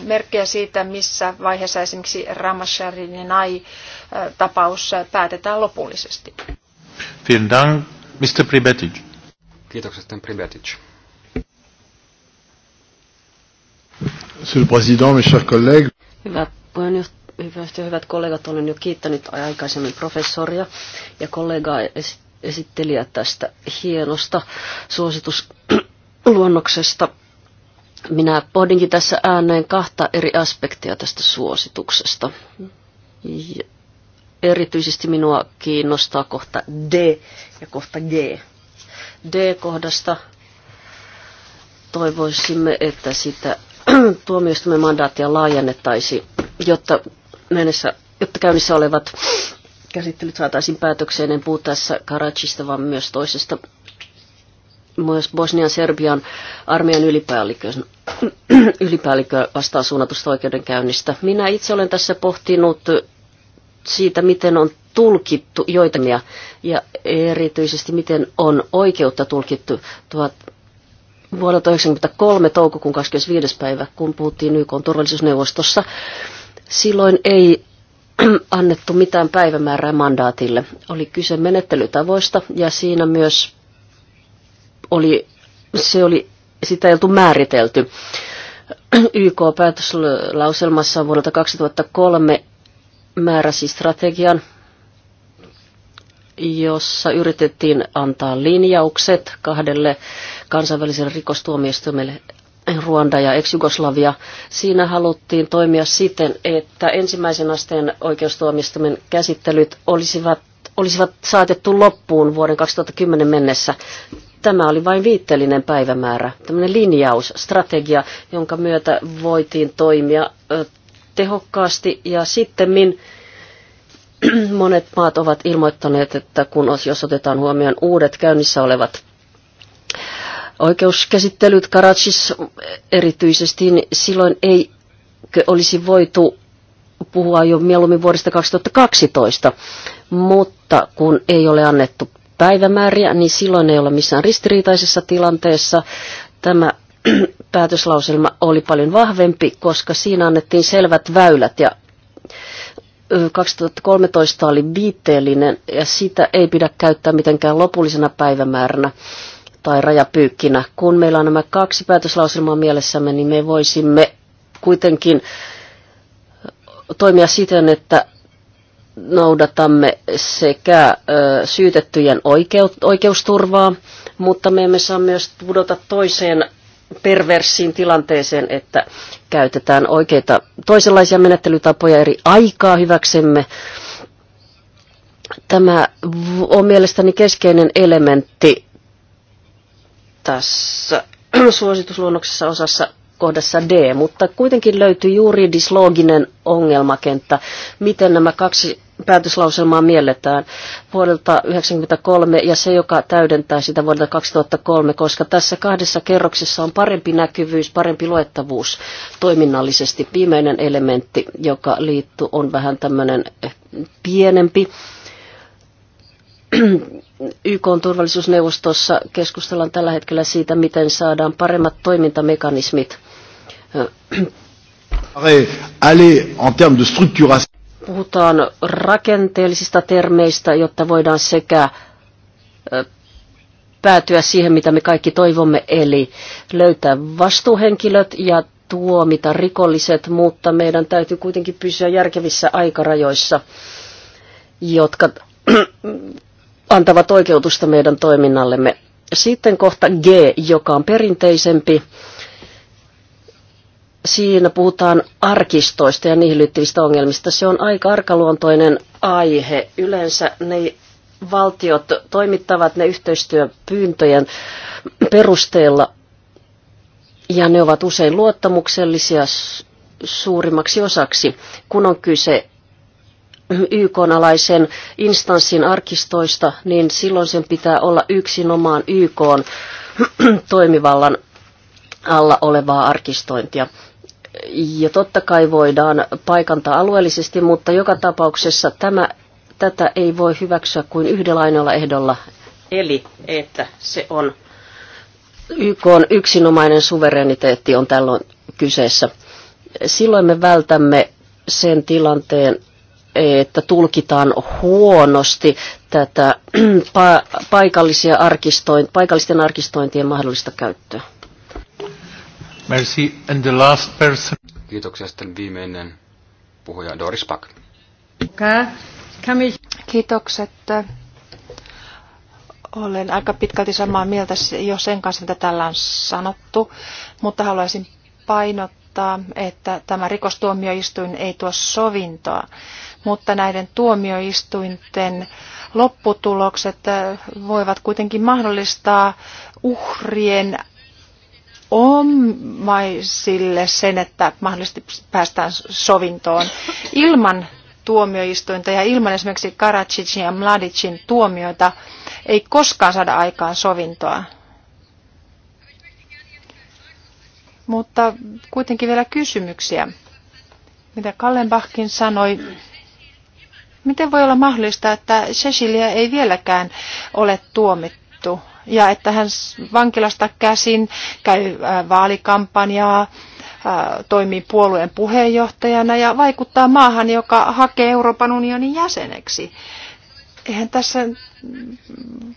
merkkejä siitä, missä vaiheessa esimerkiksi Ramasharin ja Nai-tapaus eh, päätetään lopullisesti? Vielen Dank, Mr. Pribetic. Kiitokset, Pribetic. Monsieur le Président, mes chers collègues. Hyvät ja hyvät kollegat, olen jo kiittänyt aikaisemmin professoria ja kollegaa esittelijä tästä hienosta suositusluonnoksesta. Minä pohdinkin tässä ääneen kahta eri aspektia tästä suosituksesta. Erityisesti minua kiinnostaa kohta D ja kohta G. D-kohdasta toivoisimme, että sitä [CLEARS THROAT] tuomioistuimen mandaattia laajennettaisiin, jotta, mennessä, jotta käynnissä olevat käsittelyt saataisiin päätökseen. En puhu tässä Karachista, vaan myös toisesta, myös Bosnian Serbian armeijan ylipäällikön, [CLEARS THROAT] ylipäällikön vastaan suunnatusta oikeudenkäynnistä. Minä itse olen tässä pohtinut siitä, miten on tulkittu joitain ja erityisesti miten on oikeutta tulkittu tuot vuonna 1993 toukokuun 25. päivä, kun puhuttiin YK turvallisuusneuvostossa. Silloin ei [CLEARS THROAT] annettu mitään päivämäärää mandaatille. Oli kyse menettelytavoista ja siinä myös oli, se oli, sitä ei oltu määritelty. [CLEARS THROAT] YK-päätöslauselmassa vuodelta 2003 määräsi strategian, jossa yritettiin antaa linjaukset kahdelle kansainväliselle rikostuomioistuimelle Ruanda ja ex-Jugoslavia. Siinä haluttiin toimia siten, että ensimmäisen asteen oikeustuomioistuimen käsittelyt olisivat, olisivat saatettu loppuun vuoden 2010 mennessä. Tämä oli vain viitteellinen päivämäärä, tämmöinen linjaus, strategia, jonka myötä voitiin toimia tehokkaasti ja sitten [CLEARS THROAT] monet maat ovat ilmoittaneet, että kun jos otetaan huomioon uudet käynnissä olevat oikeuskäsittelyt Karachis erityisesti, niin silloin ei olisi voitu puhua jo mieluummin vuodesta 2012, mutta kun ei ole annettu päivämääriä, niin silloin ei ole missään ristiriitaisessa tilanteessa. Tämä [CLEARS THROAT] päätöslauselma oli paljon vahvempi, koska siinä annettiin selvät väylät ja 2013 oli viitteellinen ja sitä ei pidä käyttää mitenkään lopullisena päivämääränä tai rajapyykkinä. Kun meillä on nämä kaksi päätöslauselmaa mielessämme, niin me voisimme kuitenkin toimia siten, että noudatamme sekä syytettyjen oikeusturvaa, mutta me emme saa myös pudota toiseen perversiin tilanteeseen, että käytetään oikeita toisenlaisia menettelytapoja eri aikaa hyväksemme. Tämä on mielestäni keskeinen elementti tässä [CLEARS THROAT] suositusluonnoksessa osassa kohdassa D, mutta kuitenkin löytyy juuri dislooginen ongelmakenttä, miten nämä kaksi päätöslauselmaa mielletään vuodelta 1993 ja se, joka täydentää sitä vuodelta 2003, koska tässä kahdessa kerroksessa on parempi näkyvyys, parempi luettavuus toiminnallisesti. Viimeinen elementti, joka liittyy, on vähän tämmöinen eh, pienempi. [CLEARS THROAT] YK on turvallisuusneuvostossa keskustellaan tällä hetkellä siitä, miten saadaan paremmat toimintamekanismit. Allez, en termes de structuration puhutaan rakenteellisista termeistä, jotta voidaan sekä päätyä siihen, mitä me kaikki toivomme, eli löytää vastuuhenkilöt ja tuomita rikolliset, mutta meidän täytyy kuitenkin pysyä järkevissä aikarajoissa, jotka [CLEARS THROAT] antavat oikeutusta meidän toiminnallemme. Sitten kohta G, joka on perinteisempi siinä puhutaan arkistoista ja niihin liittyvistä ongelmista. Se on aika arkaluontoinen aihe. Yleensä ne valtiot toimittavat ne yhteistyöpyyntöjen perusteella ja ne ovat usein luottamuksellisia suurimmaksi osaksi, kun on kyse YK-alaisen instanssin arkistoista, niin silloin sen pitää olla yksinomaan YK [CLEARS THROAT] toimivallan alla olevaa arkistointia ja totta kai voidaan paikantaa alueellisesti, mutta joka tapauksessa tämä, tätä ei voi hyväksyä kuin yhdellä ainoalla ehdolla. Eli että se on YK on yksinomainen suvereniteetti on tällöin kyseessä. Silloin me vältämme sen tilanteen, että tulkitaan huonosti tätä [CLEARS THROAT] paikallisia arkistoin, paikallisten arkistointien mahdollista käyttöä. Merci. And the last person. Kiitoksia sitten viimeinen puhuja Doris Pak. Kiitokset. Olen aika pitkälti samaa mieltä jo sen kanssa, mitä tällä on sanottu, mutta haluaisin painottaa, että tämä rikostuomioistuin ei tuo sovintoa, mutta näiden tuomioistuinten lopputulokset äh, voivat kuitenkin mahdollistaa uhrien omaisille sen, että mahdollisesti päästään sovintoon ilman tuomioistuinta ja ilman esimerkiksi Karacicin ja Mladicin tuomioita ei koskaan saada aikaan sovintoa. Mutta kuitenkin vielä kysymyksiä. Mitä Kallenbachkin sanoi, miten voi olla mahdollista, että Cecilia ei vieläkään ole tuomittu? ja että hän vankilasta käsin käy äh, vaalikampanjaa, äh, toimii puolueen puheenjohtajana ja vaikuttaa maahan, joka hakee Euroopan unionin jäseneksi. Eihän tässä, mm,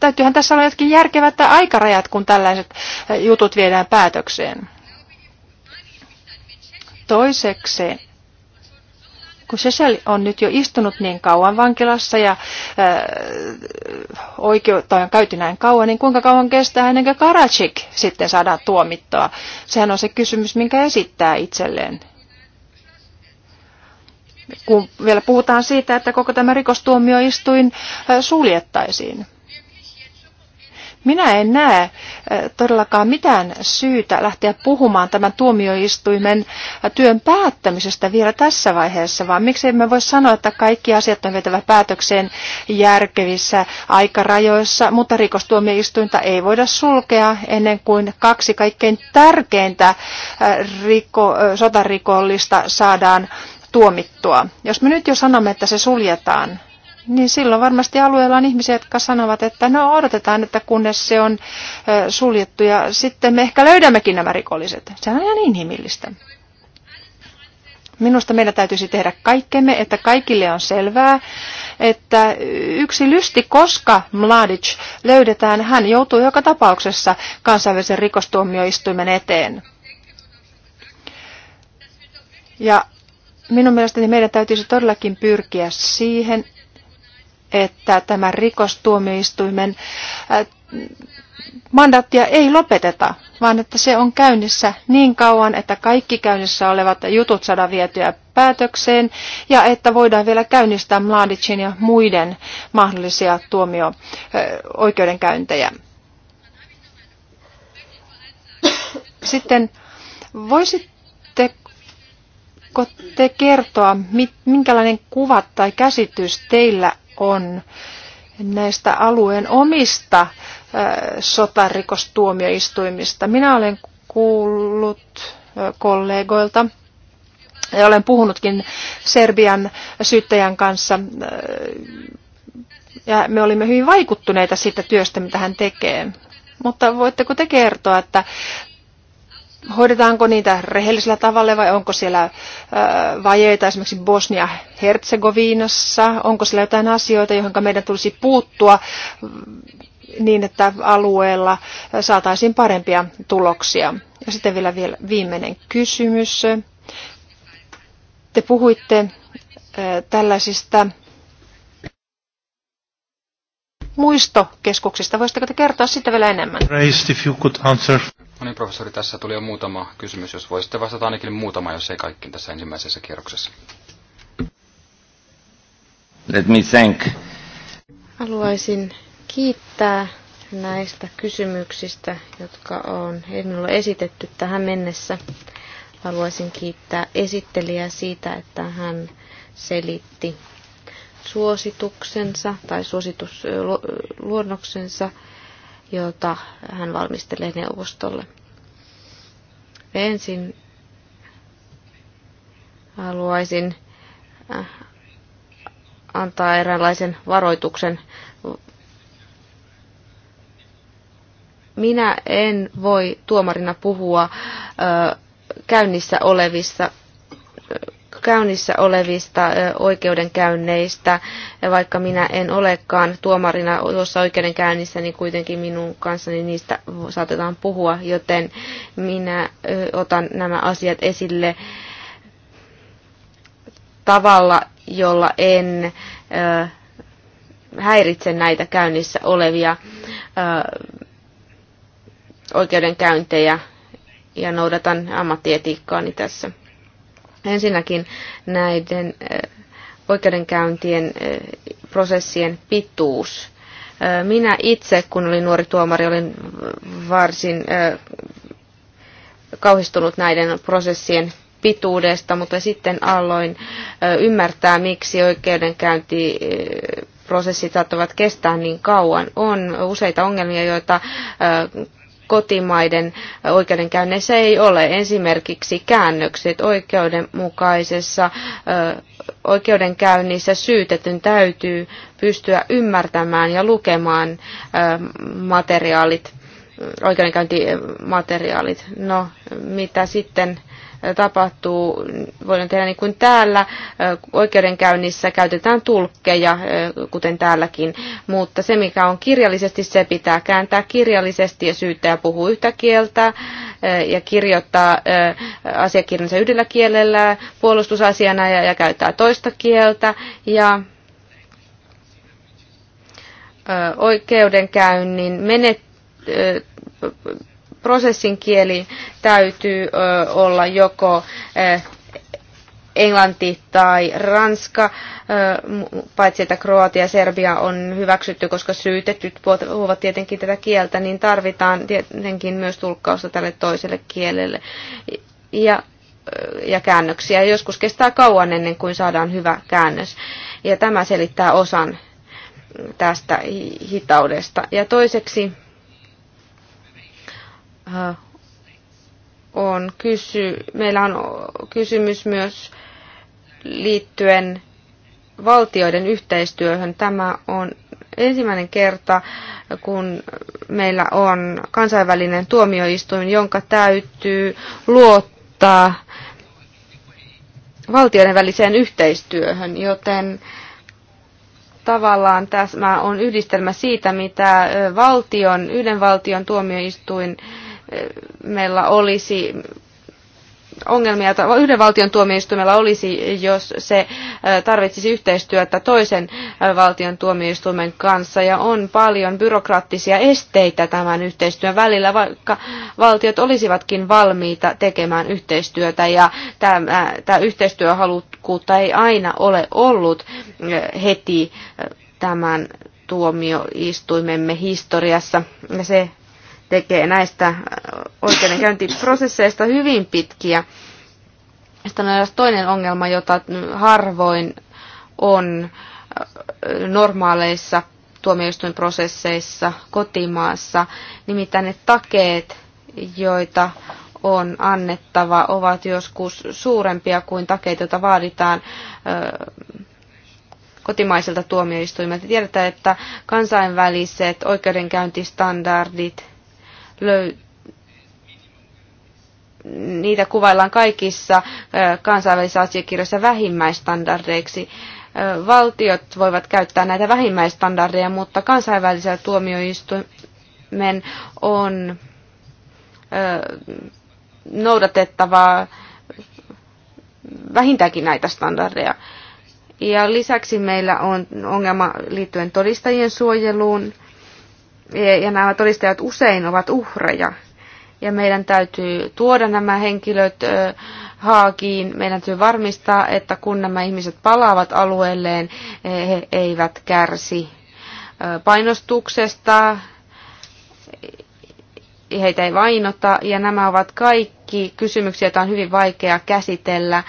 täytyyhän tässä olla jotkin järkevät aikarajat, kun tällaiset äh, jutut viedään päätökseen. Toisekseen kun Cecil on nyt jo istunut niin kauan vankilassa ja äh, oikeutta on käyty näin kauan, niin kuinka kauan kestää ennen kuin Karacik sitten saadaan tuomittoa? Sehän on se kysymys, minkä esittää itselleen. Kun vielä puhutaan siitä, että koko tämä rikostuomioistuin äh, suljettaisiin. Minä en näe eh, todellakaan mitään syytä lähteä puhumaan tämän tuomioistuimen eh, työn päättämisestä vielä tässä vaiheessa, vaan miksi emme voi sanoa, että kaikki asiat on vetävä päätökseen järkevissä aikarajoissa, mutta rikostuomioistuinta ei voida sulkea ennen kuin kaksi kaikkein tärkeintä eh, riko, sotarikollista saadaan tuomittua. Jos me nyt jo sanomme, että se suljetaan, niin silloin varmasti alueella on ihmisiä, jotka sanovat, että no odotetaan, että kunnes se on suljettu ja sitten me ehkä löydämmekin nämä rikolliset. Se on ihan inhimillistä. Minusta meidän täytyisi tehdä kaikkemme, että kaikille on selvää, että yksi lysti, koska Mladic löydetään, hän joutuu joka tapauksessa kansainvälisen rikostuomioistuimen eteen. Ja minun mielestäni meidän täytyisi todellakin pyrkiä siihen, että tämä rikostuomioistuimen mandaattia ei lopeteta, vaan että se on käynnissä niin kauan, että kaikki käynnissä olevat jutut saadaan vietyä päätökseen ja että voidaan vielä käynnistää Mladicin ja muiden mahdollisia tuomio-oikeudenkäyntejä. Sitten voisitteko te kertoa, minkälainen kuva tai käsitys teillä on näistä alueen omista sotarikostuomioistuimista. Minä olen kuullut kollegoilta ja olen puhunutkin Serbian syyttäjän kanssa ja me olimme hyvin vaikuttuneita siitä työstä, mitä hän tekee. Mutta voitteko te kertoa, että hoidetaanko niitä rehellisellä tavalla vai onko siellä vajeita esimerkiksi Bosnia-Herzegovinassa, onko siellä jotain asioita, joihin meidän tulisi puuttua mm, niin, että alueella saataisiin parempia tuloksia. Ja sitten vielä, vielä viimeinen kysymys. Te puhuitte tällaisista muistokeskuksista. Voisitteko te kertoa sitä vielä enemmän? No niin, professori, tässä tuli jo muutama kysymys. Jos voisitte vastata ainakin muutama, jos ei kaikki tässä ensimmäisessä kierroksessa. Let me thank. Haluaisin kiittää näistä kysymyksistä, jotka on minulle esitetty tähän mennessä. Haluaisin kiittää esittelijää siitä, että hän selitti suosituksensa tai suositusluonnoksensa. Lu- jota hän valmistelee neuvostolle. Ensin haluaisin äh, antaa eräänlaisen varoituksen. Minä en voi tuomarina puhua äh, käynnissä olevissa käynnissä olevista oikeudenkäynneistä, vaikka minä en olekaan tuomarina tuossa oikeudenkäynnissä, niin kuitenkin minun kanssani niistä saatetaan puhua, joten minä otan nämä asiat esille tavalla, jolla en häiritse näitä käynnissä olevia oikeudenkäyntejä ja noudatan ammattietiikkaani tässä. Ensinnäkin näiden oikeudenkäyntien prosessien pituus. Minä itse, kun olin nuori tuomari, olin varsin kauhistunut näiden prosessien pituudesta, mutta sitten aloin ymmärtää, miksi oikeudenkäynti prosessit saattavat kestää niin kauan. On useita ongelmia, joita kotimaiden oikeudenkäynneissä ei ole. Esimerkiksi käännökset oikeudenmukaisessa oikeudenkäynnissä syytetyn täytyy pystyä ymmärtämään ja lukemaan materiaalit, oikeudenkäyntimateriaalit. No, mitä sitten tapahtuu, voidaan tehdä niin kuin täällä, oikeudenkäynnissä käytetään tulkkeja, kuten täälläkin, mutta se mikä on kirjallisesti, se pitää kääntää kirjallisesti ja syyttäjä puhuu yhtä kieltä ja kirjoittaa asiakirjansa yhdellä kielellä puolustusasiana ja käyttää toista kieltä ja oikeudenkäynnin menet, prosessin kieli täytyy olla joko englanti tai ranska, paitsi että Kroatia ja Serbia on hyväksytty, koska syytetyt puhuvat tietenkin tätä kieltä, niin tarvitaan tietenkin myös tulkkausta tälle toiselle kielelle ja, ja käännöksiä. Joskus kestää kauan ennen kuin saadaan hyvä käännös, ja tämä selittää osan tästä hitaudesta. Ja toiseksi Äh, on kysy, meillä on kysymys myös liittyen valtioiden yhteistyöhön. Tämä on ensimmäinen kerta, kun meillä on kansainvälinen tuomioistuin, jonka täytyy luottaa valtioiden väliseen yhteistyöhön, joten tavallaan tässä on yhdistelmä siitä, mitä valtion, yhden valtion tuomioistuin meillä olisi ongelmia, joita yhden valtion tuomioistuimella olisi, jos se tarvitsisi yhteistyötä toisen valtion tuomioistuimen kanssa. Ja on paljon byrokraattisia esteitä tämän yhteistyön välillä, vaikka valtiot olisivatkin valmiita tekemään yhteistyötä. Ja tämä, tämä yhteistyöhalukkuutta ei aina ole ollut heti tämän tuomioistuimemme historiassa. Ja se tekee näistä oikeudenkäyntiprosesseista hyvin pitkiä. Sitten on toinen ongelma, jota harvoin on normaaleissa tuomioistuinprosesseissa kotimaassa, nimittäin ne takeet, joita on annettava, ovat joskus suurempia kuin takeet, joita vaaditaan kotimaisilta tuomioistuimilta. Tiedetään, että kansainväliset oikeudenkäyntistandardit löy- niitä kuvaillaan kaikissa kansainvälisissä asiakirjoissa vähimmäistandardeiksi. Valtiot voivat käyttää näitä vähimmäistandardeja, mutta kansainvälisellä tuomioistuimen on noudatettavaa vähintäänkin näitä standardeja. Ja lisäksi meillä on ongelma liittyen todistajien suojeluun ja nämä todistajat usein ovat uhreja. Ja meidän täytyy tuoda nämä henkilöt haakiin. Meidän täytyy varmistaa, että kun nämä ihmiset palaavat alueelleen, he eivät kärsi painostuksesta, heitä ei vainota. Ja nämä ovat kaikki kysymyksiä, joita on hyvin vaikea käsitellä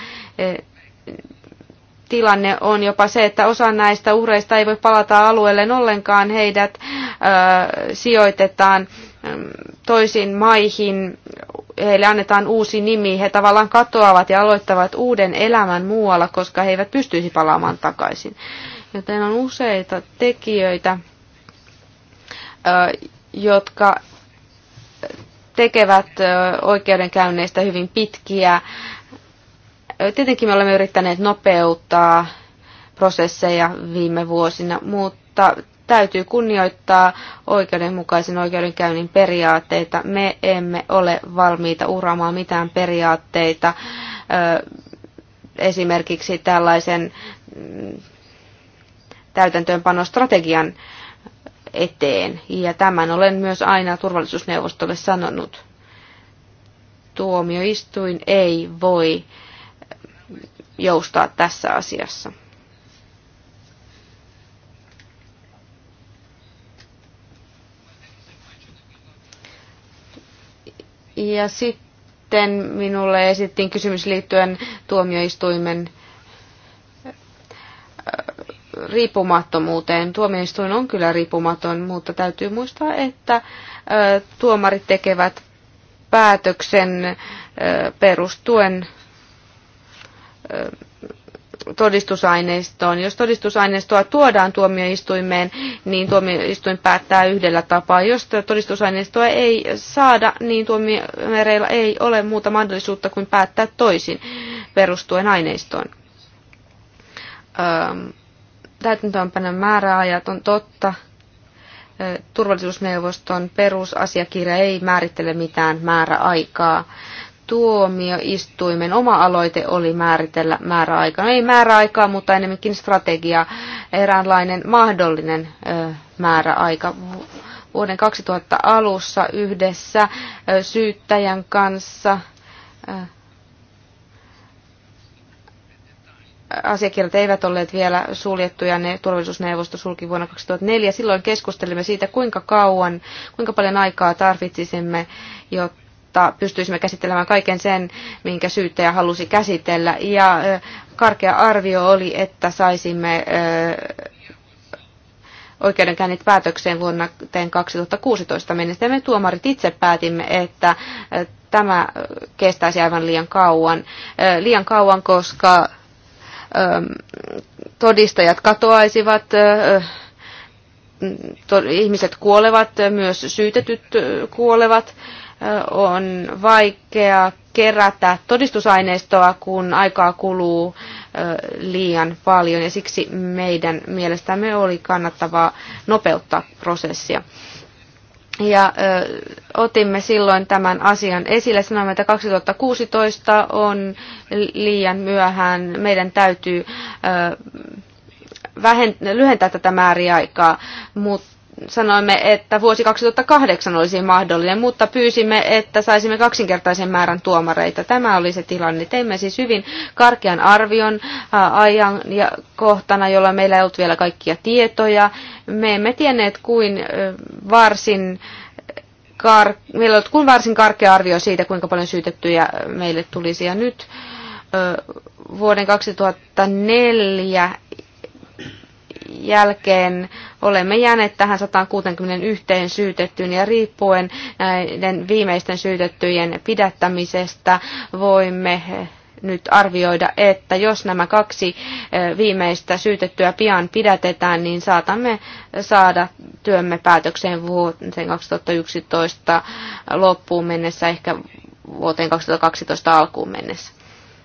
tilanne on jopa se, että osa näistä uhreista ei voi palata alueelle, ollenkaan. Heidät sijoitetaan mm, toisiin maihin, heille annetaan uusi nimi, he tavallaan katoavat ja aloittavat uuden elämän muualla, koska he eivät pystyisi palaamaan takaisin. Joten on useita tekijöitä, jotka tekevät oikeudenkäynneistä hyvin pitkiä. Tietenkin me olemme yrittäneet nopeuttaa prosesseja viime vuosina, mutta täytyy kunnioittaa oikeudenmukaisen oikeudenkäynnin periaatteita. Me emme ole valmiita uraamaan mitään periaatteita esimerkiksi tällaisen mm, täytäntöönpanostrategian eteen. Ja tämän olen myös aina turvallisuusneuvostolle sanonut. Tuomioistuin ei voi joustaa tässä asiassa. Ja sitten minulle esittiin kysymys liittyen tuomioistuimen äh, riippumattomuuteen. Tuomioistuin on kyllä riippumaton, mutta täytyy muistaa, että äh, tuomarit tekevät päätöksen äh, perustuen todistusaineistoon. Jos todistusaineistoa tuodaan tuomioistuimeen, niin tuomioistuin päättää yhdellä tapaa. Jos todistusaineistoa ei saada, niin tuomiomereillä ei ole muuta mahdollisuutta kuin päättää toisin perustuen aineistoon. Ähm, täytäntöönpanon määräajat on totta. Turvallisuusneuvoston perusasiakirja ei määrittele mitään määräaikaa tuomioistuimen oma aloite oli määritellä määräaika. No ei määräaikaa, mutta enemmänkin strategia, eräänlainen mahdollinen määräaika. Vuoden 2000 alussa yhdessä syyttäjän kanssa asiakirjat eivät olleet vielä suljettuja, ne turvallisuusneuvosto sulki vuonna 2004. Silloin keskustelimme siitä, kuinka kauan, kuinka paljon aikaa tarvitsisimme, jotta jotta pystyisimme käsittelemään kaiken sen, minkä syyttäjä halusi käsitellä. Ja karkea arvio oli, että saisimme oikeudenkäynnit päätökseen vuonna 2016 mennessä. Me tuomarit itse päätimme, että tämä kestäisi aivan liian kauan. Liian kauan, koska todistajat katoaisivat, ihmiset kuolevat, myös syytetyt kuolevat on vaikea kerätä todistusaineistoa, kun aikaa kuluu liian paljon ja siksi meidän mielestämme oli kannattavaa nopeuttaa prosessia. Ja ö, otimme silloin tämän asian esille. Sanoimme, että 2016 on liian myöhään. Meidän täytyy ö, vähent- lyhentää tätä määriaikaa, mutta sanoimme, että vuosi 2008 olisi mahdollinen, mutta pyysimme, että saisimme kaksinkertaisen määrän tuomareita. Tämä oli se tilanne. Teimme siis hyvin karkean arvion ajan ja kohtana, jolla meillä ei ollut vielä kaikkia tietoja. Me emme tienneet kuin varsin kar, meillä oli kuin varsin karkea arvio siitä, kuinka paljon syytettyjä meille tulisi. Ja nyt vuoden 2004 jälkeen olemme jääneet tähän 161 syytettyyn ja riippuen näiden viimeisten syytettyjen pidättämisestä voimme nyt arvioida, että jos nämä kaksi viimeistä syytettyä pian pidätetään, niin saatamme saada työmme päätökseen vuoteen 2011 loppuun mennessä, ehkä vuoteen 2012 alkuun mennessä.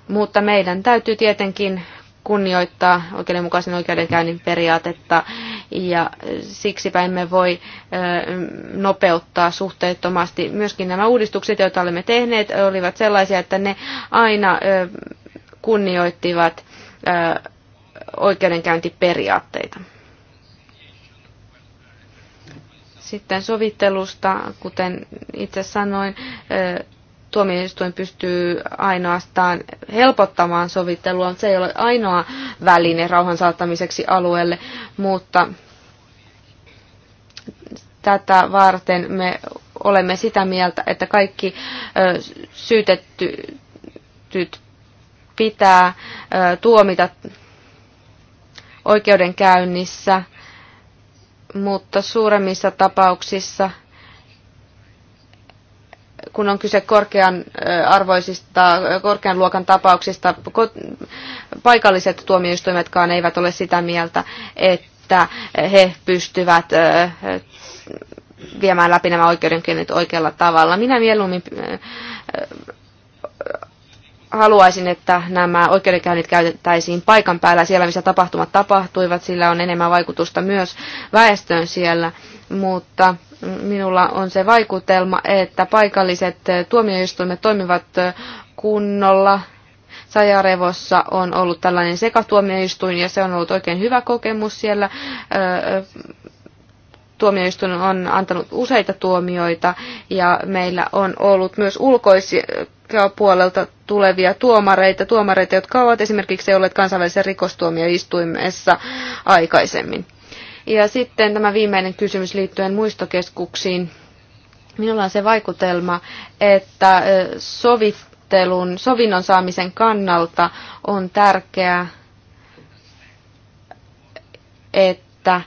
Mutta meidän täytyy tietenkin kunnioittaa oikeudenmukaisen oikeudenkäynnin periaatetta ja siksipä emme voi nopeuttaa suhteettomasti. Myöskin nämä uudistukset, joita olemme tehneet, olivat sellaisia, että ne aina kunnioittivat oikeudenkäyntiperiaatteita. Sitten sovittelusta, kuten itse sanoin, tuomioistuin pystyy ainoastaan helpottamaan sovittelua, mutta se ei ole ainoa väline rauhan saattamiseksi alueelle, mutta tätä varten me olemme sitä mieltä, että kaikki syytettyt pitää tuomita oikeudenkäynnissä, mutta suuremmissa tapauksissa – kun on kyse korkean arvoisista, korkean luokan tapauksista, paikalliset tuomioistuimetkaan eivät ole sitä mieltä, että he pystyvät viemään läpi nämä oikeudenkielet oikealla tavalla. Minä mieluummin haluaisin, että nämä oikeudenkäynnit käytettäisiin paikan päällä siellä, missä tapahtumat tapahtuivat. Sillä on enemmän vaikutusta myös väestöön siellä, mutta minulla on se vaikutelma, että paikalliset tuomioistuimet toimivat kunnolla. Sajarevossa on ollut tällainen sekatuomioistuin ja se on ollut oikein hyvä kokemus siellä. Tuomioistuin on antanut useita tuomioita ja meillä on ollut myös ulkoisia puolelta tulevia tuomareita, tuomareita, jotka ovat esimerkiksi olleet kansainvälisessä rikostuomioistuimessa aikaisemmin. Ja sitten tämä viimeinen kysymys liittyen muistokeskuksiin. Minulla on se vaikutelma, että sovittelun, sovinnon saamisen kannalta on tärkeää, että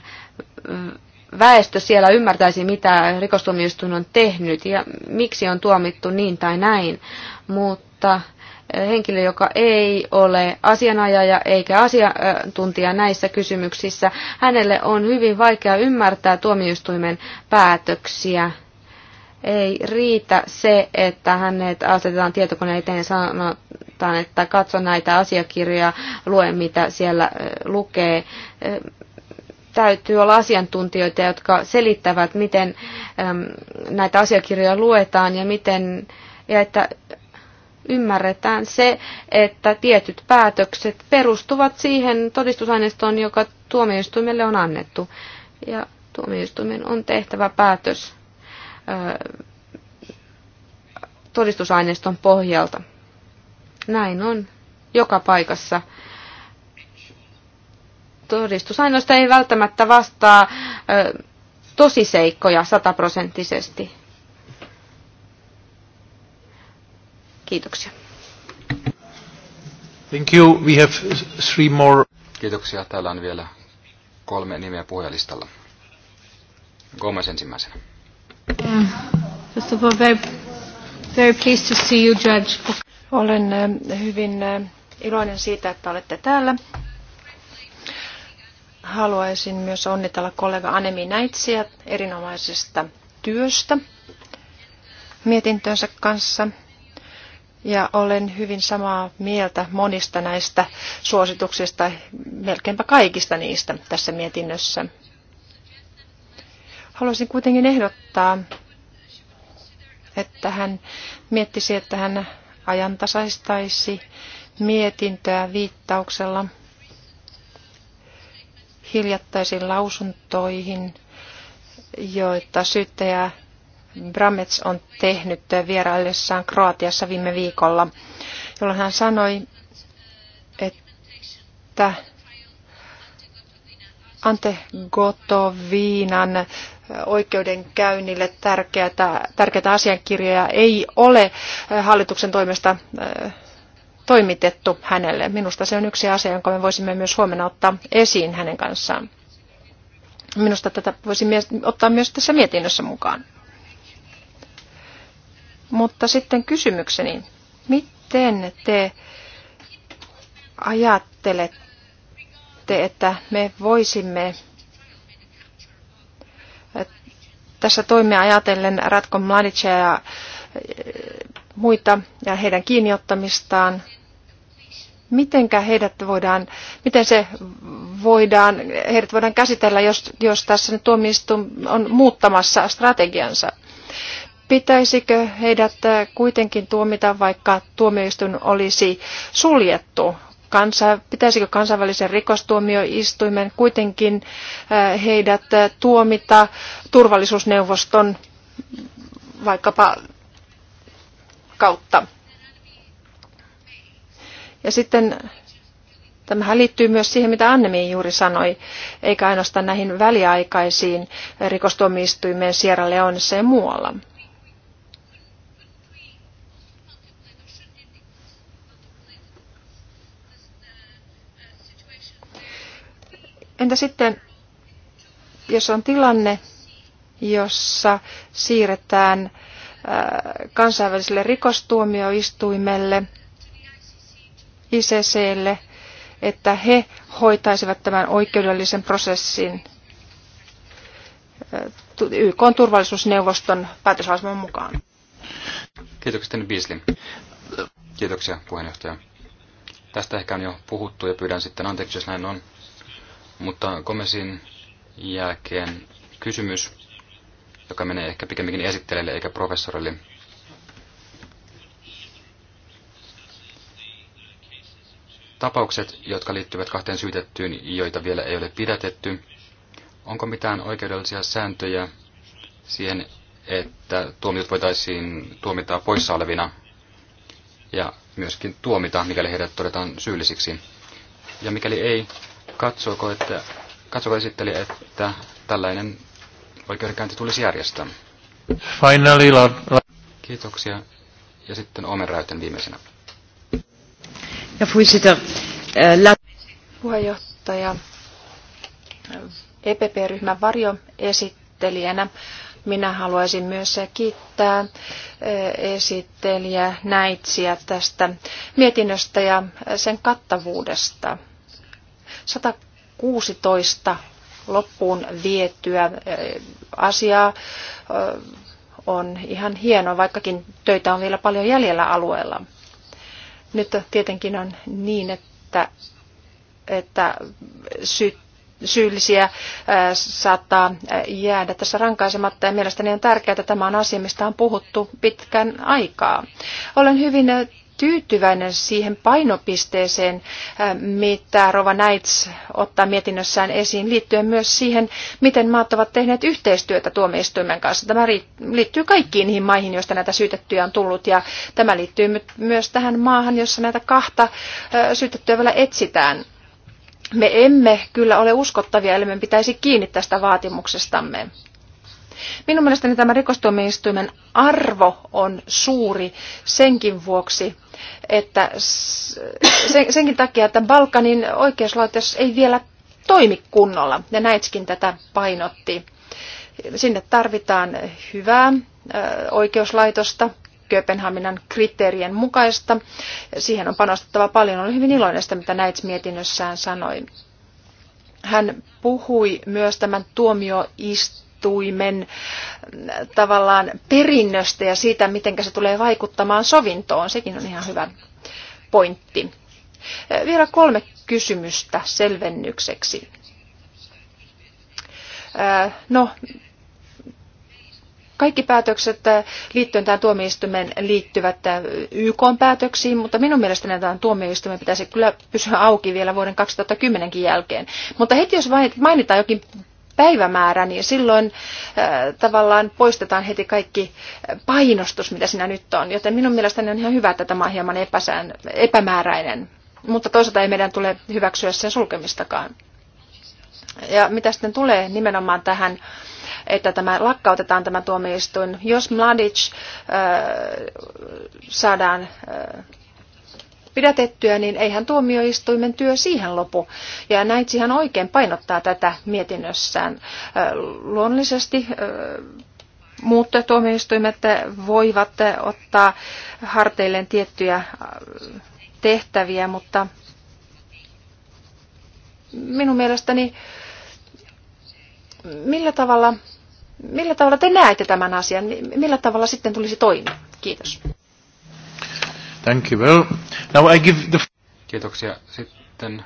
väestö siellä ymmärtäisi, mitä rikostuomioistuin on tehnyt ja miksi on tuomittu niin tai näin. Mutta henkilö, joka ei ole asianajaja eikä asiantuntija näissä kysymyksissä, hänelle on hyvin vaikea ymmärtää tuomioistuimen päätöksiä. Ei riitä se, että hänet asetetaan tietokoneen eteen ja sanotaan, että katso näitä asiakirjoja, lue mitä siellä lukee. Täytyy olla asiantuntijoita, jotka selittävät, miten näitä asiakirjoja luetaan ja miten ja että ymmärretään se, että tietyt päätökset perustuvat siihen todistusaineistoon, joka tuomioistuimelle on annettu. Ja tuomioistuimen on tehtävä päätös todistusaineiston pohjalta. Näin on joka paikassa. Todistusaineisto ei välttämättä vastaa ö, tosiseikkoja sataprosenttisesti. Kiitoksia. Thank you. We have three more. Kiitoksia. Täällä on vielä kolme nimeä puhujalistalla. Gomez ensimmäisenä. Um, first of all, very, very pleased to see you, Judge. Olen um, hyvin um, iloinen siitä, että olette täällä. Haluaisin myös onnitella kollega Anemi Näitsiä erinomaisesta työstä mietintönsä kanssa ja olen hyvin samaa mieltä monista näistä suosituksista, melkeinpä kaikista niistä tässä mietinnössä. Haluaisin kuitenkin ehdottaa, että hän miettisi, että hän ajantasaistaisi mietintöä viittauksella hiljattaisiin lausuntoihin, joita syyttäjä Bramets on tehnyt vieraillessaan Kroatiassa viime viikolla, jolloin hän sanoi, että Ante Gotoviinan oikeudenkäynnille tärkeätä, tärkeätä asiakirjoja ei ole eh, hallituksen toimesta eh, toimitettu hänelle. Minusta se on yksi asia, jonka me voisimme myös huomenna ottaa esiin hänen kanssaan. Minusta tätä voisi ottaa myös tässä mietinnössä mukaan. Mutta sitten kysymykseni, miten te ajattelette, että me voisimme tässä toimia ajatellen Ratko Mladicia ja äh, muita ja heidän kiinniottamistaan. Mitenkä heidät voidaan, miten se voidaan, heidät voidaan käsitellä, jos, jos tässä nyt tuomioistuin on muuttamassa strategiansa? Pitäisikö heidät äh, kuitenkin tuomita, vaikka tuomioistuin olisi suljettu? Kansa, pitäisikö kansainvälisen rikostuomioistuimen kuitenkin äh, heidät äh, tuomita turvallisuusneuvoston vaikkapa kautta? Ja sitten Tämähän liittyy myös siihen, mitä Annemi juuri sanoi, eikä ainoastaan näihin väliaikaisiin rikostuomioistuimeen Sierra Leonessa ja muualla. Entä sitten, jos on tilanne, jossa siirretään äh, kansainväliselle rikostuomioistuimelle, ICClle, että he hoitaisivat tämän oikeudellisen prosessin äh, YK turvallisuusneuvoston päätösasemman mukaan. Kiitoksia, Biislin. Kiitoksia, puheenjohtaja. Tästä ehkä on jo puhuttu ja pyydän sitten anteeksi, jos näin on. Mutta Gomesin jälkeen kysymys, joka menee ehkä pikemminkin esittelijälle eikä professorille. Tapaukset, jotka liittyvät kahteen syytettyyn, joita vielä ei ole pidätetty, onko mitään oikeudellisia sääntöjä siihen, että tuomiot voitaisiin tuomita poissa olevina ja myöskin tuomita, mikäli heidät todetaan syyllisiksi. Ja mikäli ei, katsoiko, että, katsoiko esitteli, että tällainen oikeudenkäynti tulisi järjestää? Finally, la, la. Kiitoksia. Ja sitten Omen Räyten viimeisenä. Ja sitä. Äh, Puheenjohtaja, EPP-ryhmän varjoesittelijänä minä haluaisin myös kiittää äh, esittelijä Näitsiä tästä mietinnöstä ja sen kattavuudesta. 116 loppuun vietyä asiaa on ihan hieno, vaikkakin töitä on vielä paljon jäljellä alueella. Nyt tietenkin on niin, että, että sy- syyllisiä saattaa jäädä tässä rankaisematta ja mielestäni on tärkeää, että tämä on asia, mistä on puhuttu pitkän aikaa. Olen hyvin tyytyväinen siihen painopisteeseen, äh, mitä Rova Näits ottaa mietinnössään esiin, liittyen myös siihen, miten maat ovat tehneet yhteistyötä tuomioistuimen kanssa. Tämä liittyy kaikkiin niihin maihin, joista näitä syytettyjä on tullut, ja tämä liittyy myös tähän maahan, jossa näitä kahta syytettyä vielä etsitään. Me emme kyllä ole uskottavia, eli me pitäisi kiinni tästä vaatimuksestamme. Minun mielestäni tämä rikostuomioistuimen arvo on suuri senkin vuoksi, että sen, senkin takia, että Balkanin oikeuslaitos ei vielä toimi kunnolla. Ja näitskin tätä painotti. Sinne tarvitaan hyvää oikeuslaitosta, Kööpenhaminan kriteerien mukaista. Siihen on panostettava paljon. Olen hyvin iloinen sitä, mitä näitä mietinnössään sanoi. Hän puhui myös tämän tuomioistuimen tuomioistuimen tavallaan perinnöstä ja siitä, miten se tulee vaikuttamaan sovintoon. Sekin on ihan hyvä pointti. Vielä kolme kysymystä selvennykseksi. No, kaikki päätökset liittyen tähän tuomioistuimeen liittyvät YK-päätöksiin, mutta minun mielestäni tämä tuomioistuimen pitäisi kyllä pysyä auki vielä vuoden 2010 jälkeen. Mutta heti jos mainitaan jokin päivämäärä, niin silloin äh, tavallaan poistetaan heti kaikki äh, painostus, mitä sinä nyt on. Joten minun mielestäni on ihan hyvä, että tämä on hieman epäsään, epämääräinen. Mutta toisaalta ei meidän tule hyväksyä sen sulkemistakaan. Ja mitä sitten tulee nimenomaan tähän, että tämä lakkautetaan tämä tuomioistuin, jos Mladic äh, saadaan äh, pidätettyä, niin eihän tuomioistuimen työ siihen lopu. Ja näin oikein painottaa tätä mietinnössään. Luonnollisesti muut tuomioistuimet voivat ottaa harteilleen tiettyjä tehtäviä, mutta minun mielestäni millä tavalla, millä tavalla te näette tämän asian, millä tavalla sitten tulisi toimia? Kiitos. Thank you well. Now I give the... Kiitoksia. Sitten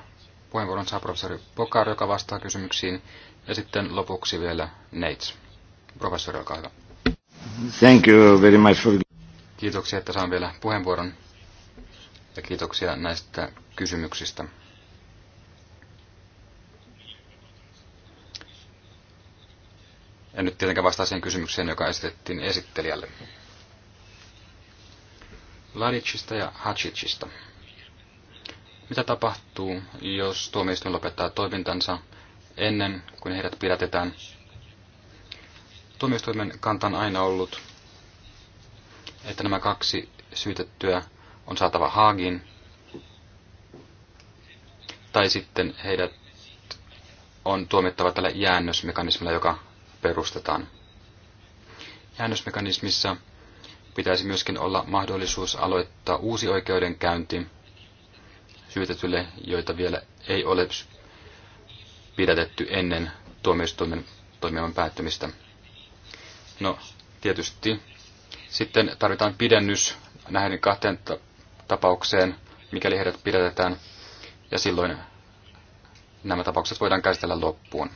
puheenvuoron saa professori Pokar, joka vastaa kysymyksiin. Ja sitten lopuksi vielä Nates. Professori, olkaa hyvä. Thank you very much for... Kiitoksia, että saan vielä puheenvuoron. Ja kiitoksia näistä kysymyksistä. En nyt tietenkään vastaa siihen kysymykseen, joka esitettiin esittelijälle. Ladicista ja Hatsitsista. Mitä tapahtuu, jos tuomioistuin lopettaa toimintansa ennen kuin heidät pidätetään? Tuomioistuimen kanta on aina ollut, että nämä kaksi syytettyä on saatava Haagin, tai sitten heidät on tuomittava tällä jäännösmekanismilla, joka perustetaan. Jäännösmekanismissa pitäisi myöskin olla mahdollisuus aloittaa uusi oikeudenkäynti syytetylle, joita vielä ei ole pidätetty ennen tuomioistuimen toimivan päättymistä. No, tietysti sitten tarvitaan pidennys näiden kahteen tapaukseen, mikäli heidät pidätetään, ja silloin nämä tapaukset voidaan käsitellä loppuun.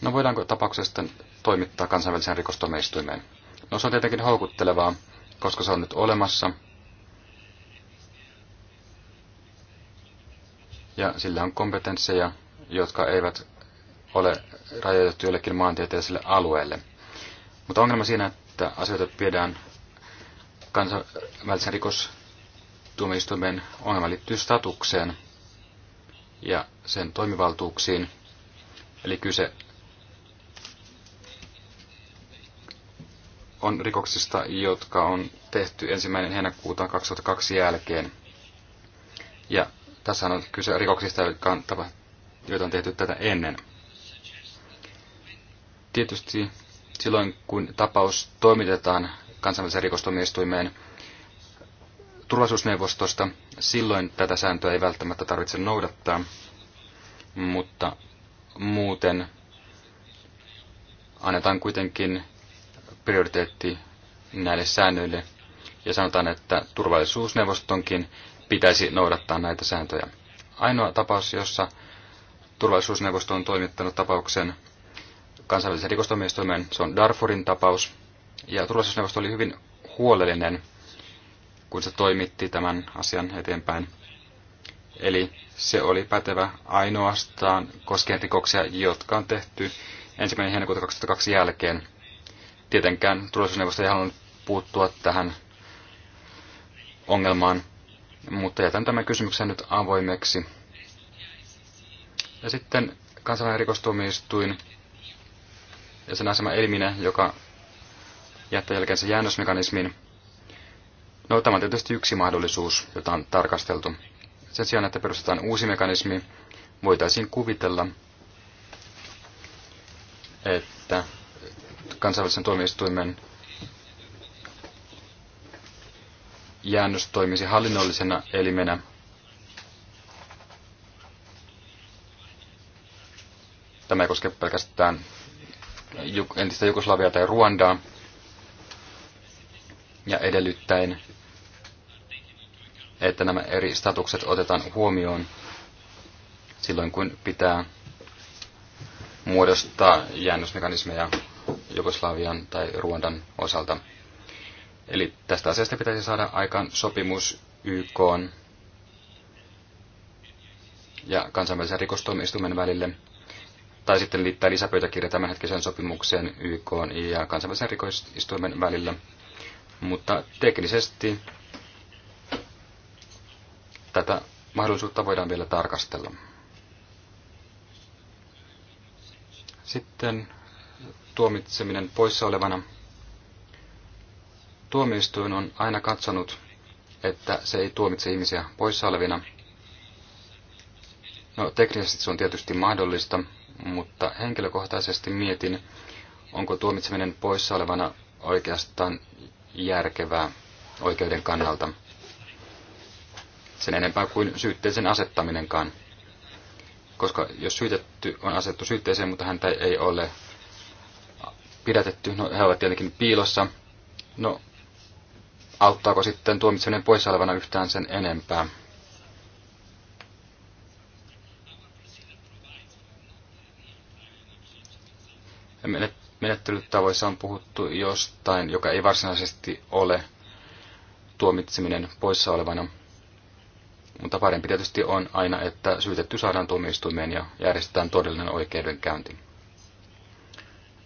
No voidaanko tapauksesta toimittaa kansainväliseen rikostuomioistuimeen? No se on tietenkin houkuttelevaa, koska se on nyt olemassa. Ja sillä on kompetensseja, jotka eivät ole rajoitettu jollekin maantieteelliselle alueelle. Mutta ongelma siinä, että asioita viedään kansainvälisen rikostuomioistuimen ongelma liittyy statukseen ja sen toimivaltuuksiin. Eli kyse on rikoksista, jotka on tehty ensimmäinen heinäkuuta 2002 jälkeen. Ja tässä on kyse rikoksista, jotka on, joita on tehty tätä ennen. Tietysti silloin, kun tapaus toimitetaan kansainväliseen rikostomistuimeen turvallisuusneuvostosta, silloin tätä sääntöä ei välttämättä tarvitse noudattaa, mutta muuten annetaan kuitenkin prioriteetti näille säännöille ja sanotaan, että turvallisuusneuvostonkin pitäisi noudattaa näitä sääntöjä. Ainoa tapaus, jossa turvallisuusneuvosto on toimittanut tapauksen kansainvälisen rikostoimistoimeen, se on Darfurin tapaus. Ja turvallisuusneuvosto oli hyvin huolellinen, kun se toimitti tämän asian eteenpäin. Eli se oli pätevä ainoastaan koskien rikoksia, jotka on tehty ensimmäinen heinäkuuta 2002 jälkeen. Tietenkään turvallisuusneuvosto ei halunnut puuttua tähän ongelmaan, mutta jätän tämän kysymyksen nyt avoimeksi. Ja sitten kansainvälinen rikostuomioistuin ja sen asema eliminä, joka jättää jälkeensä jäännösmekanismin. No tämä on tietysti yksi mahdollisuus, jota on tarkasteltu. Sen sijaan, että perustetaan uusi mekanismi, voitaisiin kuvitella, että kansainvälisen tuomioistuimen jäännös toimisi hallinnollisena elimenä. Tämä ei koske pelkästään entistä Jugoslaviaa tai Ruandaa. Ja edellyttäen, että nämä eri statukset otetaan huomioon silloin, kun pitää muodostaa jäännösmekanismeja Jugoslavian tai Ruandan osalta. Eli tästä asiasta pitäisi saada aikaan sopimus YK ja kansainvälisen rikostuomioistuimen välille, tai sitten liittää lisäpöytäkirja tämänhetkisen sopimukseen YK ja kansainvälisen rikoistuimen välillä. Mutta teknisesti tätä mahdollisuutta voidaan vielä tarkastella. Sitten tuomitseminen poissa olevana. Tuomioistuin on aina katsonut, että se ei tuomitse ihmisiä poissa olevina. No, teknisesti se on tietysti mahdollista, mutta henkilökohtaisesti mietin, onko tuomitseminen poissa olevana oikeastaan järkevää oikeuden kannalta. Sen enempää kuin syytteisen asettaminenkaan. Koska jos syytetty on asettu syytteeseen, mutta häntä ei ole pidätetty. No, he ovat tietenkin piilossa. No, auttaako sitten tuomitseminen poissa olevana yhtään sen enempää? Menettelytavoissa on puhuttu jostain, joka ei varsinaisesti ole tuomitseminen poissa olevana. Mutta parempi tietysti on aina, että syytetty saadaan tuomioistuimeen ja järjestetään todellinen oikeudenkäynti.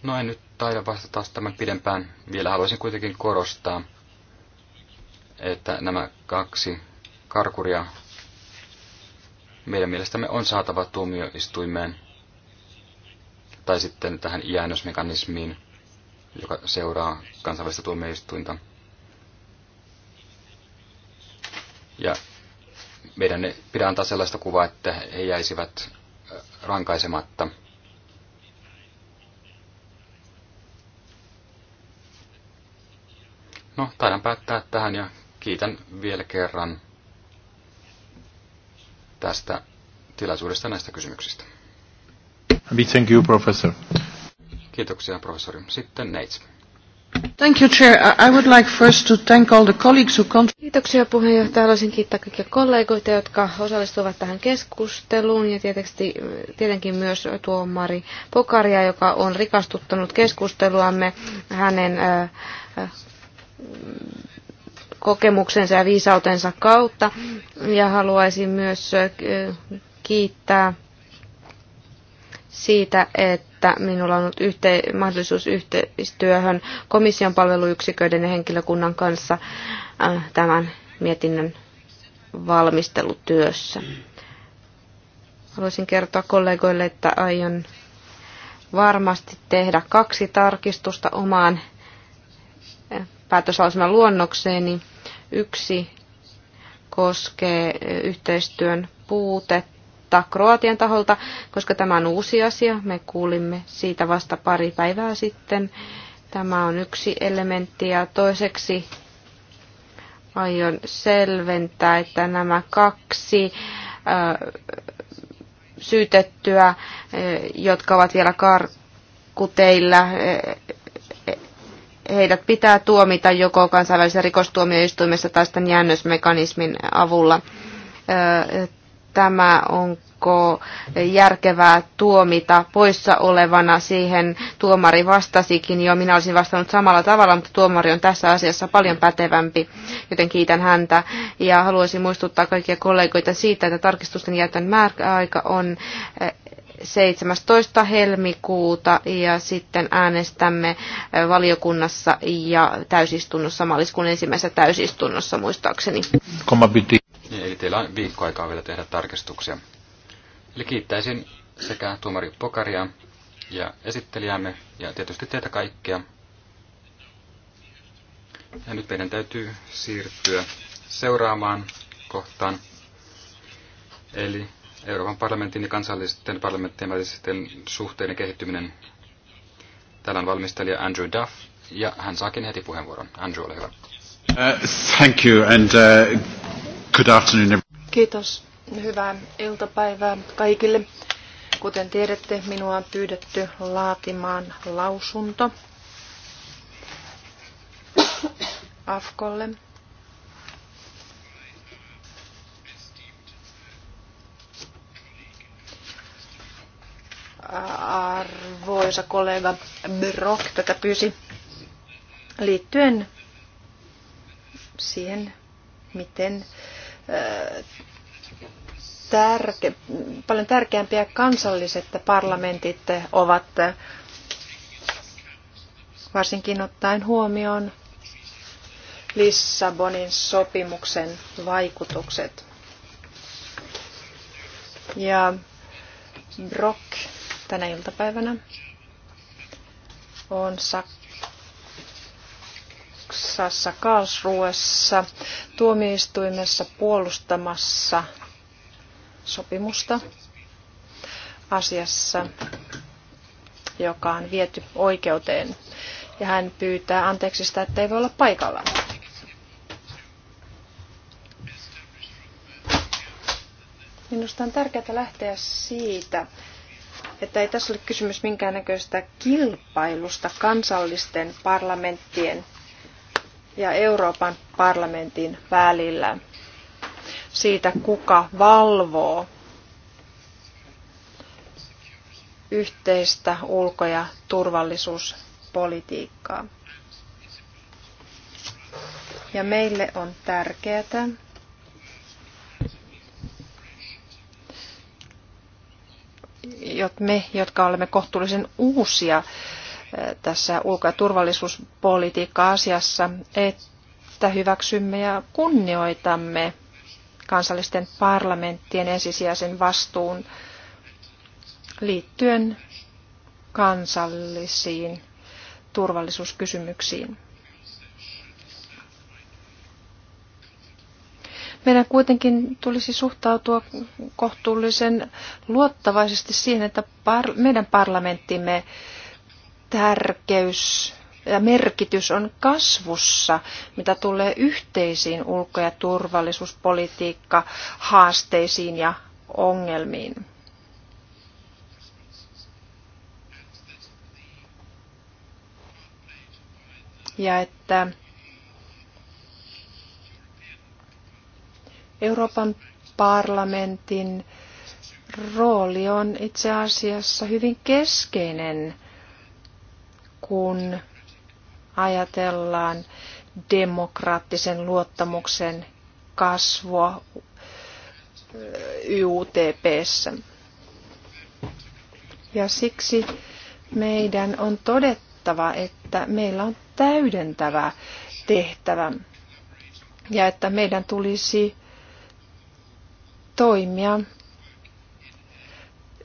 No en nyt taida vastata tämän pidempään. Vielä haluaisin kuitenkin korostaa, että nämä kaksi karkuria meidän mielestämme on saatava tuomioistuimeen tai sitten tähän jäännösmekanismiin, joka seuraa kansainvälistä tuomioistuinta. Ja meidän pidän antaa sellaista kuvaa, että he jäisivät rankaisematta – No, taidan päättää tähän ja kiitän vielä kerran tästä tilaisuudesta näistä kysymyksistä. Thank you, professor. Kiitoksia, professori. Sitten Neits. Thank you, Chair. I would like first to thank all the colleagues who Kiitoksia puheenjohtaja. Haluaisin kiittää kaikkia kollegoita, jotka osallistuvat tähän keskusteluun ja tietysti, tietenkin myös tuomari Pokaria, joka on rikastuttanut keskusteluamme hänen äh, äh kokemuksensa ja viisautensa kautta. Ja haluaisin myös kiittää siitä, että minulla on ollut yhte- mahdollisuus yhteistyöhön komission palveluyksiköiden ja henkilökunnan kanssa tämän mietinnön valmistelutyössä. Haluaisin kertoa kollegoille, että aion varmasti tehdä kaksi tarkistusta omaan päätöslausuman luonnokseeni. Yksi koskee eh, yhteistyön puutetta Kroatian taholta, koska tämä on uusi asia. Me kuulimme siitä vasta pari päivää sitten. Tämä on yksi elementti ja toiseksi aion selventää, että nämä kaksi eh, syytettyä, eh, jotka ovat vielä karkuteillä, heidät pitää tuomita joko kansainvälisessä rikostuomioistuimessa tai sitten jäännösmekanismin avulla. Tämä onko järkevää tuomita poissa olevana, siihen tuomari vastasikin jo. Minä olisin vastannut samalla tavalla, mutta tuomari on tässä asiassa paljon pätevämpi, joten kiitän häntä. Ja haluaisin muistuttaa kaikkia kollegoita siitä, että tarkistusten jätön määräaika on 17. helmikuuta ja sitten äänestämme valiokunnassa ja täysistunnossa, maaliskuun ensimmäisessä täysistunnossa muistaakseni. Eli teillä on viikkoaikaa vielä tehdä tarkistuksia. Eli kiittäisin sekä tuomari Pokaria ja esittelijämme ja tietysti teitä kaikkia. Ja nyt meidän täytyy siirtyä seuraamaan kohtaan. Eli Euroopan parlamentin ja kansallisten parlamenttien välisten suhteiden kehittyminen. Täällä on valmistelija Andrew Duff, ja hän saakin heti puheenvuoron. Andrew, ole hyvä. Uh, thank you and uh, good afternoon. Kiitos. Hyvää iltapäivää kaikille. Kuten tiedätte, minua on pyydetty laatimaan lausunto [COUGHS] AFKolle arvoisa kollega Brock tätä pyysi liittyen siihen, miten tärke, paljon tärkeämpiä kansalliset parlamentit ovat, varsinkin ottaen huomioon Lissabonin sopimuksen vaikutukset. Ja Brock tänä iltapäivänä on Saksassa Karlsruessa tuomioistuimessa puolustamassa sopimusta asiassa, joka on viety oikeuteen. Ja hän pyytää anteeksi sitä, että ei voi olla paikalla. Minusta on tärkeää lähteä siitä, että ei tässä ole kysymys minkäännäköistä kilpailusta kansallisten parlamenttien ja Euroopan parlamentin välillä siitä, kuka valvoo yhteistä ulko- ja turvallisuuspolitiikkaa. Ja meille on tärkeää, me, jotka olemme kohtuullisen uusia eh, tässä ulko- ja turvallisuuspolitiikka-asiassa, että hyväksymme ja kunnioitamme kansallisten parlamenttien ensisijaisen vastuun liittyen kansallisiin turvallisuuskysymyksiin. Meidän kuitenkin tulisi suhtautua kohtuullisen luottavaisesti siihen, että par- meidän parlamenttimme tärkeys ja merkitys on kasvussa, mitä tulee yhteisiin ulko- ja turvallisuuspolitiikka haasteisiin ja ongelmiin. Ja että Euroopan parlamentin rooli on itse asiassa hyvin keskeinen, kun ajatellaan demokraattisen luottamuksen kasvua YUTPssä. Eh, ja siksi meidän on todettava, että meillä on täydentävä tehtävä ja että meidän tulisi toimia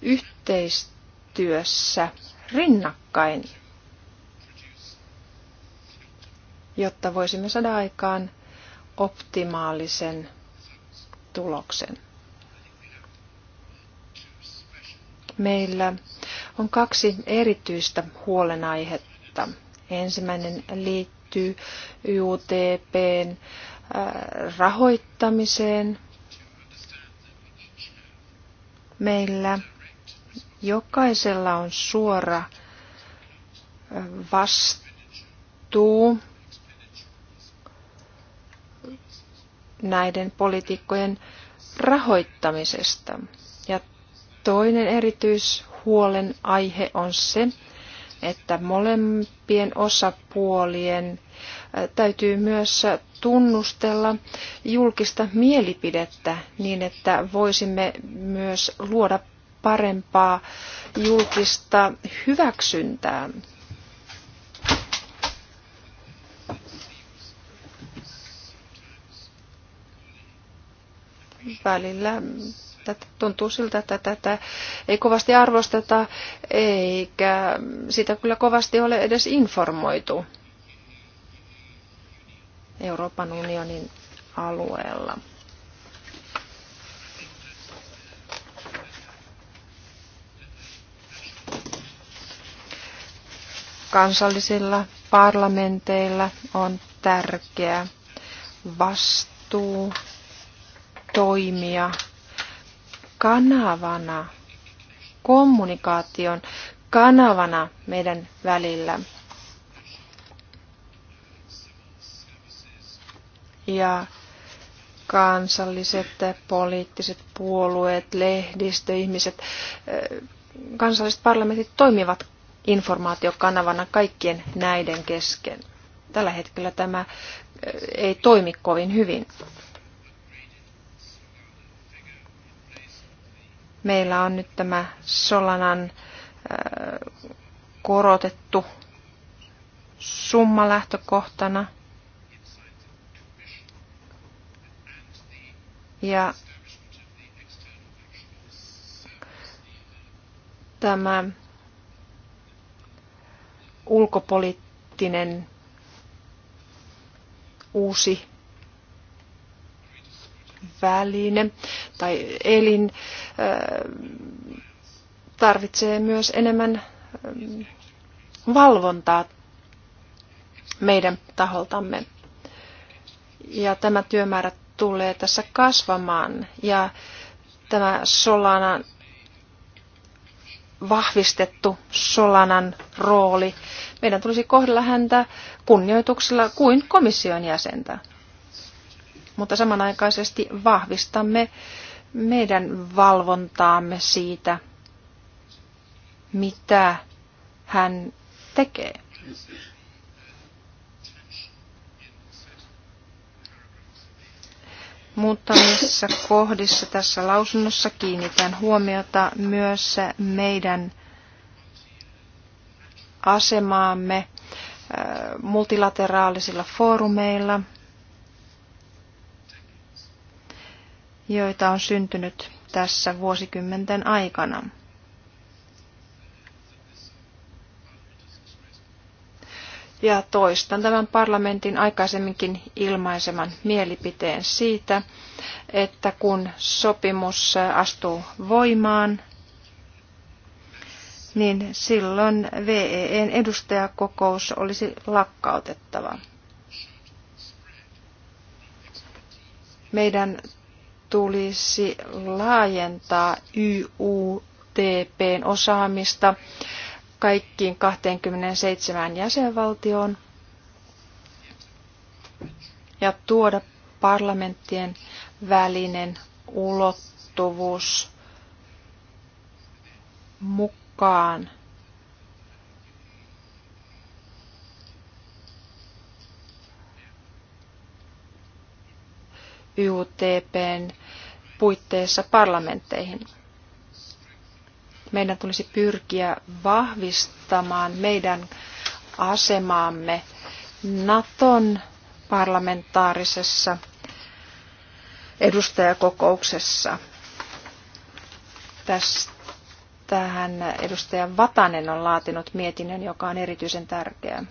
yhteistyössä rinnakkain, jotta voisimme saada aikaan optimaalisen tuloksen. Meillä on kaksi erityistä huolenaihetta. Ensimmäinen liittyy UTP:n äh, rahoittamiseen meillä jokaisella on suora vastuu näiden poliitikkojen rahoittamisesta. Ja toinen erityishuolen aihe on se, että molempien osapuolien täytyy myös tunnustella julkista mielipidettä niin, että voisimme myös luoda parempaa julkista hyväksyntää. Välillä tuntuu siltä, että tätä ei kovasti arvosteta, eikä sitä kyllä kovasti ole edes informoitu. Euroopan unionin alueella. Kansallisilla parlamenteilla on tärkeä vastuu toimia kanavana, kommunikaation kanavana meidän välillä ja kansalliset poliittiset puolueet, lehdistö, ihmiset, eh, kansalliset parlamentit toimivat informaatiokanavana kaikkien näiden kesken. Tällä hetkellä tämä eh, ei toimi kovin hyvin. Meillä on nyt tämä Solanan eh, korotettu summa lähtökohtana – Ja tämä ulkopoliittinen uusi väline tai elin äh, tarvitsee myös enemmän ähm, valvontaa meidän taholtamme. Ja tämä työmäärä tulee tässä kasvamaan ja tämä Solanan vahvistettu Solanan rooli. Meidän tulisi kohdella häntä kunnioituksella kuin komission jäsentä. Mutta samanaikaisesti vahvistamme meidän valvontaamme siitä, mitä hän tekee. muuttamissa kohdissa tässä lausunnossa kiinnitän huomiota myös meidän asemaamme äh, multilateraalisilla foorumeilla, joita on syntynyt tässä vuosikymmenten aikana. ja toistan tämän parlamentin aikaisemminkin ilmaiseman mielipiteen siitä, että kun sopimus astuu voimaan, niin silloin VEEn edustajakokous olisi lakkautettava. Meidän tulisi laajentaa YUTPn osaamista kaikkiin 27 jäsenvaltioon ja tuoda parlamenttien välinen ulottuvuus mukaan. UTPn puitteissa parlamentteihin meidän tulisi pyrkiä vahvistamaan meidän asemaamme Naton parlamentaarisessa edustajakokouksessa. Tähän edustaja Vatanen on laatinut mietinnön, joka on erityisen tärkeä.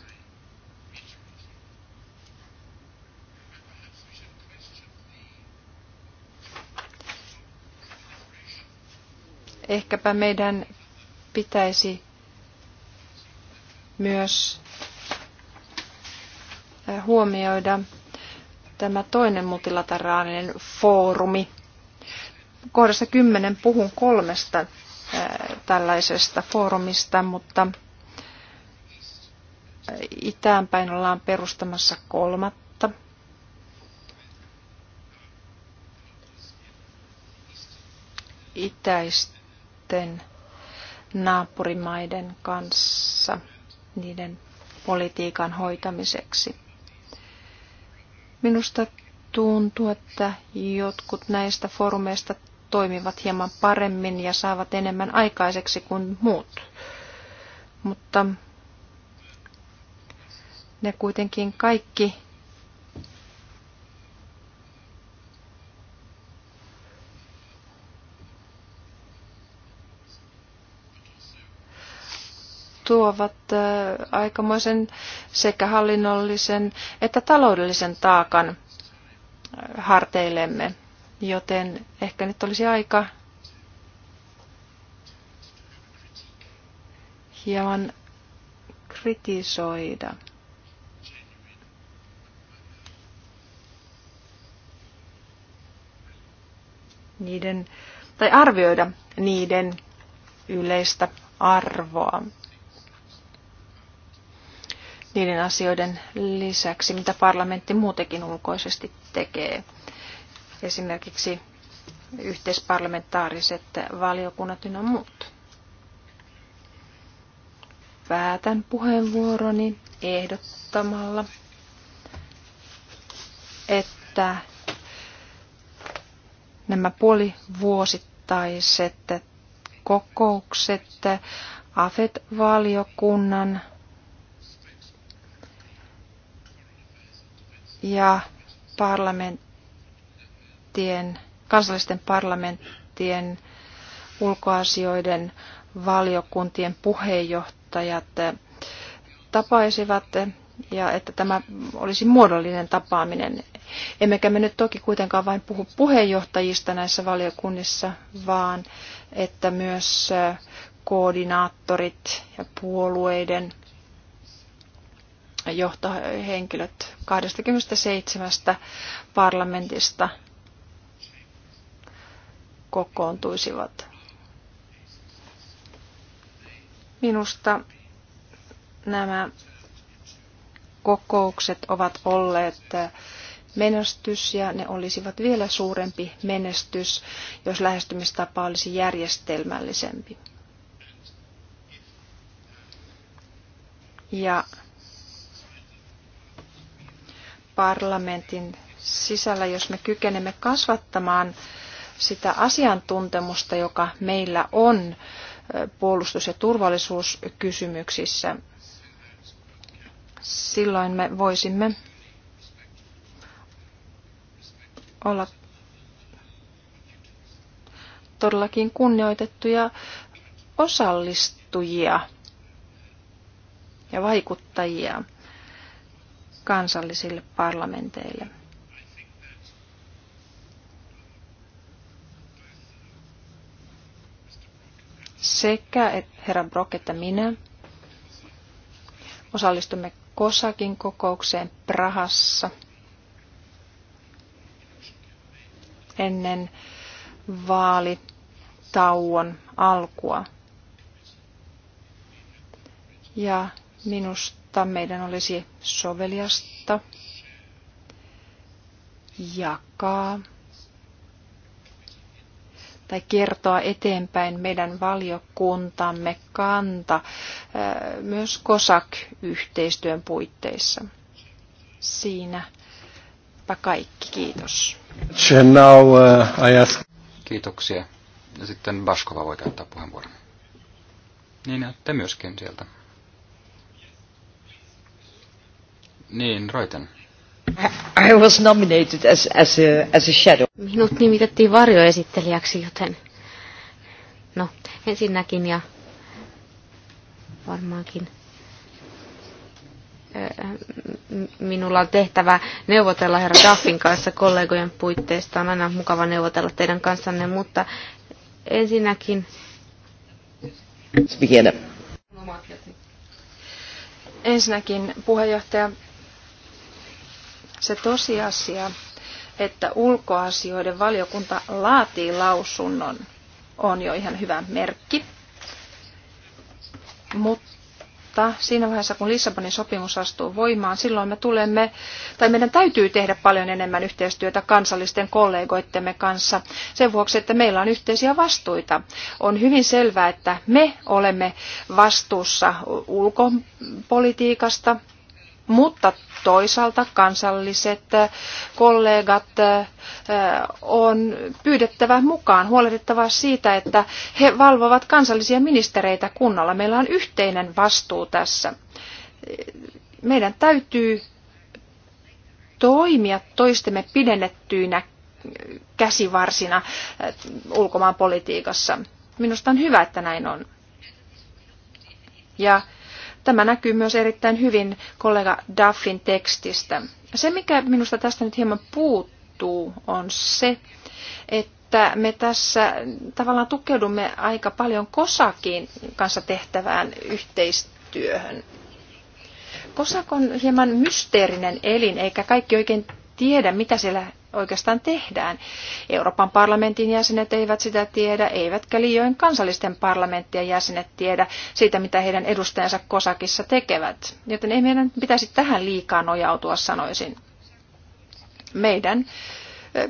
ehkäpä meidän pitäisi myös huomioida tämä toinen multilateraalinen foorumi. Kohdassa 10 puhun kolmesta tällaisesta foorumista, mutta itäänpäin ollaan perustamassa kolmatta. Itäistä sitten naapurimaiden kanssa niiden politiikan hoitamiseksi. Minusta tuntuu, että jotkut näistä foorumeista toimivat hieman paremmin ja saavat enemmän aikaiseksi kuin muut. Mutta ne kuitenkin kaikki tuovat aikamoisen sekä hallinnollisen että taloudellisen taakan harteillemme, joten ehkä nyt olisi aika hieman kritisoida. niiden, tai arvioida niiden yleistä arvoa niiden asioiden lisäksi, mitä parlamentti muutenkin ulkoisesti tekee. Esimerkiksi yhteisparlamentaariset valiokunnat ja muut. Päätän puheenvuoroni ehdottamalla, että nämä puolivuosittaiset kokoukset AFET-valiokunnan ja parlamenttien, kansallisten parlamenttien ulkoasioiden valiokuntien puheenjohtajat eh, tapaisivat eh, ja että tämä olisi muodollinen tapaaminen. Emmekä me nyt toki kuitenkaan vain puhu puheenjohtajista näissä valiokunnissa, vaan että myös eh, koordinaattorit ja puolueiden johtohenkilöt 27 parlamentista kokoontuisivat. Minusta nämä kokoukset ovat olleet menestys ja ne olisivat vielä suurempi menestys, jos lähestymistapa olisi järjestelmällisempi. Ja parlamentin sisällä, jos me kykenemme kasvattamaan sitä asiantuntemusta, joka meillä on puolustus- ja turvallisuuskysymyksissä, silloin me voisimme olla todellakin kunnioitettuja osallistujia ja vaikuttajia kansallisille parlamenteille. Sekä herra Brock että minä osallistumme Kosakin kokoukseen Prahassa ennen vaalitauon alkua. Ja minusta mutta meidän olisi soveliasta jakaa tai kertoa eteenpäin meidän valiokuntamme kanta myös COSAC-yhteistyön puitteissa. Siinä kaikki. Kiitos. Now, uh, Kiitoksia. Ja sitten Baskova voi käyttää puheenvuoron. Niin, että myöskin sieltä. Niin, Roiten. I was nominated as, as, a, as a shadow. Minut nimitettiin varjoesittelijäksi, joten no ensinnäkin ja varmaankin minulla on tehtävä neuvotella herra Daffin kanssa kollegojen puitteista. On aina mukava neuvotella teidän kanssanne, mutta ensinnäkin... Ensinnäkin puheenjohtaja se tosiasia, että ulkoasioiden valiokunta laatii lausunnon, on jo ihan hyvä merkki. Mutta siinä vaiheessa, kun Lissabonin sopimus astuu voimaan, silloin me tulemme, tai meidän täytyy tehdä paljon enemmän yhteistyötä kansallisten kollegoittemme kanssa sen vuoksi, että meillä on yhteisiä vastuita. On hyvin selvää, että me olemme vastuussa ulkopolitiikasta, mutta toisaalta kansalliset äh, kollegat äh, on pyydettävä mukaan, huolehdittava siitä, että he valvovat kansallisia ministereitä kunnolla. Meillä on yhteinen vastuu tässä. Meidän täytyy toimia toistemme pidennettyinä käsivarsina äh, ulkomaan politiikassa. Minusta on hyvä, että näin on. Ja Tämä näkyy myös erittäin hyvin kollega Duffin tekstistä. Se, mikä minusta tästä nyt hieman puuttuu, on se, että me tässä tavallaan tukeudumme aika paljon kosakin kanssa tehtävään yhteistyöhön. Kosak on hieman mysteerinen elin, eikä kaikki oikein tiedä, mitä siellä oikeastaan tehdään. Euroopan parlamentin jäsenet eivät sitä tiedä, eivätkä liioin kansallisten parlamenttien jäsenet tiedä siitä, mitä heidän edustajansa Kosakissa tekevät. Joten ei meidän pitäisi tähän liikaa nojautua, sanoisin. Meidän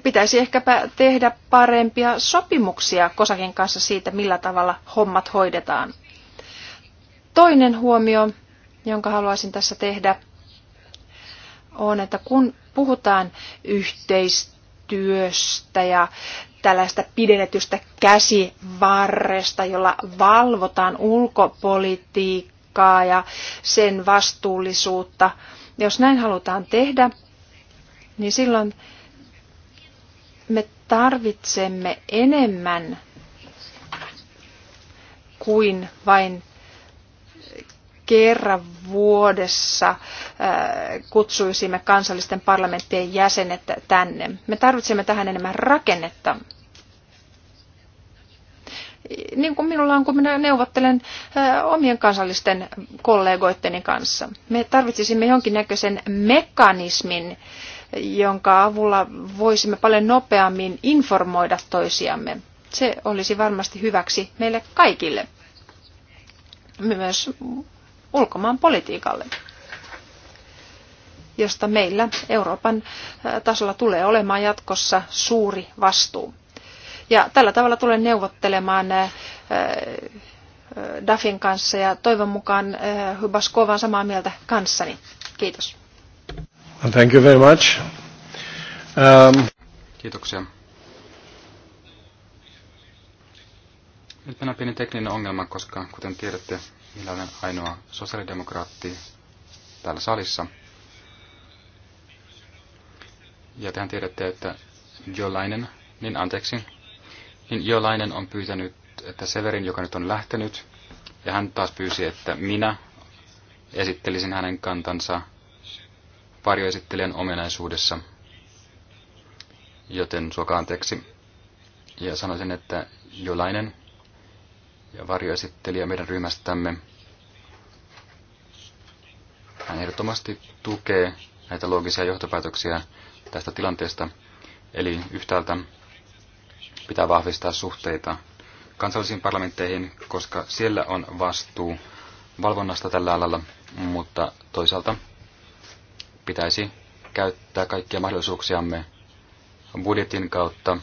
pitäisi ehkäpä tehdä parempia sopimuksia Kosakin kanssa siitä, millä tavalla hommat hoidetaan. Toinen huomio, jonka haluaisin tässä tehdä, on, että kun puhutaan yhteistyöstä ja tällaista pidennetystä käsivarresta, jolla valvotaan ulkopolitiikkaa ja sen vastuullisuutta. Jos näin halutaan tehdä, niin silloin me tarvitsemme enemmän kuin vain kerran vuodessa äh, kutsuisimme kansallisten parlamenttien jäsenet tänne. Me tarvitsemme tähän enemmän rakennetta. Niin kuin minulla on, kun minä neuvottelen äh, omien kansallisten kollegoitteni kanssa. Me tarvitsisimme jonkinnäköisen mekanismin, jonka avulla voisimme paljon nopeammin informoida toisiamme. Se olisi varmasti hyväksi meille kaikille, myös ulkomaan politiikalle, josta meillä Euroopan tasolla tulee olemaan jatkossa suuri vastuu. Ja tällä tavalla tulen neuvottelemaan Dafin kanssa ja toivon mukaan Hybaskova on samaa mieltä kanssani. Kiitos. Thank you very much. Um... Kiitoksia. Nyt meillä on pieni tekninen ongelma, koska kuten tiedätte, minä olen ainoa sosiaalidemokraatti täällä salissa. Ja tehän tiedätte, että Jolainen, niin anteeksi, niin Jolainen on pyytänyt, että Severin, joka nyt on lähtenyt, ja hän taas pyysi, että minä esittelisin hänen kantansa varjoesittelijän ominaisuudessa. Joten suokaa anteeksi. Ja sanoisin, että Jolainen ja varjoesittelijä meidän ryhmästämme. Hän ehdottomasti tukee näitä loogisia johtopäätöksiä tästä tilanteesta. Eli yhtäältä pitää vahvistaa suhteita kansallisiin parlamentteihin, koska siellä on vastuu valvonnasta tällä alalla, mutta toisaalta pitäisi käyttää kaikkia mahdollisuuksiamme budjetin kautta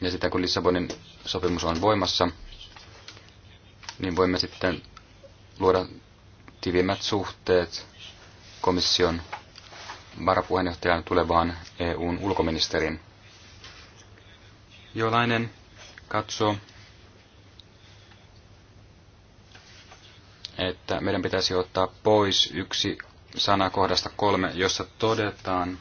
ja sitä kun Lissabonin sopimus on voimassa, niin voimme sitten luoda tiivimmät suhteet komission varapuheenjohtajan tulevaan EUn ulkoministerin Jolainen katsoo, että meidän pitäisi ottaa pois yksi sana kohdasta kolme, jossa todetaan,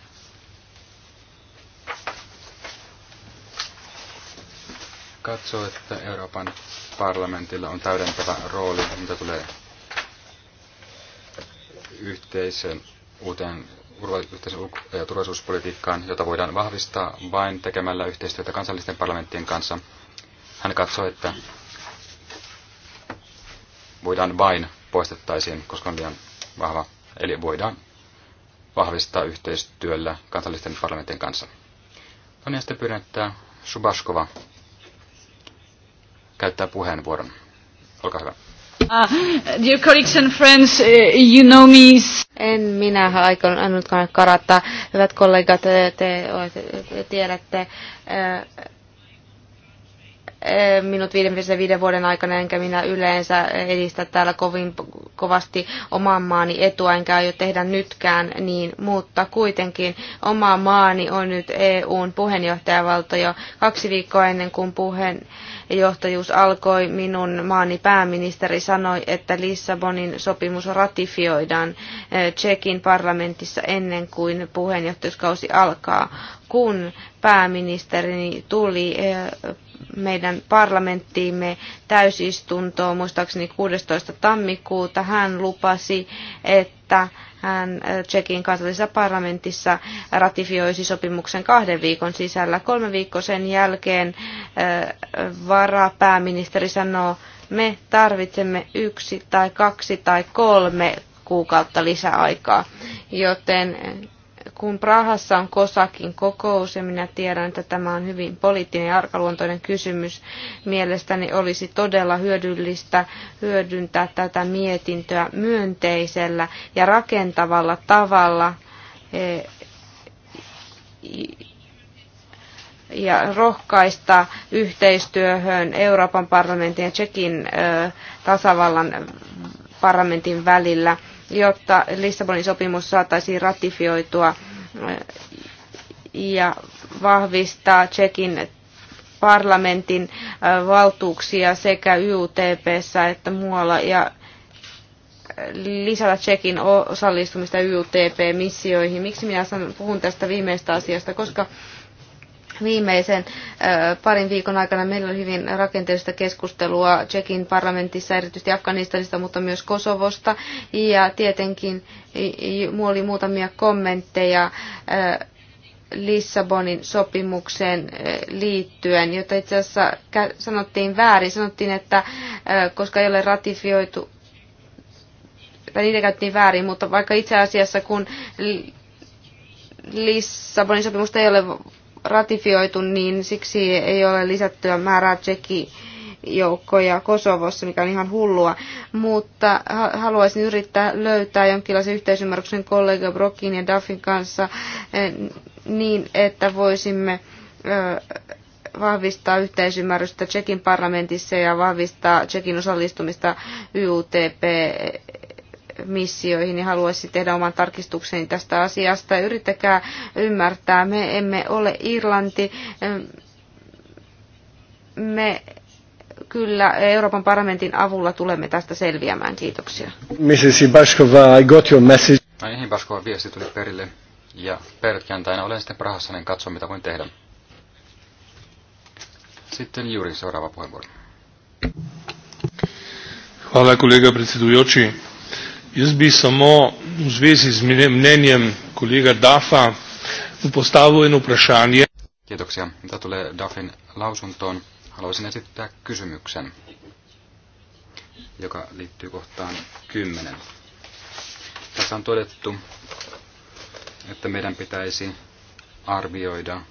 katsoo, että Euroopan parlamentilla on täydentävä rooli, mitä tulee yhteisen uuteen yhteisen ja turvallisuuspolitiikkaan, jota voidaan vahvistaa vain tekemällä yhteistyötä kansallisten parlamenttien kanssa. Hän katsoo, että voidaan vain poistettaisiin, koska on liian vahva. Eli voidaan vahvistaa yhteistyöllä kansallisten parlamenttien kanssa. No niin, sitten pyydän, että Subaskova käyttää puheenvuoron. Olkaa hyvä. Uh, dear colleagues and friends, eh, you know me. En minä aikon annutkaan karata. Hyvät kollegat, eh, te, te, eh, te tiedätte. Uh, Eh, minut viiden vuoden aikana, enkä minä yleensä edistä täällä kovin kovasti oman maani etua, enkä aio tehdä nytkään niin, mutta kuitenkin oma maani on nyt EUn puheenjohtajavalta jo kaksi viikkoa ennen kuin johtajuus alkoi. Minun maani pääministeri sanoi, että Lissabonin sopimus ratifioidaan eh, Tsekin parlamentissa ennen kuin puheenjohtajuuskausi alkaa. Kun pääministerini tuli eh, meidän parlamenttiimme täysistuntoon, muistaakseni 16. tammikuuta. Hän lupasi, että hän äh, Tsekin kansallisessa parlamentissa ratifioisi sopimuksen kahden viikon sisällä. Kolme viikkoa sen jälkeen äh, varapääministeri sanoo, me tarvitsemme yksi tai kaksi tai kolme kuukautta lisäaikaa, joten kun Prahassa on Kosakin kokous, ja minä tiedän, että tämä on hyvin poliittinen ja arkaluontoinen kysymys, mielestäni olisi todella hyödyllistä hyödyntää tätä mietintöä myönteisellä ja rakentavalla tavalla e, ja rohkaista yhteistyöhön Euroopan parlamentin ja Tsekin e, tasavallan parlamentin välillä jotta Lissabonin sopimus saataisiin ratifioitua ja vahvistaa Tsekin parlamentin valtuuksia sekä YUTPssä että muualla ja lisätä Tsekin osallistumista YUTP-missioihin. Miksi minä puhun tästä viimeistä asiasta? Koska viimeisen parin viikon aikana meillä oli hyvin rakenteellista keskustelua Tsekin parlamentissa, erityisesti Afganistanista, mutta myös Kosovosta. Ja tietenkin oli muutamia kommentteja Lissabonin sopimukseen liittyen, jota itse asiassa sanottiin väärin. Sanottiin, että koska ei ole ratifioitu, tai niitä käytettiin väärin, mutta vaikka itse asiassa kun Lissabonin sopimusta ei ole ratifioitu, niin siksi ei ole lisättyä määrää tseki joukkoja Kosovossa, mikä on ihan hullua. Mutta haluaisin yrittää löytää jonkinlaisen yhteisymmärryksen kollega Brokin ja Duffin kanssa eh, niin, että voisimme vahvistaa yhteisymmärrystä Tsekin parlamentissa ja vahvistaa Tsekin osallistumista YUTP missioihin, niin haluaisin tehdä oman tarkistukseni tästä asiasta. Yrittäkää ymmärtää, me emme ole Irlanti. Me kyllä Euroopan parlamentin avulla tulemme tästä selviämään. Kiitoksia. Mrs. Ibaskova, I got your message. No niin, Ibashkova viesti tuli perille. Ja perjantaina olen sitten Prahassa, niin katso, mitä voin tehdä. Sitten juuri seuraava puheenvuoro. Hvala kolega predsedujoči. Jaz bi samo v zvezi z mnenjem kollega Dafa postavil eno vprašanje. Kiitoksia. Mitä tulee Dafin lausuntoon, haluaisin esittää kysymyksen, joka liittyy kohtaan 10. Tässä on todettu, että meidän pitäisi arvioida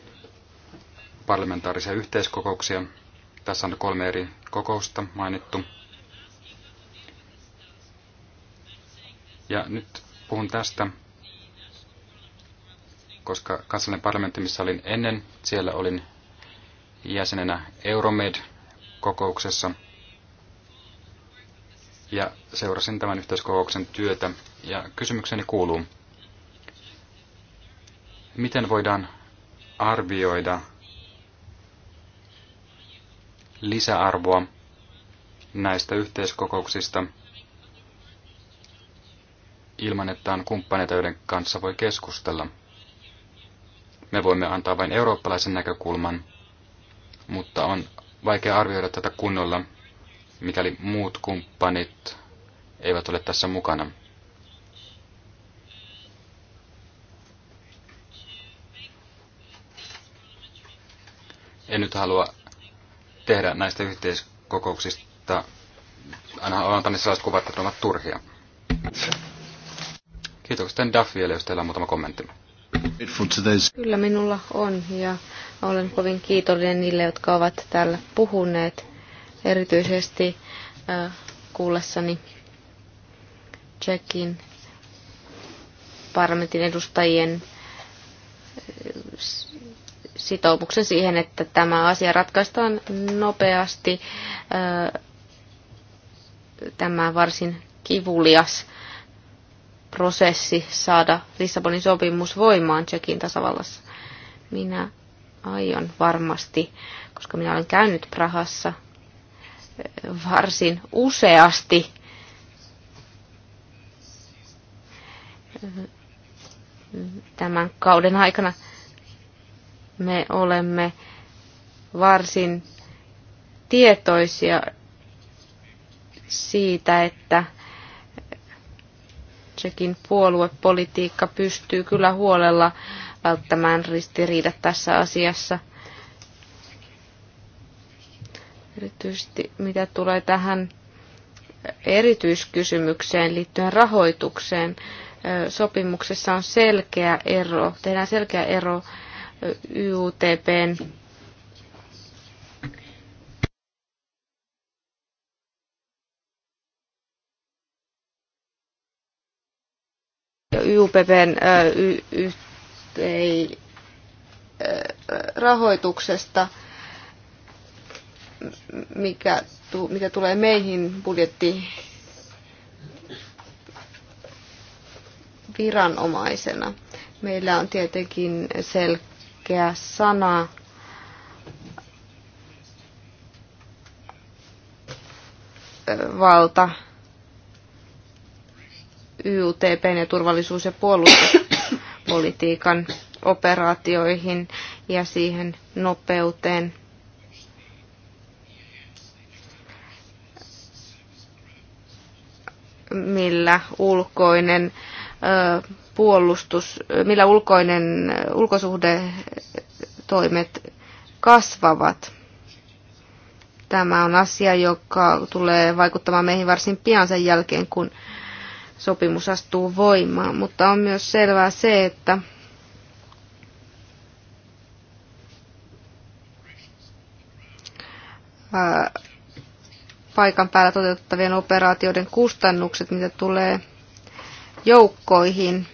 parlamentaarisia yhteiskokouksia. Tässä on kolme eri kokousta mainittu. Ja nyt puhun tästä, koska kansallinen parlamentti, missä olin ennen, siellä olin jäsenenä Euromed-kokouksessa. Ja seurasin tämän yhteiskokouksen työtä. Ja kysymykseni kuuluu, miten voidaan arvioida lisäarvoa näistä yhteiskokouksista – ilman, että on kumppaneita, joiden kanssa voi keskustella. Me voimme antaa vain eurooppalaisen näkökulman, mutta on vaikea arvioida tätä kunnolla, mikäli muut kumppanit eivät ole tässä mukana. En nyt halua tehdä näistä yhteiskokouksista, aina antaa ne sellaiset kuvat, että ne ovat turhia. Kiitoksia Duff vielä, jos teillä on muutama kommentti. Kyllä minulla on ja olen kovin kiitollinen niille, jotka ovat täällä puhuneet, erityisesti äh, kuullessani Tsekin parlamentin edustajien äh, sitoumuksen siihen, että tämä asia ratkaistaan nopeasti. Äh, tämä varsin kivulias prosessi saada Lissabonin sopimus voimaan Tsekin tasavallassa. Minä aion varmasti, koska minä olen käynyt Prahassa eh, varsin useasti. Eh, tämän kauden aikana me olemme varsin tietoisia siitä, että Tsekin puoluepolitiikka pystyy kyllä huolella välttämään ristiriidat tässä asiassa. Erityisesti mitä tulee tähän erityiskysymykseen liittyen rahoitukseen, sopimuksessa on selkeä ero, tehdään selkeä ero YUTPn UPPn rahoituksesta, mikä, mitä tulee meihin budjetti viranomaisena. Meillä on tietenkin selkeä sana valta YUTPn ja turvallisuus- ja puolustuspolitiikan operaatioihin ja siihen nopeuteen. millä ulkoinen ö, puolustus, millä ulkoinen ulkosuhdetoimet kasvavat. Tämä on asia, joka tulee vaikuttamaan meihin varsin pian sen jälkeen, kun sopimus astuu voimaan, mutta on myös selvää se, että paikan päällä toteutettavien operaatioiden kustannukset, mitä tulee joukkoihin,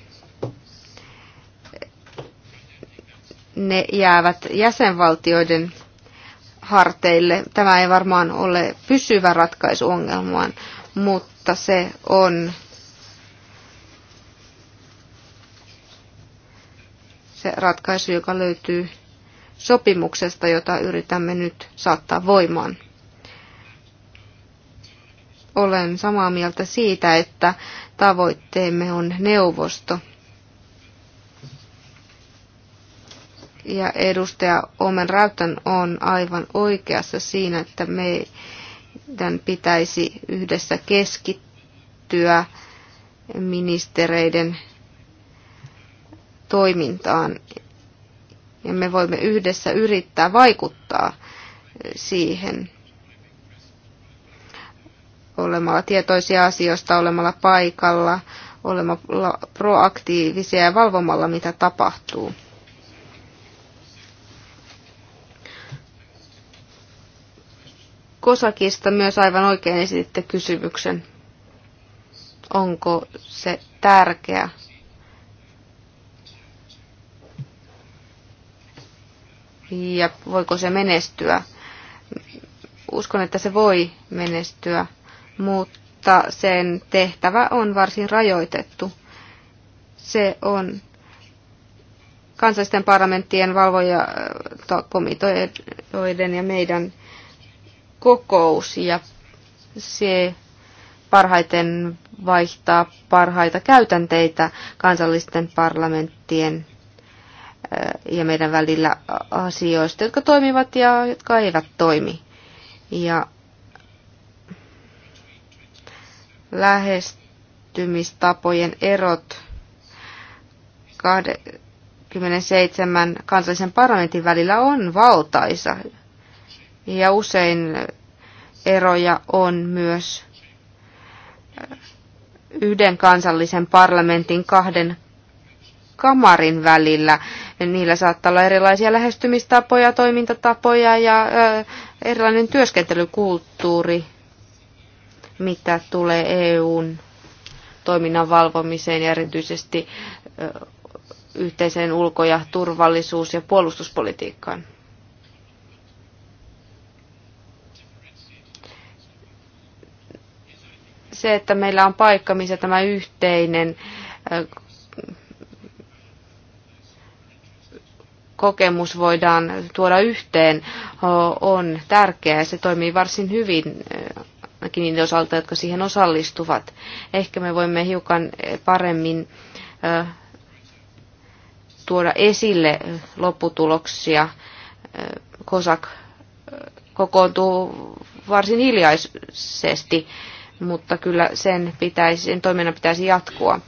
ne jäävät jäsenvaltioiden harteille. Tämä ei varmaan ole pysyvä ratkaisu ongelmaan, mutta se on se ratkaisu, joka löytyy sopimuksesta, jota yritämme nyt saattaa voimaan. Olen samaa mieltä siitä, että tavoitteemme on neuvosto. Ja edustaja Omen Räytän on aivan oikeassa siinä, että meidän pitäisi yhdessä keskittyä ministereiden toimintaan. Ja me voimme yhdessä yrittää vaikuttaa siihen olemalla tietoisia asioista, olemalla paikalla, olemalla proaktiivisia ja valvomalla, mitä tapahtuu. Kosakista myös aivan oikein esititte kysymyksen, onko se tärkeä ja voiko se menestyä. Uskon, että se voi menestyä, mutta sen tehtävä on varsin rajoitettu. Se on kansallisten parlamenttien valvoja komitoiden ja meidän kokous ja se parhaiten vaihtaa parhaita käytänteitä kansallisten parlamenttien ja meidän välillä asioista, jotka toimivat ja jotka eivät toimi. Ja lähestymistapojen erot 27 kansallisen parlamentin välillä on valtaisa. Ja usein eroja on myös yhden kansallisen parlamentin kahden kamarin välillä. Niillä saattaa olla erilaisia lähestymistapoja, toimintatapoja ja erilainen työskentelykulttuuri, mitä tulee EUn toiminnan valvomiseen ja erityisesti yhteiseen ulko- ja turvallisuus- ja puolustuspolitiikkaan. Se, että meillä on paikka, missä tämä yhteinen kokemus voidaan tuoda yhteen, on tärkeää ja se toimii varsin hyvin ainakin niiden osalta, jotka siihen osallistuvat. Ehkä me voimme hiukan paremmin tuoda esille lopputuloksia. Kosak kokoontuu varsin hiljaisesti, mutta kyllä sen, pitäisi, sen toiminnan pitäisi jatkua.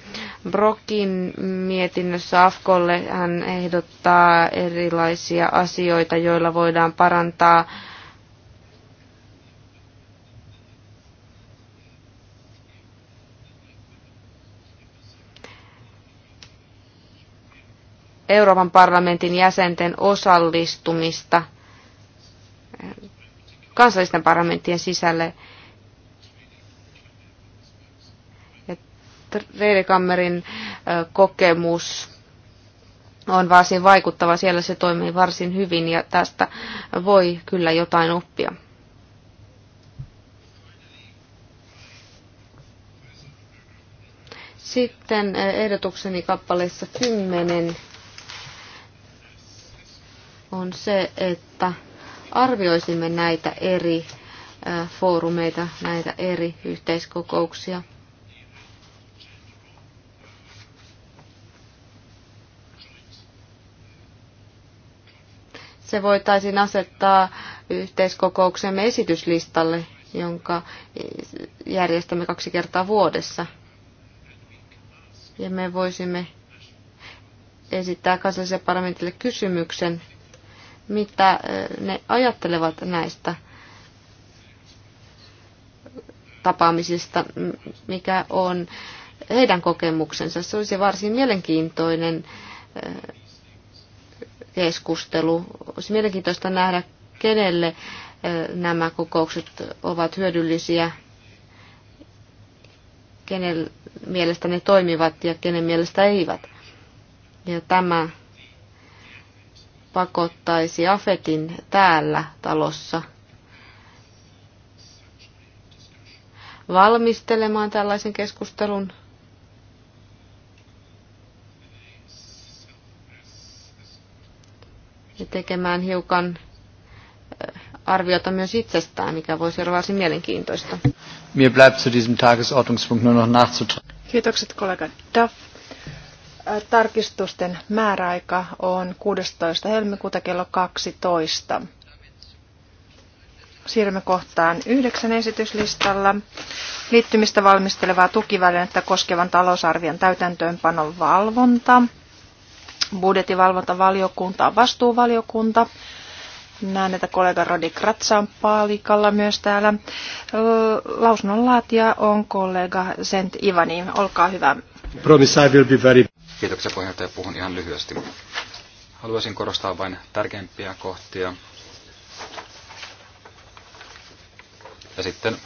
Brokin mietinnössä Afkolle hän ehdottaa erilaisia asioita, joilla voidaan parantaa Euroopan parlamentin jäsenten osallistumista kansallisten parlamenttien sisälle Reidekammerin kokemus on varsin vaikuttava. Siellä se toimii varsin hyvin ja tästä voi kyllä jotain oppia. Sitten ehdotukseni kappaleessa 10 on se, että arvioisimme näitä eri foorumeita, näitä eri yhteiskokouksia – se voitaisiin asettaa yhteiskokouksemme esityslistalle, jonka järjestämme kaksi kertaa vuodessa. Ja me voisimme esittää kansalliselle parlamentille kysymyksen, mitä ne ajattelevat näistä tapaamisista, mikä on heidän kokemuksensa. Se olisi varsin mielenkiintoinen keskustelu. Olisi mielenkiintoista nähdä, kenelle eh, nämä kokoukset ovat hyödyllisiä, kenen mielestä ne toimivat ja kenen mielestä eivät. Ja tämä pakottaisi Afetin täällä talossa valmistelemaan tällaisen keskustelun. tekemään hiukan arviota myös itsestään, mikä voisi olla varsin mielenkiintoista. Mir bleibt zu diesem Tagesordnungspunkt nur noch nachzutragen. Kiitokset kollega Duff. Tarkistusten määräaika on 16. helmikuuta kello 12. Siirrymme kohtaan yhdeksän esityslistalla. Liittymistä valmistelevaa tukivälinettä koskevan talousarvion täytäntöönpanon valvonta budjetivalvontavaliokunta on vastuuvaliokunta. Näen, että kollega Rodi Kratsa on paalikalla myös täällä. Lausunnonlaatija on kollega Sent Ivani. Olkaa hyvä. Kiitoksia puheenjohtaja. Puhun ihan lyhyesti. Haluaisin korostaa vain tärkeimpiä kohtia. Ja sitten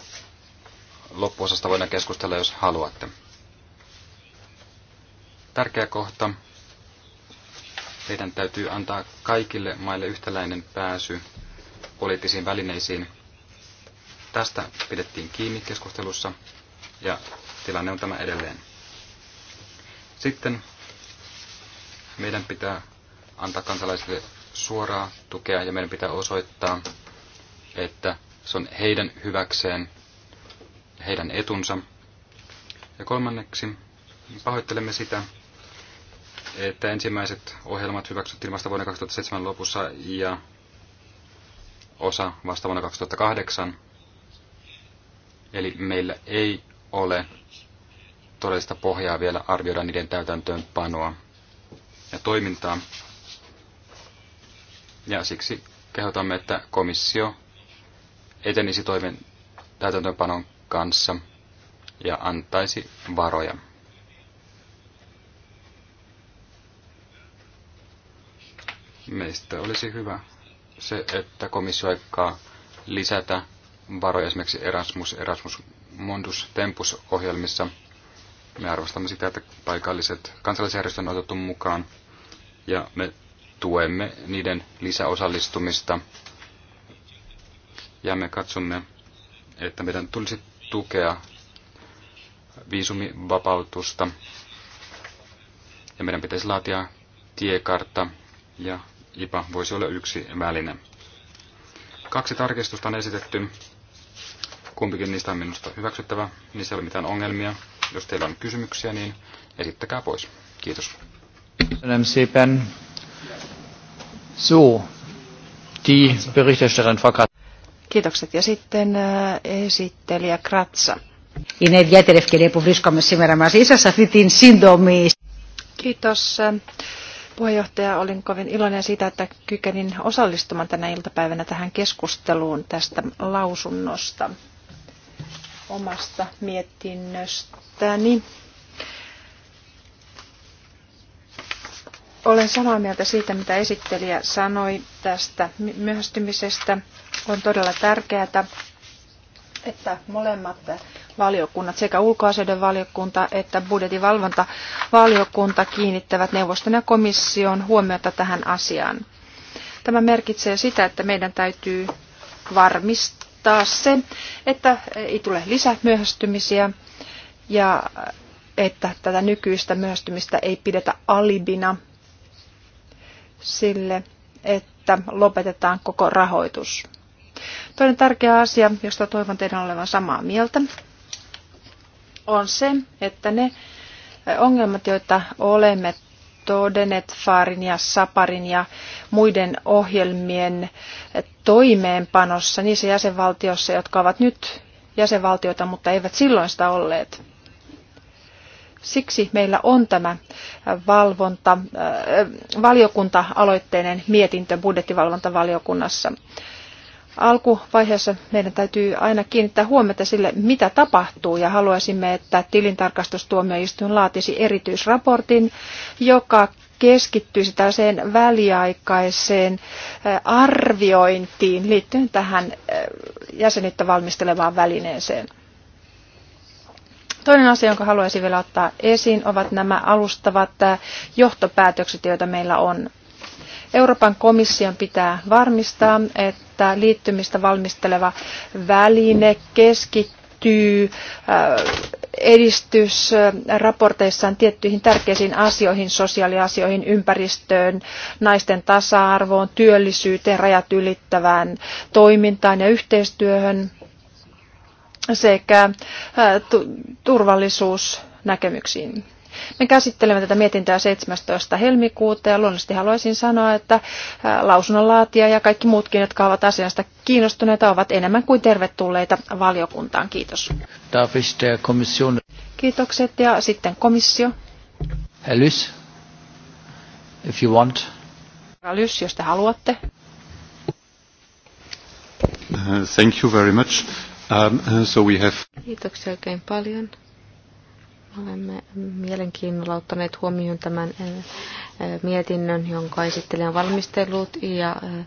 loppuosasta voidaan keskustella, jos haluatte. Tärkeä kohta meidän täytyy antaa kaikille maille yhtäläinen pääsy poliittisiin välineisiin. Tästä pidettiin kiinni keskustelussa ja tilanne on tämä edelleen. Sitten meidän pitää antaa kansalaisille suoraa tukea ja meidän pitää osoittaa, että se on heidän hyväkseen, heidän etunsa. Ja kolmanneksi pahoittelemme sitä, että ensimmäiset ohjelmat hyväksyttiin vasta vuonna 2007 lopussa ja osa vasta vuonna 2008. Eli meillä ei ole todellista pohjaa vielä arvioida niiden täytäntöönpanoa ja toimintaa. Ja siksi kehotamme, että komissio etenisi toimen täytäntöönpanon kanssa ja antaisi varoja. Meistä olisi hyvä se, että komissio aikaa lisätä varoja esimerkiksi Erasmus, Erasmus Mundus Tempus ohjelmissa. Me arvostamme sitä, että paikalliset kansallisjärjestöt on otettu mukaan ja me tuemme niiden lisäosallistumista ja me katsomme, että meidän tulisi tukea viisumivapautusta ja meidän pitäisi laatia tiekartta ja IPA voisi olla yksi väline. Kaksi tarkistusta on esitetty. Kumpikin niistä on minusta hyväksyttävä. Niissä ei ole mitään ongelmia. Jos teillä on kysymyksiä, niin esittäkää pois. Kiitos. So, die Berichterstatterin Frau Kiitokset. Ja sitten äh, esittelijä Kratsa. Είναι ιδιαίτερη ευκαιρία που βρίσκομαι σήμερα μαζί σας αυτή την σύντομη. Kiitos puheenjohtaja. Olin kovin iloinen siitä, että kykenin osallistumaan tänä iltapäivänä tähän keskusteluun tästä lausunnosta omasta mietinnöstäni. Olen samaa mieltä siitä, mitä esittelijä sanoi tästä myöhästymisestä. On todella tärkeää, että molemmat valiokunnat, sekä ulkoasioiden valiokunta että valvontavaliokunta kiinnittävät neuvoston ja komission huomiota tähän asiaan. Tämä merkitsee sitä, että meidän täytyy varmistaa se, että ei tule lisämyöhästymisiä ja että tätä nykyistä myöhästymistä ei pidetä alibina sille, että lopetetaan koko rahoitus. Toinen tärkeä asia, josta toivon teidän olevan samaa mieltä, on se, että ne ongelmat, joita olemme todenneet Faarin ja Saparin ja muiden ohjelmien toimeenpanossa niissä jäsenvaltioissa, jotka ovat nyt jäsenvaltioita, mutta eivät silloin sitä olleet. Siksi meillä on tämä valvonta, äh, valiokunta-aloitteinen mietintö budjettivalvontavaliokunnassa alkuvaiheessa meidän täytyy aina kiinnittää huomiota sille, mitä tapahtuu, ja haluaisimme, että tilintarkastustuomioistuin laatisi erityisraportin, joka keskittyisi tällaiseen väliaikaiseen arviointiin liittyen tähän jäsenyyttä valmistelevaan välineeseen. Toinen asia, jonka haluaisin vielä ottaa esiin, ovat nämä alustavat johtopäätökset, joita meillä on Euroopan komission pitää varmistaa, että liittymistä valmisteleva väline keskittyy äh, edistysraporteissaan äh, tiettyihin tärkeisiin asioihin, sosiaaliasioihin, ympäristöön, naisten tasa-arvoon, työllisyyteen, rajat ylittävään toimintaan ja yhteistyöhön sekä äh, turvallisuusnäkemyksiin. Me käsittelemme tätä mietintöä 17. helmikuuta ja luonnollisesti haluaisin sanoa, että äh, lausunnonlaatija ja kaikki muutkin, jotka ovat asiasta kiinnostuneita, ovat enemmän kuin tervetulleita valiokuntaan. Kiitos. Kiitokset ja sitten komissio. Herr Lys, if you want. Lys, jos te haluatte. Uh, thank you very much. Um, uh, so we have... Kiitoksia oikein paljon. Olemme mielenkiinnolla ottaneet huomioon tämän eh, eh, mietinnön, jonka on valmistelut ja eh,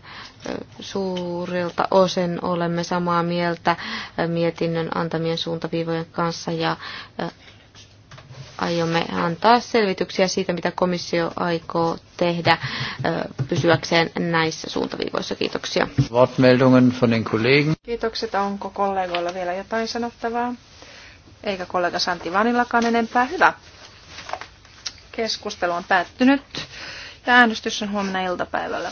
suurilta osin olemme samaa mieltä mietinnön antamien suuntaviivojen kanssa ja aiomme antaa selvityksiä siitä, mitä komissio aikoo tehdä pysyäkseen näissä suuntaviivoissa. Kiitoksia. von den Kollegen. Kiitokset. Onko kollegoilla vielä jotain sanottavaa? eikä kollega Santi Vanillakaan enempää. Hyvä. Keskustelu on päättynyt ja äänestys on huomenna iltapäivällä.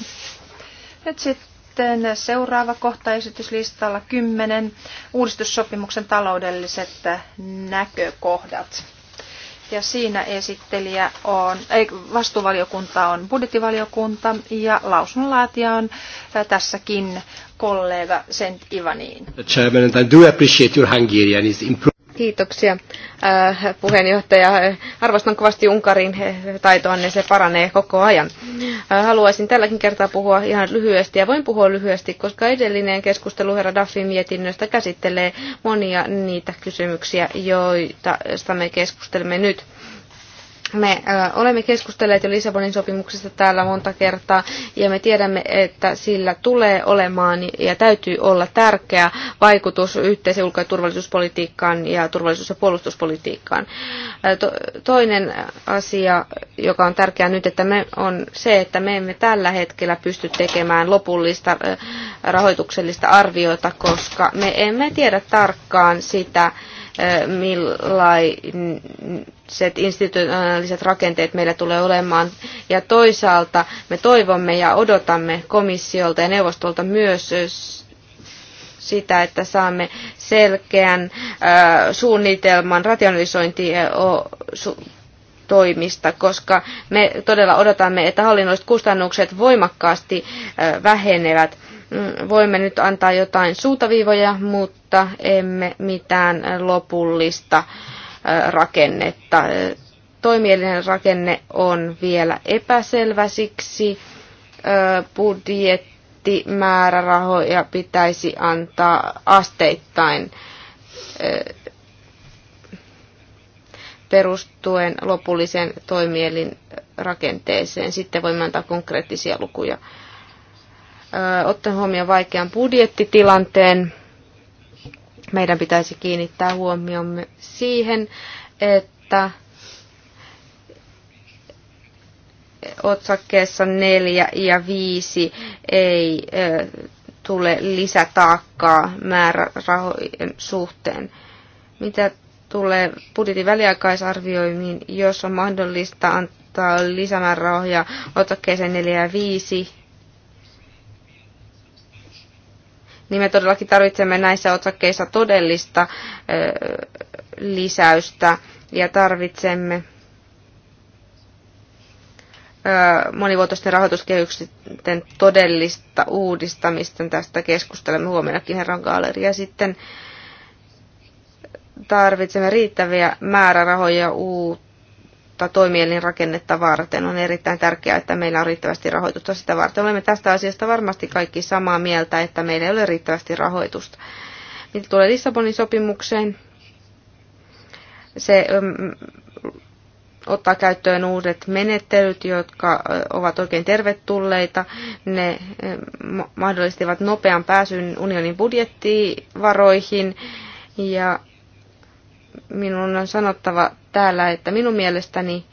Nyt sitten seuraava kohta esityslistalla 10. Uudistussopimuksen taloudelliset näkökohdat. Ja siinä esittelijä on, ei, vastuuvaliokunta on budjettivaliokunta ja lausunnonlaatija on tässäkin kollega Sent Ivaniin. Chairman, I do appreciate your Hungarian is Kiitoksia äh, puheenjohtaja. Arvostan kovasti Unkarin äh, taitoanne, se paranee koko ajan. Äh, haluaisin tälläkin kertaa puhua ihan lyhyesti ja voin puhua lyhyesti, koska edellinen keskustelu herra Daffin mietinnöstä käsittelee monia niitä kysymyksiä, joita me keskustelemme nyt. Me olemme keskustelleet jo Lissabonin sopimuksesta täällä monta kertaa ja me tiedämme, että sillä tulee olemaan ja täytyy olla tärkeä vaikutus yhteisen ulko- ja turvallisuuspolitiikkaan ja turvallisuus- ja puolustuspolitiikkaan. toinen asia, joka on tärkeää nyt, että me on se, että me emme tällä hetkellä pysty tekemään lopullista rahoituksellista arviota, koska me emme tiedä tarkkaan sitä, Eh, millaiset institutionaaliset rakenteet meillä tulee olemaan. Ja toisaalta me toivomme ja odotamme komissiolta ja neuvostolta myös sitä, että saamme selkeän eh, suunnitelman rationalisointi toimista, koska me todella odotamme, että hallinnolliset kustannukset voimakkaasti eh, vähenevät voimme nyt antaa jotain suuntaviivoja, mutta emme mitään lopullista rakennetta. Toimielinen rakenne on vielä epäselvä, siksi budjettimäärärahoja pitäisi antaa asteittain perustuen lopullisen toimielin rakenteeseen. Sitten voimme antaa konkreettisia lukuja ottaen huomioon vaikean budjettitilanteen, meidän pitäisi kiinnittää huomiomme siihen, että otsakkeessa 4 ja 5 ei tule lisätaakkaa määrärahojen suhteen. Mitä tulee budjetin väliaikaisarvioimiin, jos on mahdollista antaa lisämäärärahoja otsakkeeseen 4 ja 5, niin me todellakin tarvitsemme näissä otsakkeissa todellista lisäystä ja tarvitsemme monivuotoisten rahoituskehysten todellista uudistamista. Tästä keskustelemme huomennakin herran galleria sitten tarvitsemme riittäviä määrärahoja uutta rahoitusta toimielinrakennetta varten. On erittäin tärkeää, että meillä on riittävästi rahoitusta sitä varten. Olemme tästä asiasta varmasti kaikki samaa mieltä, että meillä ei ole riittävästi rahoitusta. Mitä tulee Lissabonin sopimukseen, se mm, ottaa käyttöön uudet menettelyt, jotka ovat oikein tervetulleita. Ne mahdollistivat nopean pääsyn unionin budjettivaroihin ja minun on sanottava täällä, että minun mielestäni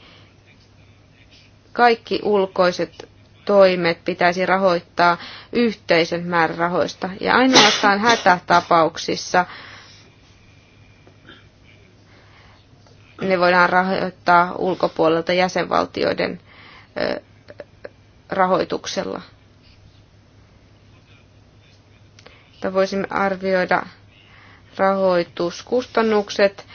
kaikki ulkoiset toimet pitäisi rahoittaa yhteisen määrärahoista. Ja ainoastaan hätätapauksissa ne voidaan rahoittaa ulkopuolelta jäsenvaltioiden rahoituksella. Että voisimme arvioida rahoituskustannukset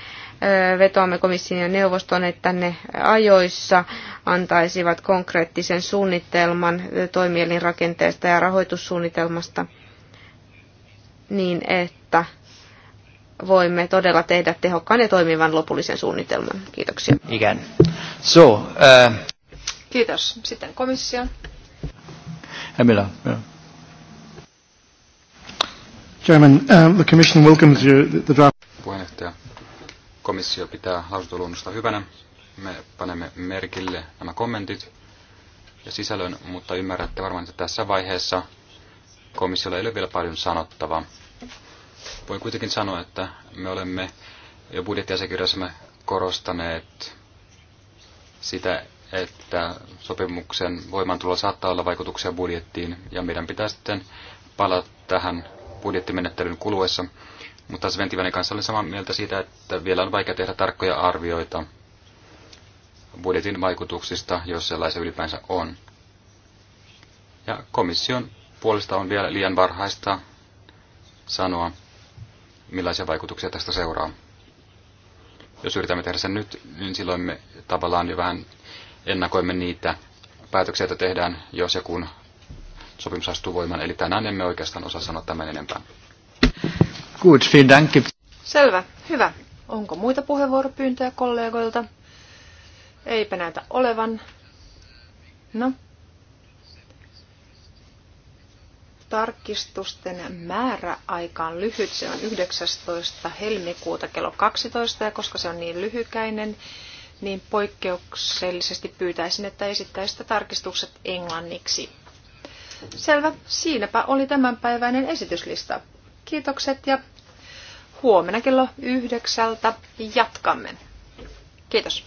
vetoamme komission ja neuvoston, että ne ajoissa antaisivat konkreettisen suunnitelman toimielinrakenteesta ja rahoitussuunnitelmasta niin, että voimme todella tehdä tehokkaan ja toimivan lopullisen suunnitelman. Kiitoksia. Igen. So, uh... Kiitos. Sitten komissio. Emila. Chairman, um, the Commission welcomes you, the, the draft. Puheenjohtaja, Komissio pitää lausuntoluonnosta hyvänä. Me panemme merkille nämä kommentit ja sisällön, mutta ymmärrätte varmaan, että tässä vaiheessa komissiolla ei ole vielä paljon sanottavaa. Voin kuitenkin sanoa, että me olemme jo budjettiasiakirjassamme korostaneet sitä, että sopimuksen voimaantulo saattaa olla vaikutuksia budjettiin, ja meidän pitää sitten palata tähän budjettimenettelyn kuluessa, mutta Sventivänen kanssa olen samaa mieltä siitä, että vielä on vaikea tehdä tarkkoja arvioita budjetin vaikutuksista, jos sellaisia ylipäänsä on. Ja komission puolesta on vielä liian varhaista sanoa, millaisia vaikutuksia tästä seuraa. Jos yritämme tehdä sen nyt, niin silloin me tavallaan jo vähän ennakoimme niitä päätöksiä, joita tehdään, jos ja kun sopimus astuu voimaan. Eli tänään emme oikeastaan osaa sanoa tämän enempää. Gut, vielen Dank. Selvä, hyvä. Onko muita puheenvuoropyyntöjä kollegoilta? Eipä näitä olevan. No. Tarkistusten määräaika on lyhyt. Se on 19. helmikuuta kello 12. Ja koska se on niin lyhykäinen, niin poikkeuksellisesti pyytäisin, että esittäisitte tarkistukset englanniksi. Selvä. Siinäpä oli tämänpäiväinen esityslista. Kiitokset ja huomenna kello yhdeksältä jatkamme. Kiitos.